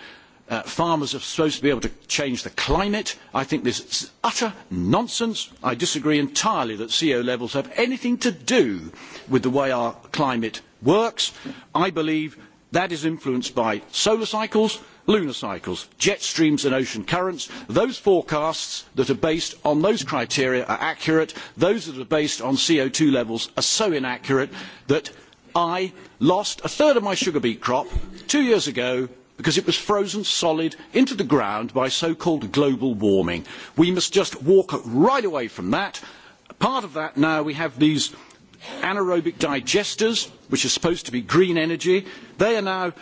farmers are supposed to be able to change the climate. I think this is utter nonsense. I disagree entirely that CO levels have anything to do with the way our climate works. I believe that is influenced by solar cycles, lunar cycles, jet streams and ocean currents. Those forecasts that are based on those criteria are accurate. Those that are based on co two levels are so inaccurate that I lost a third of my sugar beet crop two years ago because it was frozen solid into the ground by so called global warming. We must just walk right away from that. Part of that now we have these anaerobic digesters, which are supposed to be green energy. They are now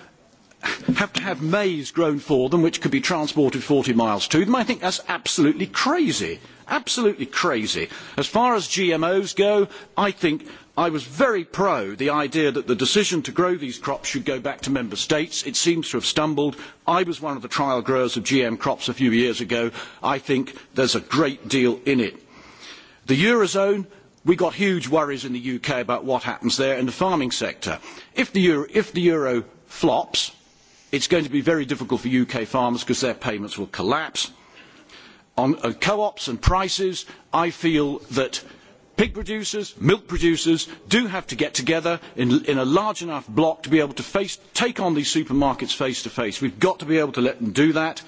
have to have maize grown for them, which could be transported forty miles to them. I think that is absolutely crazy. Absolutely crazy. As far as GMOs go, I think I was very pro the idea that the decision to grow these crops should go back to member states. It seems to have stumbled. I was one of the trial growers of GM crops a few years ago. I think there is a great deal in it. The Eurozone, we got huge worries in the UK about what happens there in the farming sector. If the Euro, if the Euro flops, it's going to be very difficult for UK farmers because their payments will collapse on co-ops and prices, I feel that pig producers, milk producers do have to get together in, a large enough block to be able to take on these supermarkets face to face. We have got to be able to let them do that.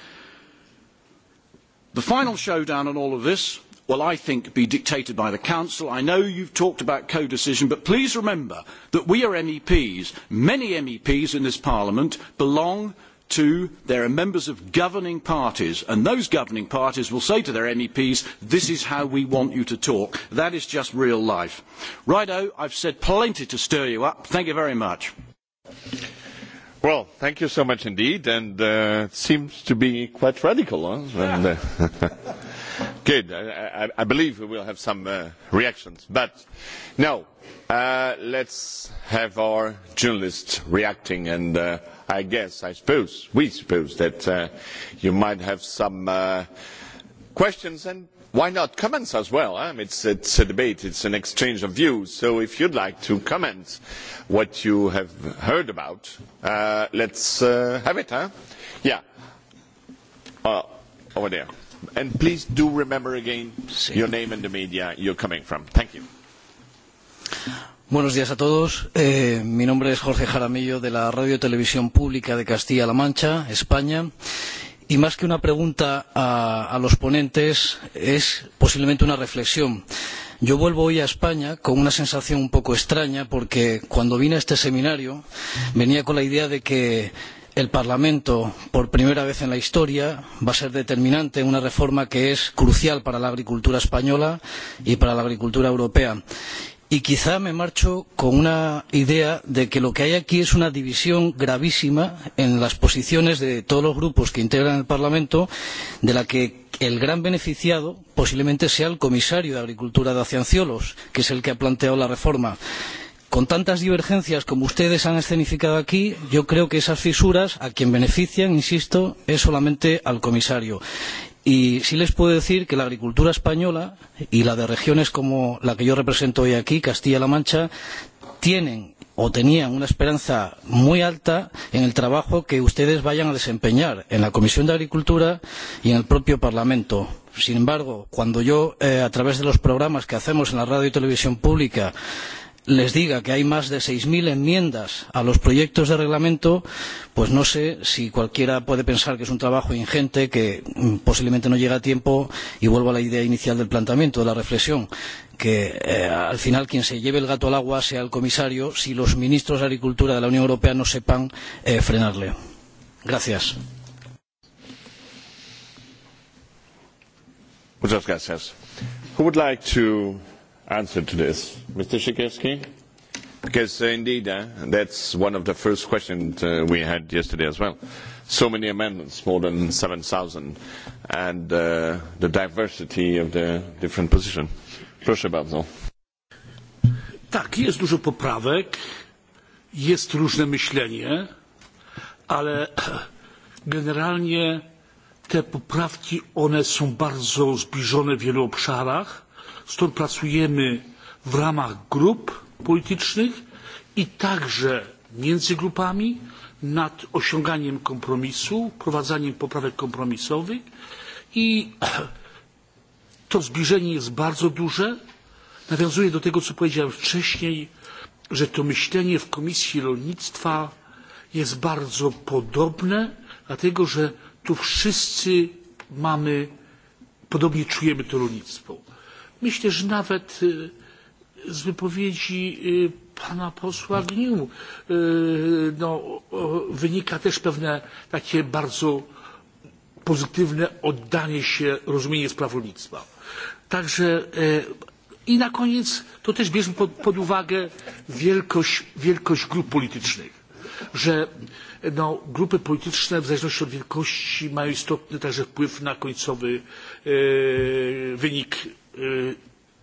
The final showdown on all of this will, I think, be dictated by the Council. I know you have talked about codecision, but please remember that we are MEPs. Many MEPs in this Parliament belong Two, there are members of governing parties, and those governing parties will say to their MEPs, this is how we want you to talk. That is just real life. Righto, I've said plenty to stir you up. Thank you very much. Well, thank you so much indeed, and uh, it seems to be quite radical. Huh? And, uh, good. I, I, I believe we will have some uh, reactions. But now, uh, let's have our journalists reacting and. Uh, I guess, I suppose, we suppose that you might have some questions and why not comments as well? Eh? It's, it's a debate, it's an exchange of views. So if you'd like to comment what you have heard about, uh, let's uh, have it, huh? Yeah. Uh, over there. And please do remember again your name and the media you're coming from. Thank you. Buenos días a todos. Eh, mi nombre es Jorge Jaramillo de la Radio Televisión Pública de Castilla-La Mancha, España. Y más que una pregunta a, a los ponentes, es posiblemente una reflexión. Yo vuelvo hoy a España con una sensación un poco extraña porque cuando vine a este seminario venía con la idea de que el Parlamento, por primera vez en la historia, va a ser determinante en una reforma que es crucial para la agricultura española y para la agricultura europea. Y quizá me marcho con una idea de que lo que hay aquí es una división gravísima en las posiciones de todos los grupos que integran el Parlamento, de la que el gran beneficiado posiblemente sea el comisario de Agricultura de Acianciolos, que es el que ha planteado la reforma con tantas divergencias como ustedes han escenificado aquí, yo creo que esas fisuras a quien benefician, insisto, es solamente al comisario. Y sí les puedo decir que la agricultura española y la de regiones como la que yo represento hoy aquí, Castilla-La Mancha, tienen o tenían una esperanza muy alta en el trabajo que ustedes vayan a desempeñar en la Comisión de Agricultura y en el propio Parlamento. Sin embargo, cuando yo, a través de los programas que hacemos en la radio y televisión pública, les diga que hay más de seis 6.000 enmiendas a los proyectos de reglamento, pues no sé si cualquiera puede pensar que es un trabajo ingente, que posiblemente no llega a tiempo, y vuelvo a la idea inicial del planteamiento, de la reflexión, que al final quien se lleve el gato al agua sea el comisario si los ministros de Agricultura de la Unión Europea no sepan frenarle. Gracias. Muchas gracias. Who would like to answer to this. Mr. Sikorski? Because uh, indeed, uh, that's one of the first questions uh, we had yesterday as well. So many amendments, more than 7,000, and uh, the diversity of the different positions. Proszę bardzo. Tak, jest dużo poprawek, jest różne myślenie, ale generalnie te poprawki, one są bardzo zbliżone w wielu obszarach stąd pracujemy w ramach grup politycznych i także między grupami nad osiąganiem kompromisu, wprowadzaniem poprawek kompromisowych i to zbliżenie jest bardzo duże. Nawiązuje do tego, co powiedziałem wcześniej, że to myślenie w Komisji Rolnictwa jest bardzo podobne, dlatego że tu wszyscy mamy, podobnie czujemy to rolnictwo. Myślę, że nawet z wypowiedzi pana posła Agniu wynika też pewne takie bardzo pozytywne oddanie się, rozumienie spraw rolnictwa. Także i na koniec to też bierzmy pod, uwagę wielkość, grup politycznych, że grupy polityczne w zależności od wielkości mają istotny także wpływ na końcowy wynik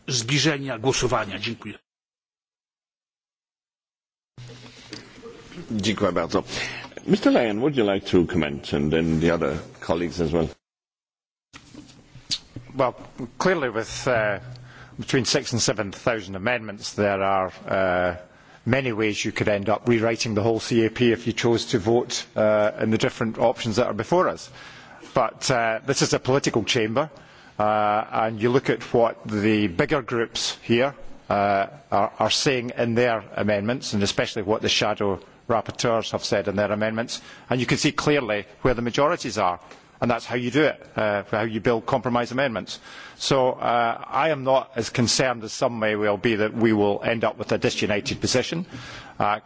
zbliżenia głosowania. Dziękuję. Dziękuję bardzo. Mr. Lyon, would you like to comment and then the other colleagues as well? Well, clearly with uh, between six and seven thousand amendments, there are uh, many ways you could end up rewriting the whole CAP if you chose to vote uh, in the different options that are before us. But uh, this is a political chamber. Uh, and you look at what the bigger groups here are saying in their amendments, and especially what the shadow rapporteurs have said in their amendments, and you can see clearly where the majorities are and that is how you do it, how you build compromise amendments. So I am not as concerned as some may well be that we will end up with a disunited position.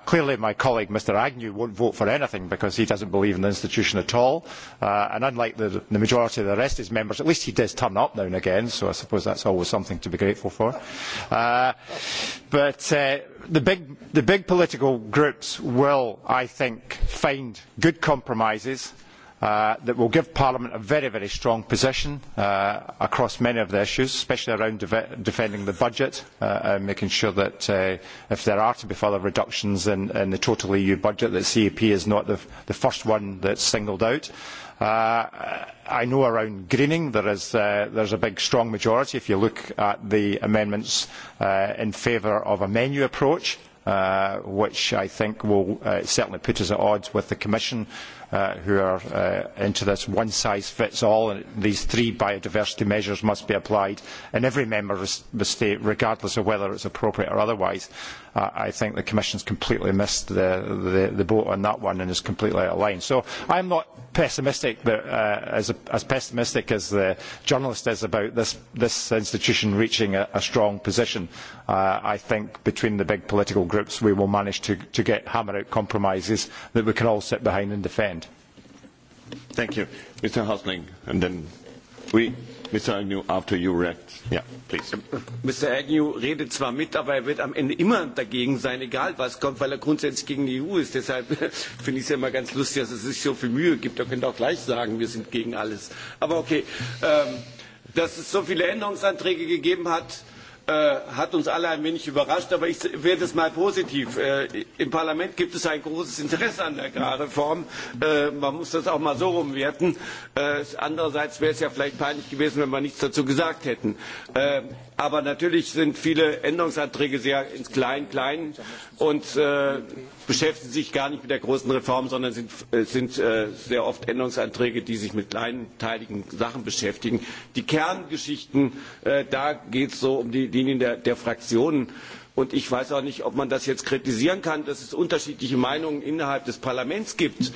clearly, my colleague, Mr Agnew, won't vote for anything because he doesn't believe in the institution at all. and unlike the, majority of the rest of his members, at least he does turn up now and again, so I suppose that's always something to be grateful for. but the big political groups will, I think, find good compromises that will give Parliament a very, very strong position across many of the issues, especially around defending the budget and making sure that if there are to be further reductions in, the total EU budget, that CEP is not the, first one that is singled out. I know around greening there is a big strong majority if you look at the amendments in favour of a menu approach which I think will certainly put us at odds with the Commission who are into this one size fits all and these three biodiversity measures must be applied in every member state regardless of whether it is appropriate or otherwise. I think the Commission has completely missed the, boat on that one and is completely out of line. So I am not pessimistic, but as, pessimistic as the journalist is about this, institution reaching a, strong position, I think between the big political groups we will manage to, get hammer out compromises that we can all sit behind and defend. Thank you. Mr. Hosling, and then we, Mr. Agnew, after you react. Yeah, please. Mr. Agnew redet zwar mit, aber er wird am Ende immer dagegen sein, egal was kommt, weil er grundsätzlich gegen die EU ist. Deshalb finde ich es ja immer ganz lustig, dass es sich so viel Mühe gibt. Er könnte auch gleich sagen, wir sind gegen alles. Aber okay, dass es so viele Änderungsanträge gegeben hat, hat uns alle ein wenig überrascht, aber ich werde es mal positiv. Im Parlament gibt es ein großes Interesse an der Agrarreform. Man muss das auch mal so rumwerten. Andererseits wäre es ja vielleicht peinlich gewesen, wenn wir nichts dazu gesagt hätten. Aber natürlich sind viele Änderungsanträge sehr ins Klein-Klein und beschäftigen sich gar nicht mit der großen Reform, sondern sind, sind sehr oft Änderungsanträge, die sich mit kleinteiligen Sachen beschäftigen. Die Kerngeschichten, da geht es so um die Linien der, Fraktionen. Und ich weiß auch nicht, ob man das jetzt kritisieren kann, dass es unterschiedliche Meinungen innerhalb des Parlaments gibt.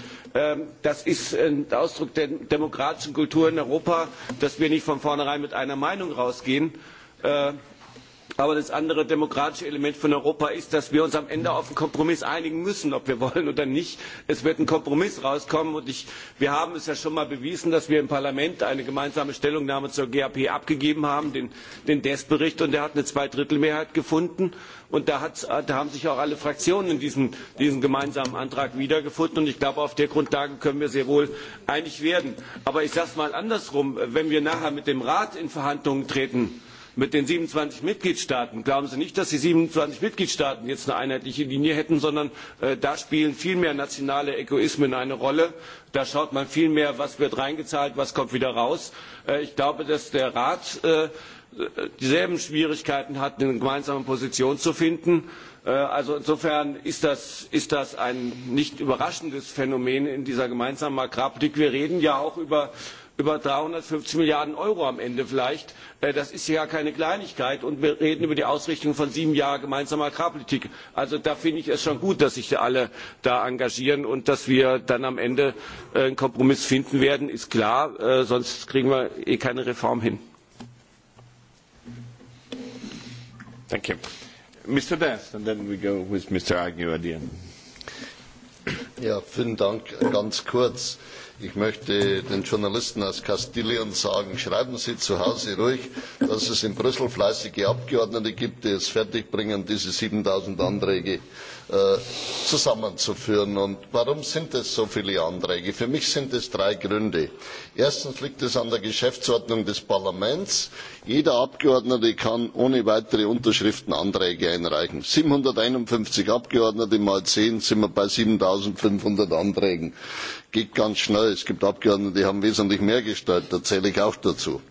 Das ist ein Ausdruck der demokratischen Kultur in Europa, dass wir nicht von vornherein mit einer Meinung rausgehen aber das andere demokratische element von europa ist dass wir uns am ende auf einen kompromiss einigen müssen ob wir wollen oder nicht. es wird ein kompromiss herauskommen und wir haben es ja schon einmal bewiesen dass wir im parlament eine gemeinsame stellungnahme zur gap abgegeben haben den dess bericht und der hat eine zweidrittelmehrheit gefunden und da haben sich auch alle fraktionen in diesem gemeinsamen antrag wiedergefunden und ich glaube auf der grundlage können wir sehr wohl einig werden. aber ich sage es mal andersrum, wenn wir nachher mit dem rat in verhandlungen treten mit den siebenundzwanzig mitgliedstaaten. glauben sie nicht dass die siebenundzwanzig mitgliedstaaten jetzt eine einheitliche linie hätten sondern da spielen viel mehr nationale egoismen eine rolle. da schaut man viel mehr was wird reingezahlt was kommt wieder raus. ich glaube dass der rat dieselben schwierigkeiten hat eine gemeinsame position zu finden. also insofern ist das ein nicht überraschendes phänomen in dieser gemeinsamen agrarpolitik. wir reden ja auch über über dreihundertfünfzig milliarden euro am ende vielleicht das ist ja keine kleinigkeit und wir reden über die ausrichtung von sieben jahren gemeinsamer agrarpolitik. also da finde ich es schon gut dass sich alle da engagieren und dass wir dann am ende einen kompromiss finden werden ist klar sonst kriegen wir eh keine reform hin. ganz kurz Ich möchte den Journalisten aus Kastilien sagen, schreiben Sie zu Hause ruhig, dass es in Brüssel fleißige Abgeordnete gibt, die es fertigbringen, diese 7000 Anträge zusammenzuführen. warum sind es so viele anträge? für mich sind es drei gründe. erstens liegt es an der geschäftsordnung des parlaments jeder abgeordnete kann ohne weitere unterschriften anträge einreichen. siebenhunderteinundfünfzig abgeordnete mal zehn sind wir bei siebentausendfünfhundert anträgen. das geht ganz schnell. es gibt abgeordnete die haben wesentlich mehr gestellt da zähle ich auch dazu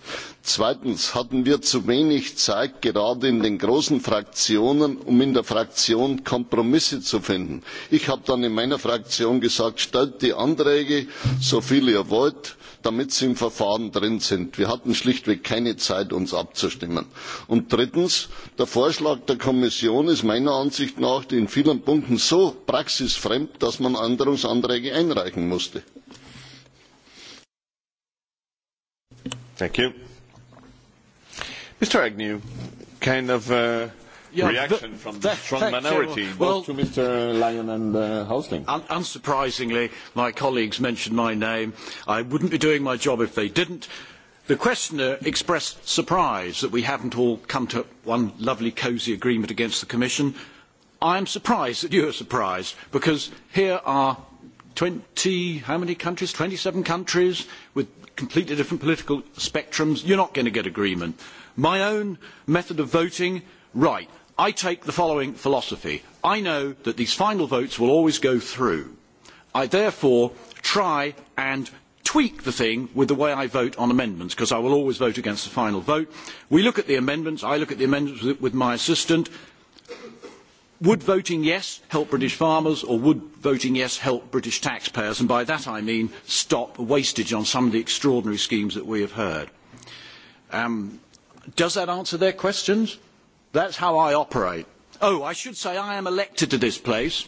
zweitens hatten wir zu wenig zeit gerade in den großen fraktionen um in der fraktion kompromisse zu finden. ich habe dann in meiner fraktion gesagt stellt die anträge so viele ihr wollt damit sie im verfahren drin sind. wir hatten schlichtweg keine zeit uns abzustimmen. und drittens der vorschlag der kommission ist meiner ansicht nach in vielen punkten so praxisfremd dass man änderungsanträge einreichen musste. Mr. Agnew, kind of uh, reaction from the strong minority, both to Mr. Lyon and uh, Un- unsurprisingly, my colleagues mentioned my name. I wouldn't be doing my job if they didn't. The questioner expressed surprise that we haven't all come to one lovely cosy agreement against the Commission. I am surprised that you are surprised because here are twenty how many countries? Twenty seven countries with completely different political spectrums. You're not going to get agreement My own method of voting, right, I take the following philosophy. I know that these final votes will always go through. I therefore try and tweak the thing with the way I vote on amendments, because I will always vote against the final vote. We look at the amendments. I look at the amendments with my assistant. Would voting yes help British farmers, or would voting yes help British taxpayers? And by that I mean stop wastage on some of the extraordinary schemes that we have heard. Um, Does that answer their questions? That's how I operate. Oh, I should say I am elected to this place,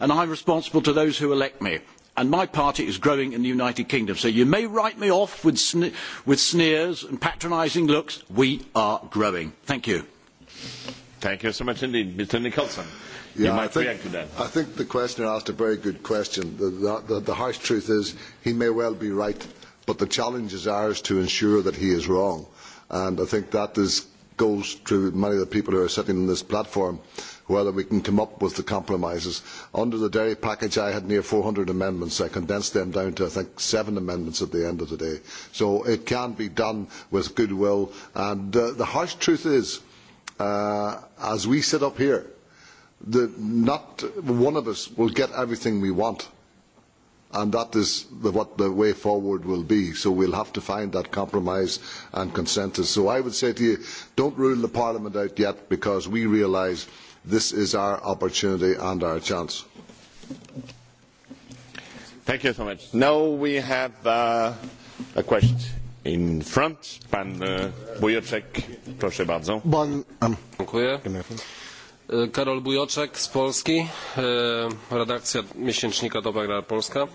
and I'm responsible to those who elect me. And my party is growing in the United Kingdom. So you may write me off with, sneers and patronising looks. We are growing. Thank you. Thank you so much indeed, Mr. Nicholson. Yeah, you might I think, react to that. I think the questioner asked a very good question. The, the, the, the harsh truth is he may well be right, but the challenge is ours to ensure that he is wrong And I think that is, goes to many of the people who are sitting on this platform, whether we can come up with the compromises. Under the dairy package, I had near four hundred amendments. I condensed them down to, I think, seven amendments at the end of the day. So it can be done with goodwill. And the harsh truth is, as we sit up here, not one of us will get everything we want and that is what the way forward will be. So we will have to find that compromise and consensus. So I would say to you, don't rule the Parliament out yet, because we realise this is our opportunity and our chance. Thank you so much. Now we have a question in front. Pan proszę bardzo. Karol Bujoczek z Polski, redakcja miesięcznika Dobra Gra Polska.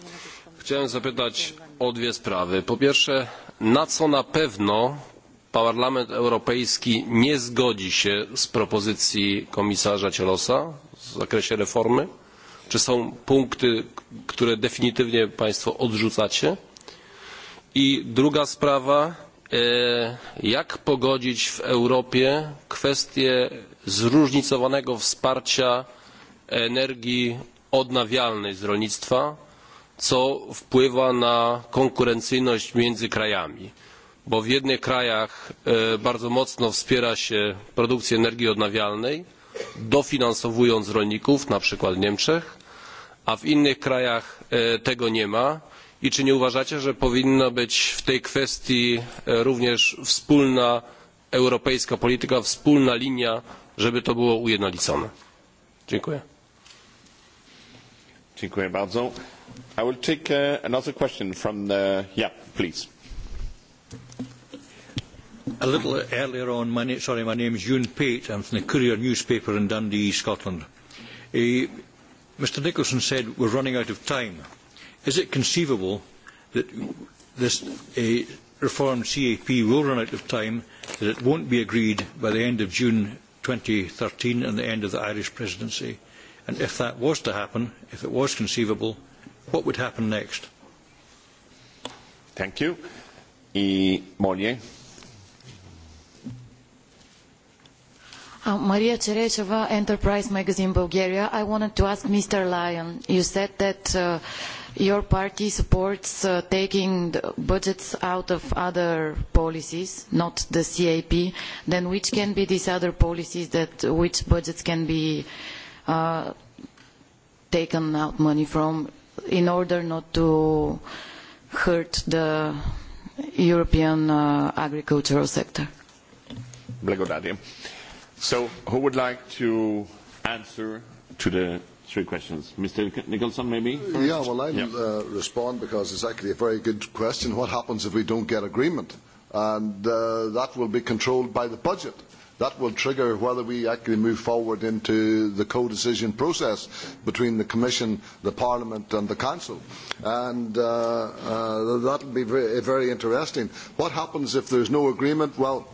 Chciałem zapytać o dwie sprawy. Po pierwsze, na co na pewno Parlament Europejski nie zgodzi się z propozycji komisarza Cielosa w zakresie reformy? Czy są punkty, które definitywnie Państwo odrzucacie? I druga sprawa, jak pogodzić w Europie kwestie zróżnicowanego wsparcia energii odnawialnej z rolnictwa, co wpływa na konkurencyjność między krajami, bo w jednych krajach bardzo mocno wspiera się produkcję energii odnawialnej, dofinansowując rolników, na przykład w Niemczech, a w innych krajach tego nie ma. I czy nie uważacie, że powinna być w tej kwestii również wspólna europejska polityka, wspólna linia żeby to było ujednolicone. Dziękuję. Dziękuję bardzo. I will take uh, another question from the... Yeah, please. A little earlier on, my sorry, my name is June Pate. I'm from the Courier newspaper in Dundee, Scotland. Uh, Mr Nicholson said we're running out of time. Is it conceivable that this uh, reformed CAP will run out of time, that it won't be agreed by the end of June thirteen and the end of the Irish presidency? And if that was to happen, if it was conceivable, what would happen next? Thank you. Maria Ceresheva, Enterprise Magazine Bulgaria. I wanted to ask Mr. Lyon, you said that your party supports taking the budgets out of other policies, not the CAP, then which can be these other policies that which budgets can be taken out money from in order not to hurt the European agricultural sector? So who would like to answer to the three questions. Mr. Nicholson, maybe? Yeah, well, I'll yeah. uh, respond because it's actually a very good question. What happens if we don't get agreement? And uh, that will be controlled by the budget. That will trigger whether we actually move forward into the co-decision process between the Commission, the Parliament and the Council. And uh, uh, that will be very, very interesting. What happens if there's no agreement? Well,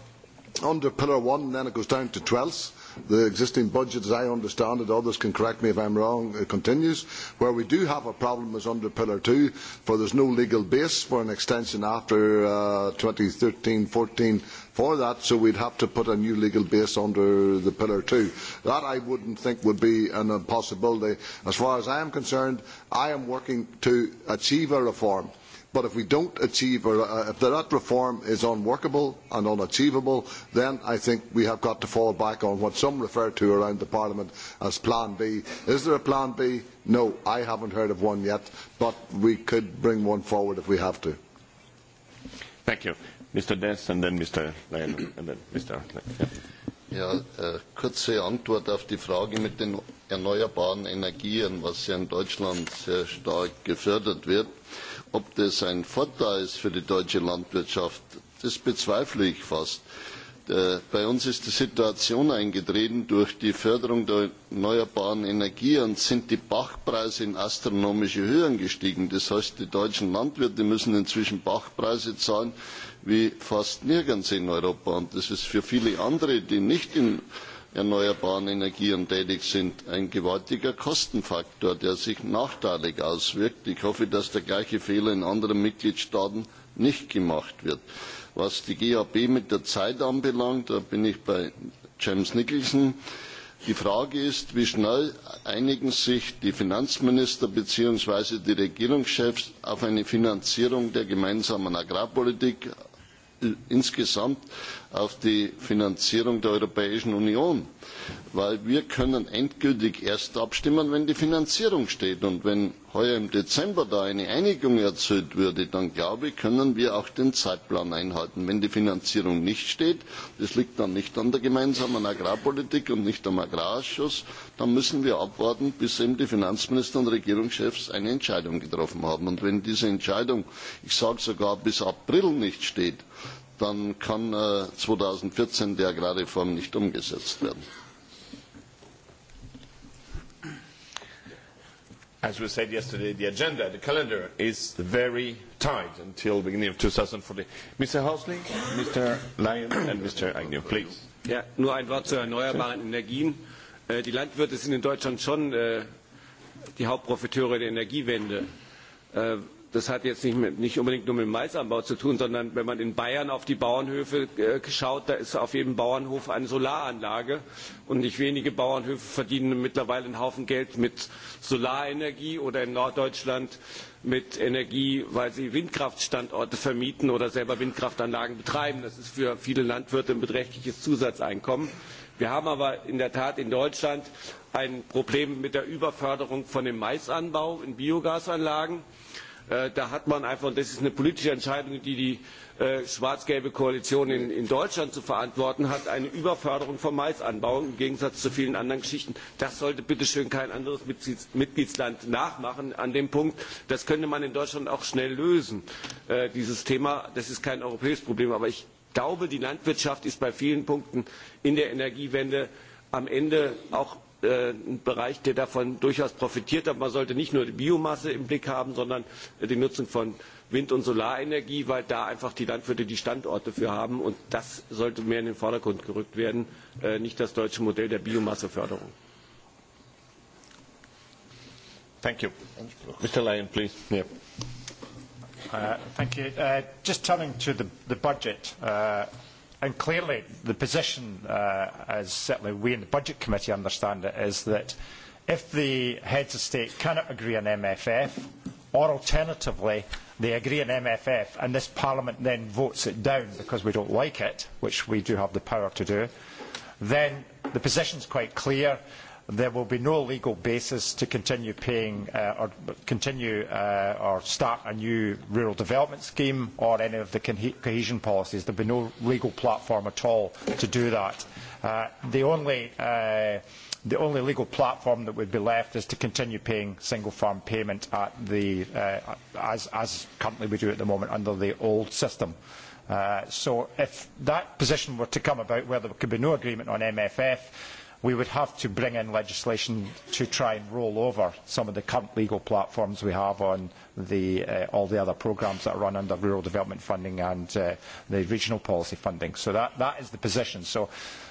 under Pillar 1, then it goes down to twelfths The existing budget, as I understand it, others can correct me if I am wrong, continues. Where we do have a problem is under Pillar two, for there is no legal base for an extension after uh, 2013 14 for that, so we would have to put a new legal base under the Pillar two. That I would not think would be an impossibility. As far as I am concerned, I am working to achieve a reform But if we don't achieve, or if that reform is unworkable and unachievable, then I think we have got to fall back on what some refer to around the Parliament as Plan B. Is there a Plan B? No, I have not heard of one yet, but we could bring one forward if we have to. Thank you. Mr. Dess and then Mr. Lyon and then Mr. Ja, kurze Antwort auf die Frage mit den erneuerbaren Energien, was ja in Deutschland sehr stark gefördert wird. Äh, Ob das ein Vorteil ist für die deutsche Landwirtschaft, das bezweifle ich fast. Bei uns ist die Situation eingetreten durch die Förderung der erneuerbaren Energien sind die Bachpreise in astronomische Höhen gestiegen. Das heißt, die deutschen Landwirte müssen inzwischen Bachpreise zahlen wie fast nirgends in Europa. Und das ist für viele andere, die nicht in erneuerbaren Energien tätig sind. Ein gewaltiger Kostenfaktor, der sich nachteilig auswirkt. Ich hoffe, dass der gleiche Fehler in anderen Mitgliedstaaten nicht gemacht wird. Was die GAB mit der Zeit anbelangt, da bin ich bei James Nicholson. Die Frage ist, wie schnell einigen sich die Finanzminister bzw. die Regierungschefs auf eine Finanzierung der gemeinsamen Agrarpolitik insgesamt auf die finanzierung der europäischen union denn wir können endgültig erst abstimmen wenn die finanzierung steht. wenn heuer im dezember eine einigung erzielt würde dann können wir auch den zeitplan einhalten. wenn die finanzierung nicht steht das liegt dann nicht an der gemeinsamen agrarpolitik und nicht am agrarausschuss dann müssen wir abwarten bis die finanzminister und regierungschefs eine entscheidung getroffen haben. wenn diese entscheidung ich sage sogar bis april nicht steht dann kann äh, 2014 der Agrarreform nicht umgesetzt werden. As we said yesterday, the agenda, the calendar is very tight until the beginning of 2014. Mr. Housley, Mr. Lyon and Mr. Agnew, please. Ja, nur ein Wort zu erneuerbaren Energien. Die Landwirte sind in Deutschland schon die Hauptprofiteure der Energiewende das hat jetzt nicht, unbedingt nur mit dem Maisanbau zu tun, sondern wenn man in Bayern auf die Bauernhöfe schaut, da ist auf jedem Bauernhof eine Solaranlage und nicht wenige Bauernhöfe verdienen mittlerweile einen Haufen Geld mit Solarenergie oder in Norddeutschland mit Energie, weil sie Windkraftstandorte vermieten oder selber Windkraftanlagen betreiben. Das ist für viele Landwirte ein beträchtliches Zusatzeinkommen. Wir haben aber in der Tat in Deutschland ein Problem mit der Überförderung von dem Maisanbau in Biogasanlagen da hat man einfach, und das ist eine politische Entscheidung, die die schwarz-gelbe Koalition in, Deutschland zu verantworten hat, eine Überförderung von Maisanbau im Gegensatz zu vielen anderen Geschichten. Das sollte bitte schön kein anderes Mitgliedsland nachmachen an dem Punkt. Das könnte man in Deutschland auch schnell lösen, dieses Thema. Das ist kein europäisches Problem, aber ich glaube, die Landwirtschaft ist bei vielen Punkten in der Energiewende am Ende auch ein Bereich, der davon durchaus profitiert. Aber man sollte nicht nur die Biomasse im Blick haben, sondern die Nutzung von Wind- und Solarenergie, weil da einfach die Landwirte die Standorte für haben. Und das sollte mehr in den Vordergrund gerückt werden, nicht das deutsche Modell der Biomasseförderung. Just turning to the budget, And clearly, the position, uh, as certainly we in the Budget Committee understand it, is that if the heads of state cannot agree on MFF, or alternatively, they agree on MFF and this Parliament then votes it down because we don't like it, which we do have the power to do, then the position is quite clear there will be no legal basis to continue paying or continue or start a new rural development scheme or any of the cohesion policies. There will be no legal platform at all to do that. the only the only legal platform that would be left is to continue paying single farm payment at the, uh, as, as currently we do at the moment under the old system. so if that position were to come about where there could be no agreement on MFF, we would have to bring in legislation to try and roll over some of the current legal platforms we have on all the other programmes that run under rural development funding and the regional policy funding. So that, is the position. So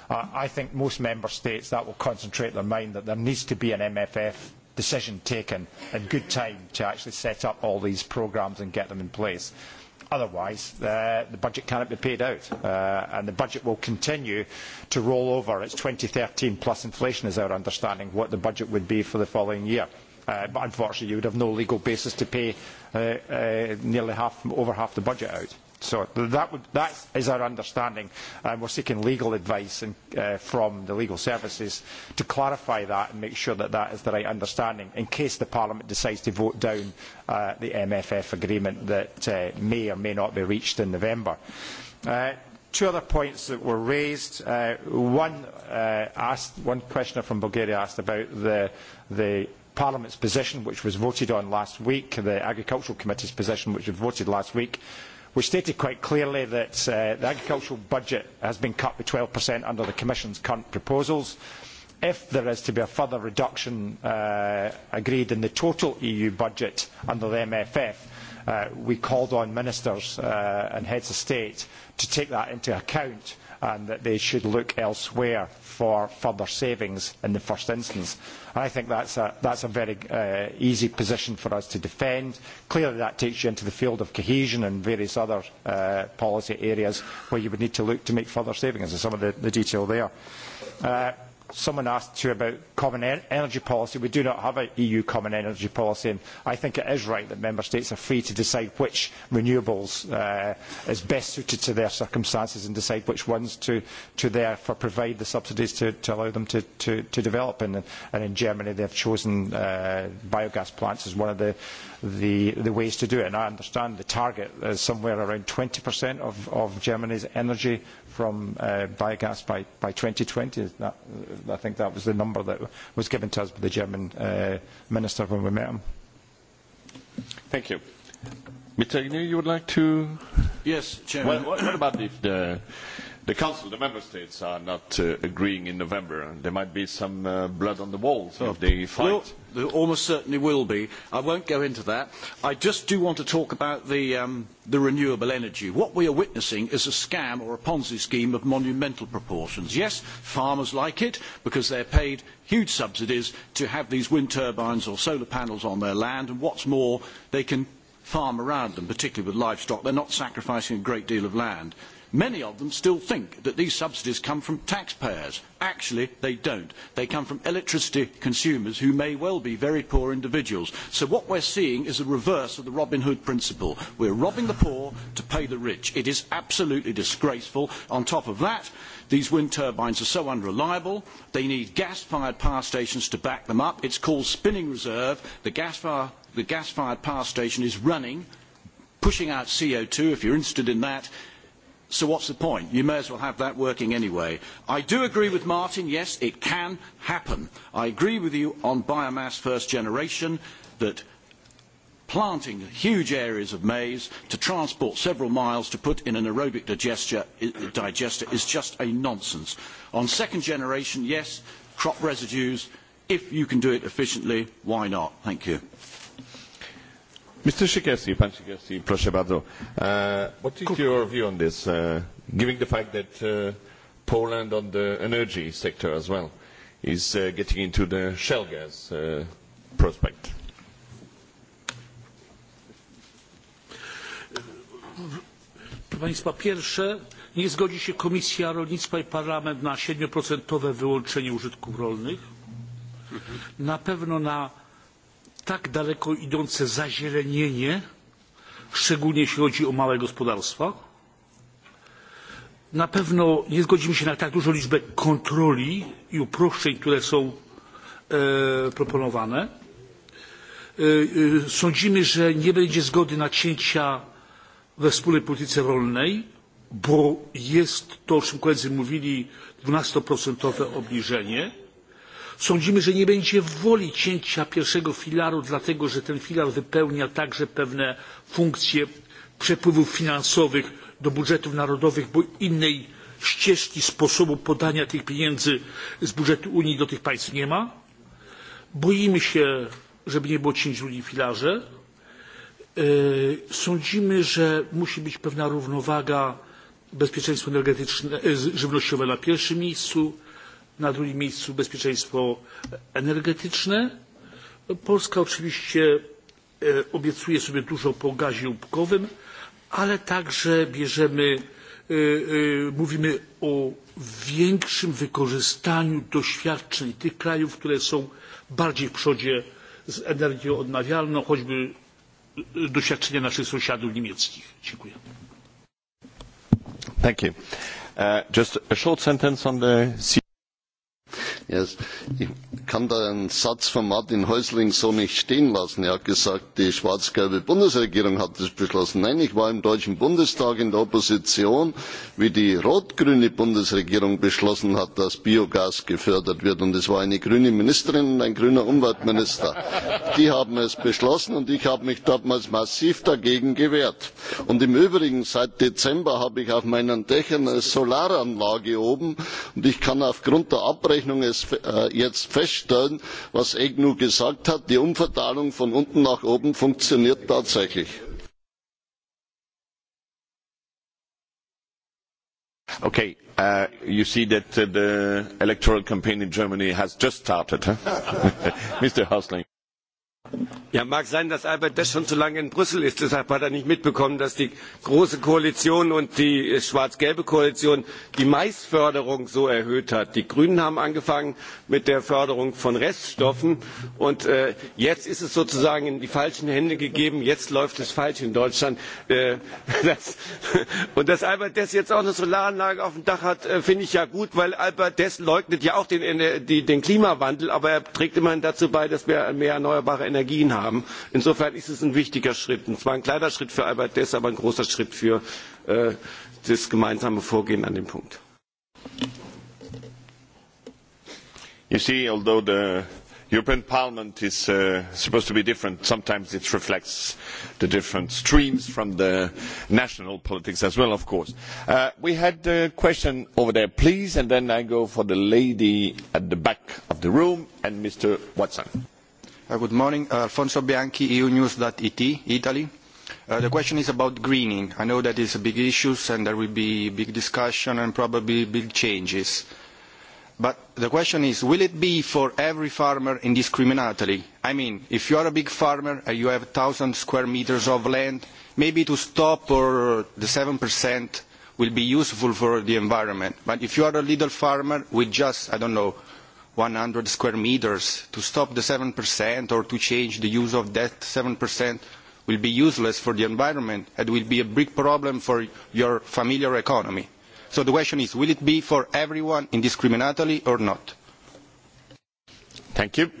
I think most member states that will concentrate their mind that there needs to be an MFF decision taken in good time to actually set up all these programmes and get them in place. Otherwise, the budget cannot be paid out, and the budget will continue to roll over. It's thirteen plus inflation is our understanding what the budget would be for the following year. But unfortunately, you would have no legal basis to pay nearly half, over half the budget out So that, would, that is our understanding, and we're seeking legal advice in, uh, from the legal services to clarify that and make sure that that is the right understanding in case the Parliament decides to vote down uh, the MFF agreement that uh, may or may not be reached in November. Uh, two other points that were raised. Uh, one, uh, asked, one questioner from Bulgaria asked about the, the Parliament's position, which was voted on last week, the Agricultural Committee's position, which was voted last week which stated quite clearly that the agricultural budget has been cut by 12% under the Commission's current proposals. If there is to be a further reduction agreed in the total EU budget under the MFF, we called on ministers and heads of state to take that into account and that they should look elsewhere for further savings in the first instance. I think that's a, that's a very easy position for us to defend. Clearly that takes you into the field of cohesion and various other policy areas where you would need to look to make further savings and some of the, detail there someone asked you about common energy policy. We do not have an EU common energy policy, and I think it is right that member states are free to decide which renewables is best suited to their circumstances and decide which ones to, to therefore provide the subsidies to, to allow them to, to, to develop. And, and in Germany, they have chosen biogas plants as one of the the, the ways to do it. And I understand the target is somewhere around 20% of, of Germany's energy from uh, biogas by, by 2020. That, I think that was the number that was given to us by the German uh, minister when we met him. Thank you. Mr. you would like to? Yes, Chairman. What, what about the, the the Council, the Member States are not agreeing in November. There might be some blood on the walls if they fight. there almost certainly will be. I won't go into that. I just do want to talk about the, renewable energy. What we are witnessing is a scam or a Ponzi scheme of monumental proportions. Yes, farmers like it because they are paid huge subsidies to have these wind turbines or solar panels on their land. And what is more, they can farm around them, particularly with livestock. They are not sacrificing a great deal of land Many of them still think that these subsidies come from taxpayers. Actually, they do not. They come from electricity consumers who may well be very poor individuals. So what we are seeing is a reverse of the Robin Hood principle. We are robbing the poor to pay the rich. It is absolutely disgraceful. On top of that, these wind turbines are so unreliable. They need gas-fired power stations to back them up. It is called spinning reserve. The gas-fired power station is running, pushing out co two if you are interested in that, So what's the point? You may as well have that working anyway. I do agree with Martin, yes, it can happen. I agree with you on biomass first generation that planting huge areas of maize to transport several miles to put in an aerobic digester is just a nonsense. On second generation, yes, crop residues, if you can do it efficiently, why not? Thank you. Mr. Sikorski, Pan Sikorski, proszę bardzo. What is your view on this, given the fact that Poland on the energy sector as well is getting into the shale gas prospect? Proszę Państwa, pierwsze, nie zgodzi się Komisja Rolnictwa i Parlament na 7% wyłączenie użytków rolnych, na pewno na tak daleko idące zazielenienie, szczególnie jeśli chodzi o małe gospodarstwa. Na pewno nie zgodzimy się na tak dużą liczbę kontroli i uproszczeń, które są proponowane. Sądzimy, że nie będzie zgody na cięcia we wspólnej polityce rolnej, bo jest to, o czym koledzy mówili, dwunastoprocentowe obniżenie Sądzimy, że nie będzie woli cięcia pierwszego filaru, dlatego że ten filar wypełnia także pewne funkcje przepływów finansowych do budżetów narodowych, bo innej ścieżki sposobu podania tych pieniędzy z budżetu Unii do tych państw nie ma. Boimy się, żeby nie było cięć w drugim filarze. Sądzimy, że musi być pewna równowaga bezpieczeństwo energetyczne, żywnościowe na pierwszym miejscu, na drugim miejscu bezpieczeństwo energetyczne. Polska oczywiście obiecuje sobie dużo po gazie łupkowym, ale także bierzemy, mówimy o większym wykorzystaniu doświadczeń tych krajów, które są bardziej w przodzie z energią odnawialną, choćby doświadczenia naszych sąsiadów niemieckich. Dziękuję. Thank you. Uh, just a short sentence on the Ich kann da einen Satz von Martin Häusling so nicht stehen lassen. Er hat gesagt, die schwarz-gelbe Bundesregierung hat das beschlossen. Nein, ich war im Deutschen Bundestag in der Opposition, wie die rot-grüne Bundesregierung beschlossen hat, dass Biogas gefördert wird. Und es war eine grüne Ministerin und ein grüner Umweltminister. Die haben es beschlossen und ich habe mich damals massiv dagegen gewehrt. Und im Übrigen, seit Dezember habe ich auf meinen Dächern eine Solaranlage oben und ich kann aufgrund der Abrechnung das jetzt feststellen was egnu gesagt hat die umverteilung von unten nach oben funktioniert tatsächlich. Okay, uh, you see that the electoral campaign in Germany has just started, huh? Mr. Hosling. Ja, mag sein, dass Albert Desch schon zu lange in Brüssel ist. Deshalb hat er nicht mitbekommen, dass die Große Koalition und die schwarz-gelbe Koalition die Maisförderung so erhöht hat. Die Grünen haben angefangen mit der Förderung von Reststoffen. Und jetzt ist es sozusagen in die falschen Hände gegeben. Jetzt läuft es falsch in Deutschland. und dass Albert Deß jetzt auch eine Solaranlage auf dem Dach hat, finde ich ja gut, weil Albert Deß leugnet ja auch den, Klimawandel. Aber er trägt immerhin dazu bei, dass wir mehr erneuerbare Energien haben. Insofern ist es ein wichtiger Schritt. Und zwar ein kleiner Schritt für Albert Dess, aber ein großer Schritt für das gemeinsame Vorgehen an dem Punkt. You see, although the European Parliament is supposed to be different, sometimes it reflects the different streams from the national politics as well, of course. we had a question over there, please, and then I go for the lady at the back of the room and Mr. Watson Good morning. Alfonso Bianchi, eunews.it, Italy. The question is about greening. I know that is a big issue, and there will be big discussion and probably big changes. But the question is, will it be for every farmer indiscriminately? I mean, if you are a big farmer and you have 1,000 square m of land, maybe to stop or the 7% will be useful for the environment. But if you are a little farmer with just, I don't know, 100 square meters. To stop the 7% or to change the use of that 7% will be useless for the environment and will be a big problem for your familiar economy. So the question is, will it be for everyone indiscriminately or not? Thank you.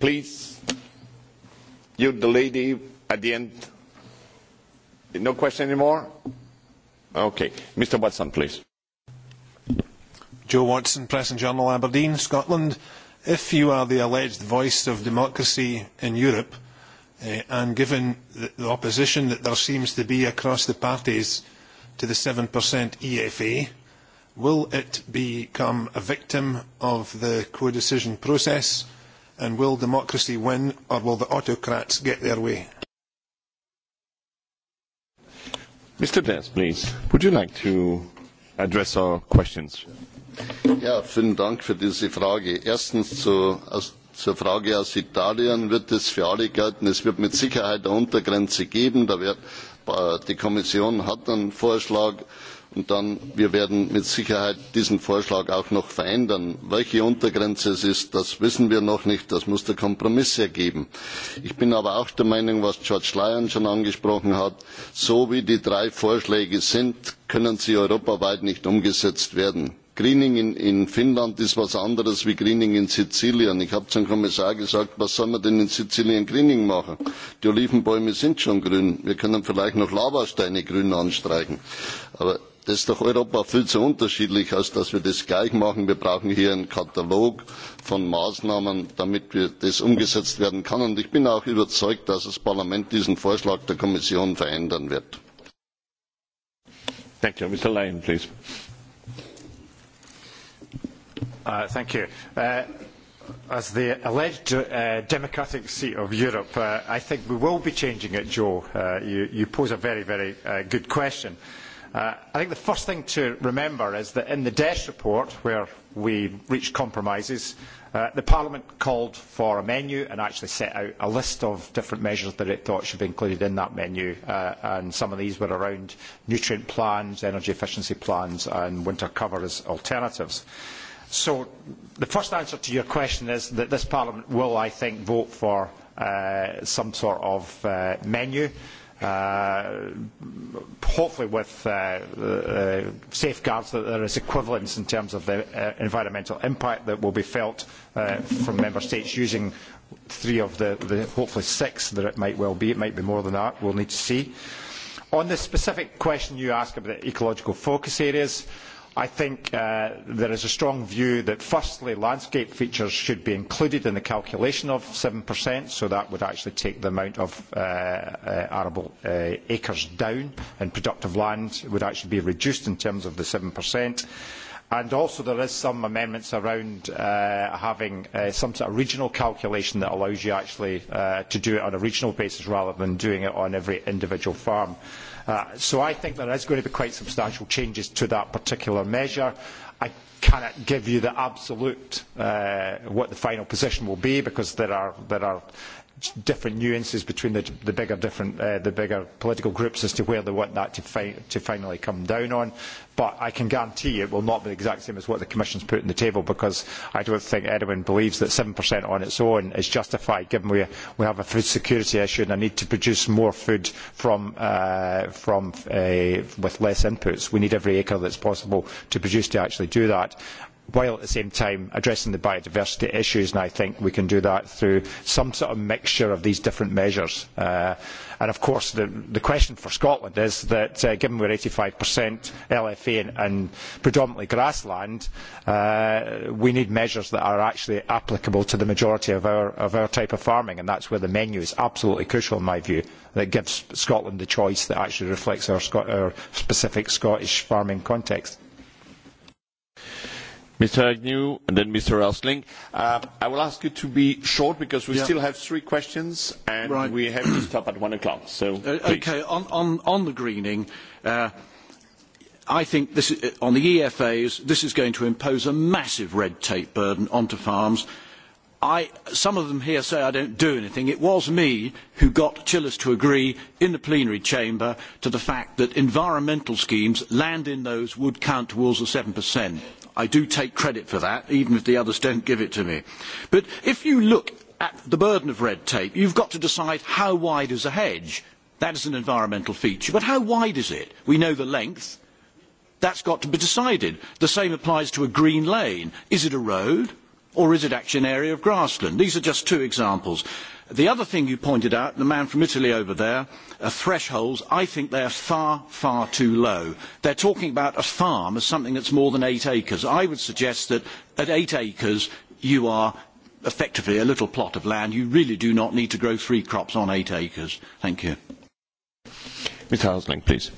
please, you, the lady at the end. No question anymore? Okay. Mr. Watson, please Joe Watson, Press and Journal, Aberdeen, Scotland. If you are the alleged voice of democracy in Europe, uh, and given the, the opposition that there seems to be across the parties to the 7% EFA, will it become a victim of the co-decision process, and will democracy win, or will the autocrats get their way? Mr. Des, please, would you like to address our questions? Ja, vielen Dank für diese Frage. Erstens zu, aus, zur Frage aus Italien wird es für alle gelten. Es wird mit Sicherheit eine Untergrenze geben. Da wird, die Kommission hat einen Vorschlag und dann wir werden mit Sicherheit diesen Vorschlag auch noch verändern. Welche Untergrenze es ist, das wissen wir noch nicht. Das muss der Kompromiss ergeben. Ich bin aber auch der Meinung, was George Lyon schon angesprochen hat, so wie die drei Vorschläge sind, können sie europaweit nicht umgesetzt werden greening in finnland ist etwas anderes als greening in sizilien. ich habe zum kommissar gesagt was soll man denn in sizilien greening machen? die olivenbäume sind schon grün. wir können vielleicht noch lavasteine grün anstreichen. aber das ist doch europa viel zu unterschiedlich als dass wir das gleich machen. wir brauchen hier einen katalog von maßnahmen damit das umgesetzt werden kann. und ich bin auch überzeugt dass das parlament diesen vorschlag der kommission verändern wird thank you. as the alleged democratic seat of Europe, I think we will be changing it, Joe. you, pose a very, very good question. I think the first thing to remember is that in the DESH report, where we reached compromises, the Parliament called for a menu and actually set out a list of different measures that it thought should be included in that menu. and some of these were around nutrient plans, energy efficiency plans, and winter cover as alternatives. Uh, So the first answer to your question is that this Parliament will, I think, vote for some sort of menu, hopefully with safeguards that there is equivalence in terms of the environmental impact that will be felt from member states using three of the, hopefully six that it might well be. It might be more than that. We'll need to see. On the specific question you asked about the ecological focus areas, uh, I think there is a strong view that firstly landscape features should be included in the calculation of 7%, so that would actually take the amount of arable acres down and productive land would actually be reduced in terms of the 7%. And also there is some amendments around having some sort of regional calculation that allows you actually to do it on a regional basis rather than doing it on every individual farm so I think there is going to be quite substantial changes to that particular measure. I cannot give you the absolute what the final position will be because there are there are different nuances between the, the bigger different uh, the bigger political groups as to where they want that to, fi- to finally come down on. But I can guarantee it will not be the exact same as what the Commission's put on the table because I don't think anyone believes that 7% on its own is justified given we, we have a food security issue and a need to produce more food from, uh, from, uh, with less inputs. We need every acre that's possible to produce to actually do that while at the same time addressing the biodiversity issues. And I think we can do that through some sort of mixture of these different measures. and of course, the, the question for Scotland is that uh, given we're 85% LFA and, and predominantly grassland, we need measures that are actually applicable to the majority of our, of our type of farming. And that's where the menu is absolutely crucial, in my view, that gives Scotland the choice that actually reflects our, our specific Scottish farming context. Mr. Agnew and then Mr. Elsling. I will ask you to be short because we still have three questions, and we have to stop at one o'clock. So Okay. On the greening, I think this on the EFAs, this is going to impose a massive red tape burden onto farms. Some of them here say I don't do anything. It was me who got Chillis to agree in the plenary chamber to the fact that environmental schemes, land in those, would count towards the 7%. I do take credit for that, even if the others do not give it to me. But if you look at the burden of red tape, you have got to decide how wide is a hedge. That is an environmental feature, but how wide is it? We know the length. That has got to be decided. The same applies to a green lane. Is it a road? Or is it actually an area of grassland? These are just two examples. The other thing you pointed out, the man from Italy over there, thresholds, I think they are far, far too low. They are talking about a farm as something that is more than eight acres. I would suggest that at eight acres, you are effectively a little plot of land. You really do not need to grow three crops on eight acres. Thank you. Mr. Hausling, please.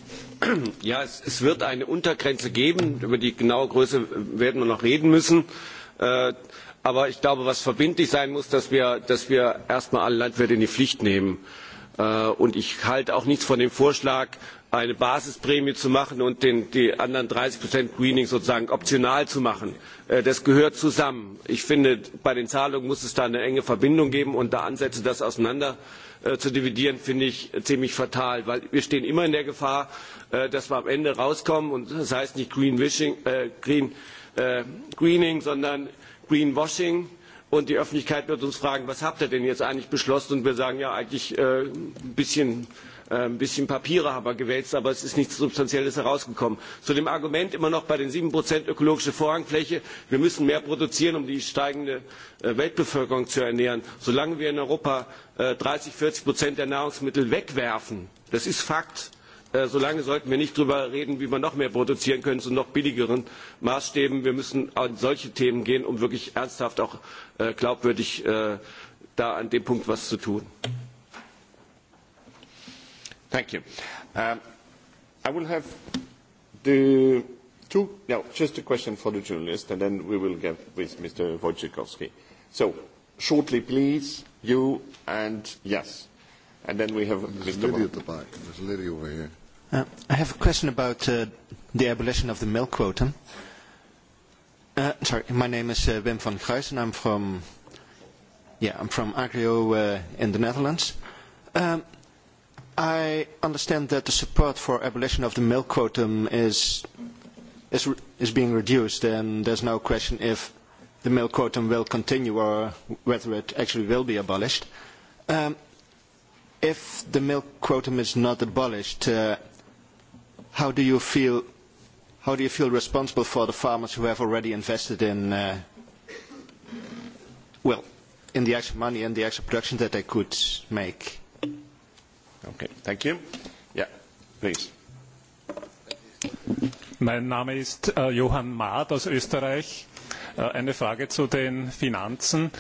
Ja, es, wird eine Untergrenze geben. Über die genaue Größe werden wir noch reden müssen Aber ich glaube, was verbindlich sein muss, dass wir, dass wir erstmal alle Landwirte in die Pflicht nehmen. Und ich halte auch nichts von dem Vorschlag, eine Basisprämie zu machen und die anderen dreißig Greening sozusagen optional zu machen. Das gehört zusammen. Ich finde, bei den Zahlungen muss es da eine enge Verbindung geben und da Ansätze, das auseinander zu dividieren, finde ich ziemlich fatal, weil wir stehen immer in der Gefahr, dass wir am Ende rauskommen und das heißt nicht Greenwishing, Greening, sondern greenwashing und die Öffentlichkeit wird uns fragen, was habt ihr denn jetzt eigentlich beschlossen? Und wir sagen ja eigentlich ein bisschen ein bisschen Papiere haben wir gewälzt, aber es ist nichts Substanzielles herausgekommen. Zu dem Argument immer noch bei den sieben ökologische Vorrangfläche, wir müssen mehr produzieren, um die steigende Weltbevölkerung zu ernähren. Solange wir in Europa dreißig, 40 der Nahrungsmittel wegwerfen, das ist Fakt, so lange sollten wir nicht darüber reden wie wir noch mehr produzieren können zu noch billigeren maßstäben. wir müssen an solche themen gehen um wirklich ernsthaft auch glaubwürdig da an dem punkt etwas zu tun. i will have the two no just a question for the journalist and then we will get with mr wojciechowski. so shortly please you and yes And then we have Mr. Lady at the back. There's lady over here. Uh, I have a question about uh, the abolition of the milk quota. Uh, sorry, my name is uh, Wim van Gruijs and I'm from, yeah, I'm from Agrio uh, in the Netherlands. Um, I understand that the support for abolition of the milk quota is, is, is being reduced and there's no question if the milk quota will continue or whether it actually will be abolished. Um, if the milk quota is not abolished, how do you feel how do you feel responsible for the farmers who have already invested in uh, well in the extra money and the extra production that they could make? Okay, thank you. Yeah, please. Mein Name ist Johann Maat aus Österreich. Eine Frage zu den Finanzen.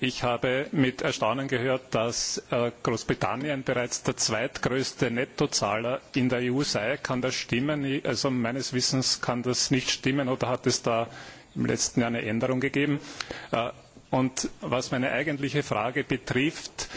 Ich habe mit Erstaunen gehört, dass Großbritannien bereits der zweitgrößte Nettozahler in der EU sei. Kann das stimmen? Also meines Wissens kann das nicht stimmen oder hat es da im letzten Jahr eine Änderung gegeben? Und was meine eigentliche Frage betrifft,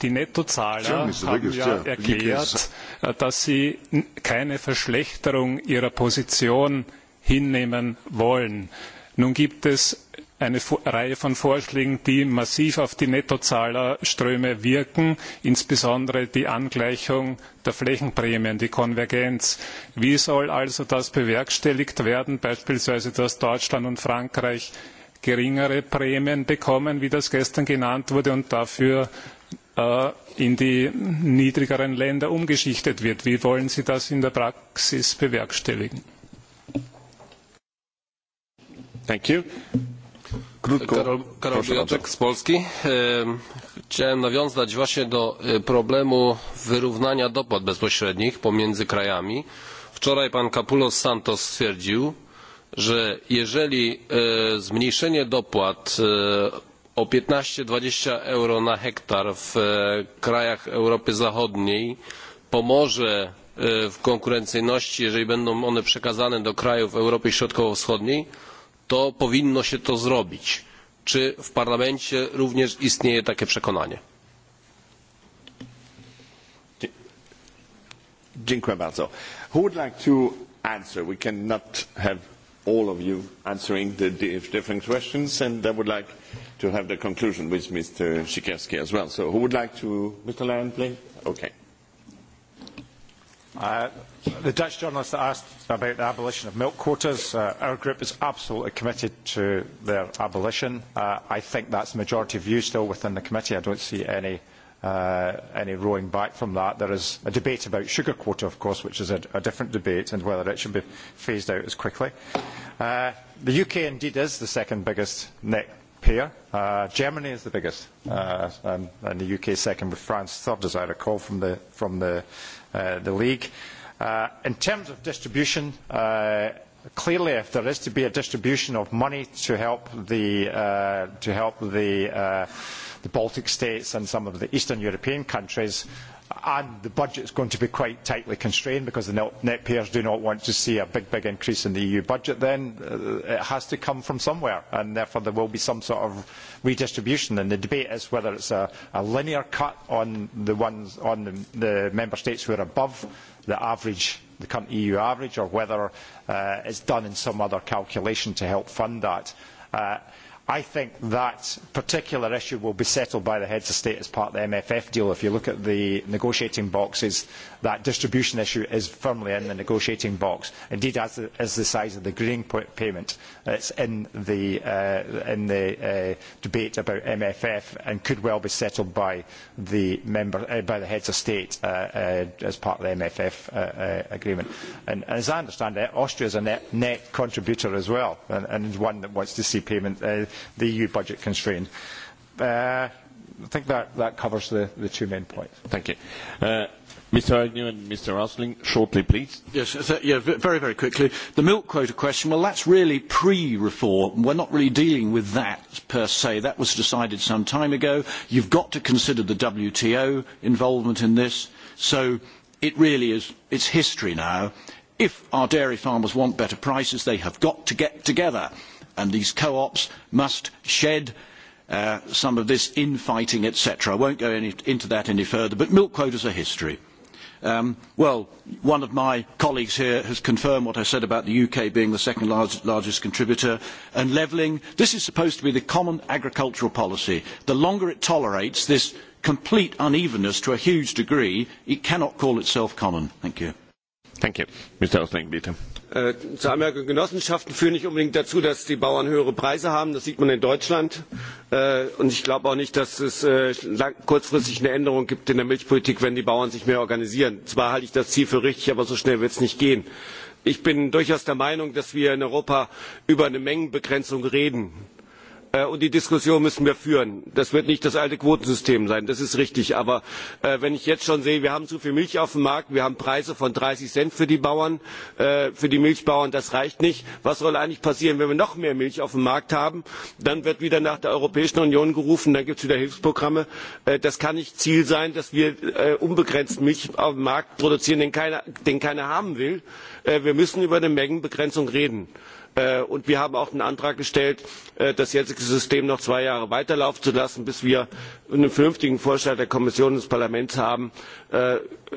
die Nettozahler haben ja erklärt, dass sie keine Verschlechterung ihrer Position hinnehmen wollen. Nun gibt es eine Reihe von Vorschlägen, die massiv auf die Nettozahlerströme wirken, insbesondere die Angleichung der Flächenprämien, die Konvergenz. Wie soll also das bewerkstelligt werden, beispielsweise dass Deutschland und Frankreich geringere Prämien bekommen, wie das gestern genannt wurde, und dafür in die niedrigeren Länder umgeschichtet wird. Wie wollen Sie das in der Praxis bewerkstelligen? Thank you. Krótko. Karol Bujoczek z Polski. Chciałem nawiązać właśnie do problemu wyrównania dopłat bezpośrednich pomiędzy krajami. Wczoraj pan Capulos Santos stwierdził, że jeżeli zmniejszenie dopłat o piętnaście dwadzieścia euro na hektar w krajach Europy Zachodniej pomoże w konkurencyjności, jeżeli będą one przekazane do krajów Europy Środkowo-Wschodniej, to powinno się to zrobić. Czy w parlamencie również istnieje takie przekonanie? Dziękuję bardzo. Who would like to answer? We cannot have all of you answering the different questions, and I would like to have the conclusion with Mr. Sikorski as well. So who would like to... Mr. Lyon, please. Okay. The Dutch journalist asked about the abolition of milk quotas. our group is absolutely committed to their abolition. I think that is the majority view still within the committee. I do not see any, rowing back from that. There is a debate about sugar quota, of course, which is a, different debate, and whether it should be phased out as quickly. the UK indeed is the second biggest net payer. Germany is the biggest, and, the UK second, with France third, as I recall from the, from the, the League in terms of distribution, clearly if there is to be a distribution of money to help the, to help the, the Baltic states and some of the Eastern European countries, and the budget is going to be quite tightly constrained because the net payers do not want to see a big, big increase in the EU budget, then it has to come from somewhere, and therefore there will be some sort of redistribution. And the debate is whether it is a linear cut on the ones on the member states who are above the average, the current EU average, or whether it is done in some other calculation to help fund that I think that particular issue will be settled by the heads of state as part of the MFF deal. If you look at the negotiating boxes, that distribution issue is firmly in the negotiating box. Indeed, as is the size of the green payment. It is in the debate about MFF and could well be settled by the, heads of state as part of the MFF agreement. as I understand it, Austria is a net, contributor as well and, is one that wants to see payment, the EU budget constrained. I think that, covers the, two main points. Thank you. Mr. Agnew and Mr. Rosling, shortly, please. Yes, yeah, very, very quickly. The milk quota question, well, that's really pre-reform. We're not really dealing with that per se. That was decided some time ago. You've got to consider the WTO involvement in this. So it really is, it's history now. If our dairy farmers want better prices, they have got to get together. And these co-ops must shed some of this infighting, etc. I won't go into that any further, but milk quotas are history well, one of my colleagues here has confirmed what I said about the UK being the second largest contributor. And levelling, this is supposed to be the common agricultural policy. The longer it tolerates this complete unevenness to a huge degree, it cannot call itself common. Thank you. Thank you. Mr. Osling, zur anmerkung genossenschaften führen nicht unbedingt dazu dass die bauern höhere preise haben das sieht man in deutschland und ich glaube auch nicht dass es kurzfristig eine änderung gibt in der milchpolitik wenn die bauern sich mehr organisieren. zwar halte ich das ziel für richtig aber so schnell wird es nicht gehen. ich bin durchaus der meinung dass wir in europa über eine mengenbegrenzung reden und die diskussion müssen wir führen. das wird nicht das alte quotensystem sein das ist richtig. aber wenn ich jetzt schon sehe wir haben zu viel milch auf dem markt wir haben preise von dreißig cent für die bauern für die milchbauern das reicht nicht. was soll eigentlich passieren wenn wir noch mehr milch auf dem markt haben? dann wird wieder nach der europäischen union gerufen dann gibt es wieder hilfsprogramme. das kann nicht ziel sein dass wir unbegrenzt milch auf dem markt produzieren den keiner haben will. wir müssen über eine mengenbegrenzung reden und wir haben auch den antrag gestellt das jetzige system noch zwei jahre weiterlaufen zu lassen bis wir einen vernünftigen vorschlag der kommission und des parlaments haben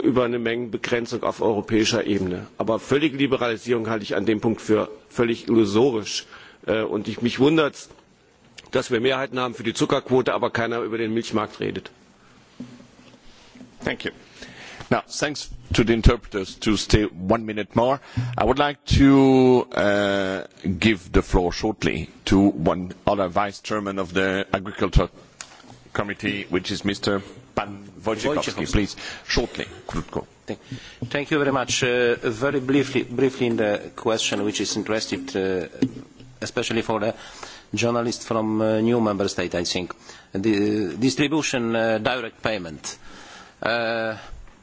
über eine mengenbegrenzung auf europäischer ebene. aber völlige liberalisierung halte ich an dem punkt für völlig illusorisch und mich wundert es dass wir mehrheiten haben für die zuckerquote aber keiner über den milchmarkt redet to the interpreters to stay one minute more. I would like to uh, give the floor shortly to one other vice chairman of the Agriculture Committee, which is Mr. Pan Wojciechowski. Please, shortly, Thank you very much. Uh, very briefly, briefly in the question which is interested, uh, especially for the journalist from uh, new member state, I think. The distribution uh, direct payment. Uh,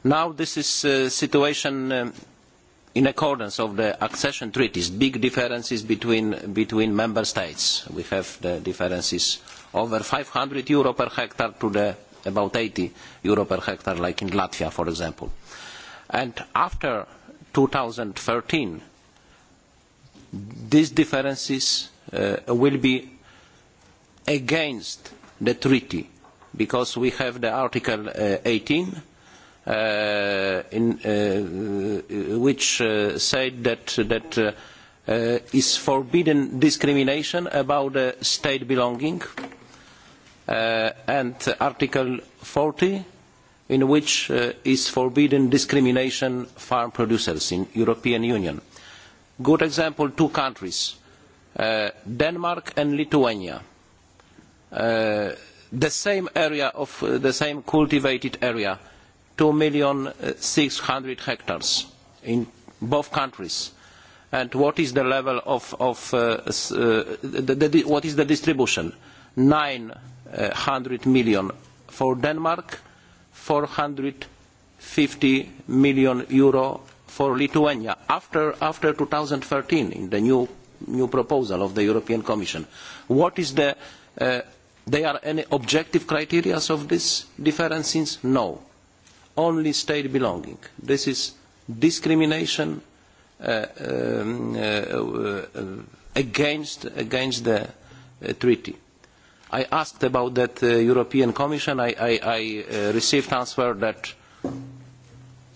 Now this is a situation in accordance with the accession treaties, big differences between, member states. We have the differences over five hundred euro per hectare to the about eighty euro per hectare, like in Latvia, for example. And after thirteen these differences will be against the treaty because we have the Article eighteen which said that is forbidden discrimination about state belonging and article forty in which is forbidden discrimination farm producers in the European Union. Good example, two countries, Denmark and Lithuania. the same area of the same cultivated area two million six hundred hectares in both countries and what is the level of, what is the distribution nine hundred million for Denmark four hundred fifty million euro for Lithuania after after thirteen in the new new proposal of the European Commission what is the there are any objective criteria of these differences no only state belonging. This is discrimination against, against the treaty. I asked about that uh, European Commission. I, I, I uh, received answer that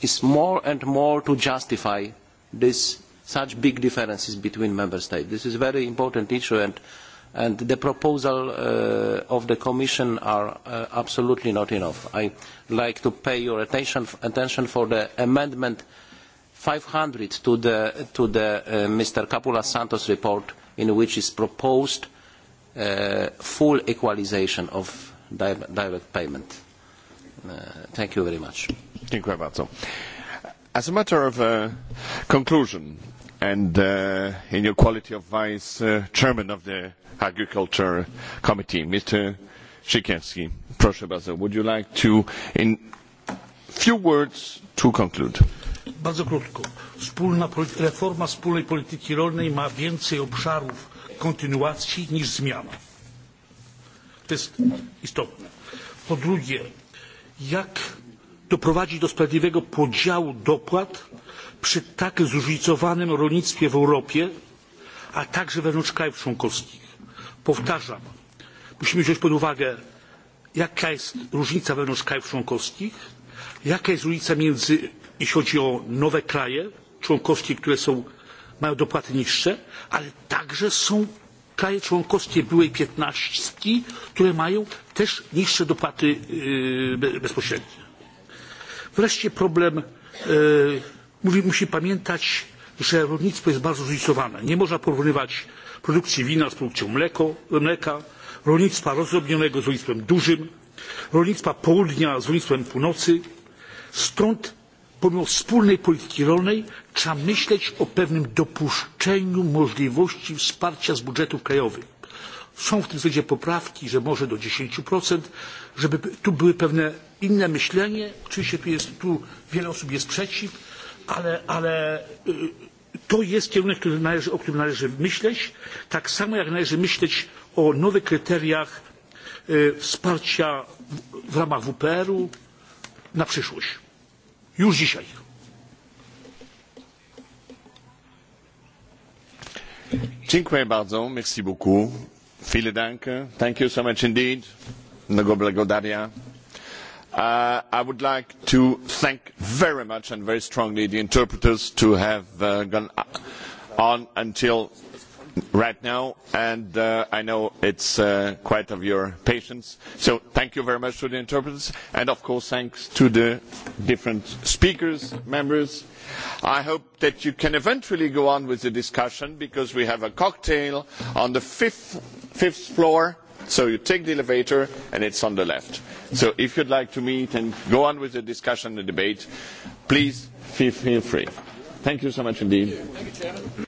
is more and more to justify this, such big differences between member states. This is a very important issue and and the proposal of the Commission are absolutely not enough. I like to pay your attention attention for the amendment 500 to the to the Mr. Capula Santos report, in which is proposed full equalisation of direct payment. thank you very much. As a matter of conclusion, and in your quality of Vice Chairman of the Agriculture Committee. Mr. Siekierski, proszę bardzo, would you like to, in few words, to conclude? Bardzo krótko. reforma wspólnej polityki rolnej ma więcej obszarów kontynuacji niż zmiana. To jest istotne. Po drugie, jak doprowadzić do sprawiedliwego podziału dopłat przy tak zróżnicowanym rolnictwie w Europie, a także wewnątrz krajów członkowskich. Powtarzam, musimy wziąć pod uwagę, jaka jest różnica wewnątrz krajów członkowskich, jaka jest różnica między, jeśli chodzi o nowe kraje członkowskie, które są, mają dopłaty niższe, ale także są kraje członkowskie byłej piętnastki, które mają też niższe dopłaty bezpośrednie. Wreszcie problem musi pamiętać, że rolnictwo jest bardzo zróżnicowane. Nie można porównywać produkcji wina z produkcją mleka, rolnictwa rozdrobnionego z rolnictwem dużym, rolnictwa południa z rolnictwem północy. Stąd pomimo wspólnej polityki rolnej trzeba myśleć o pewnym dopuszczeniu możliwości wsparcia z budżetów krajowych. Są w tym względzie poprawki, że może do 10%, żeby tu były pewne inne myślenie. Oczywiście tu, jest, tu wiele osób jest przeciw, ale to jest kierunek, o którym należy myśleć, tak samo jak należy myśleć o nowych kryteriach wsparcia w ramach WPR-u na przyszłość. Już dzisiaj. Dziękuję bardzo. Merci beaucoup. Vielen Dank. Thank you so much indeed. Mnogo blagodaria. I would like to thank very much and very strongly the interpreters who have gone on until right now, and I know it is quite of your patience. So thank you very much to the interpreters, and of course thanks to the different speakers, members. I hope that you can eventually go on with the discussion because we have a cocktail on the fifth floor. So you take the elevator, and it is on the left. So if you'd like to meet and go on with the discussion and debate, please feel free. Thank you so much indeed.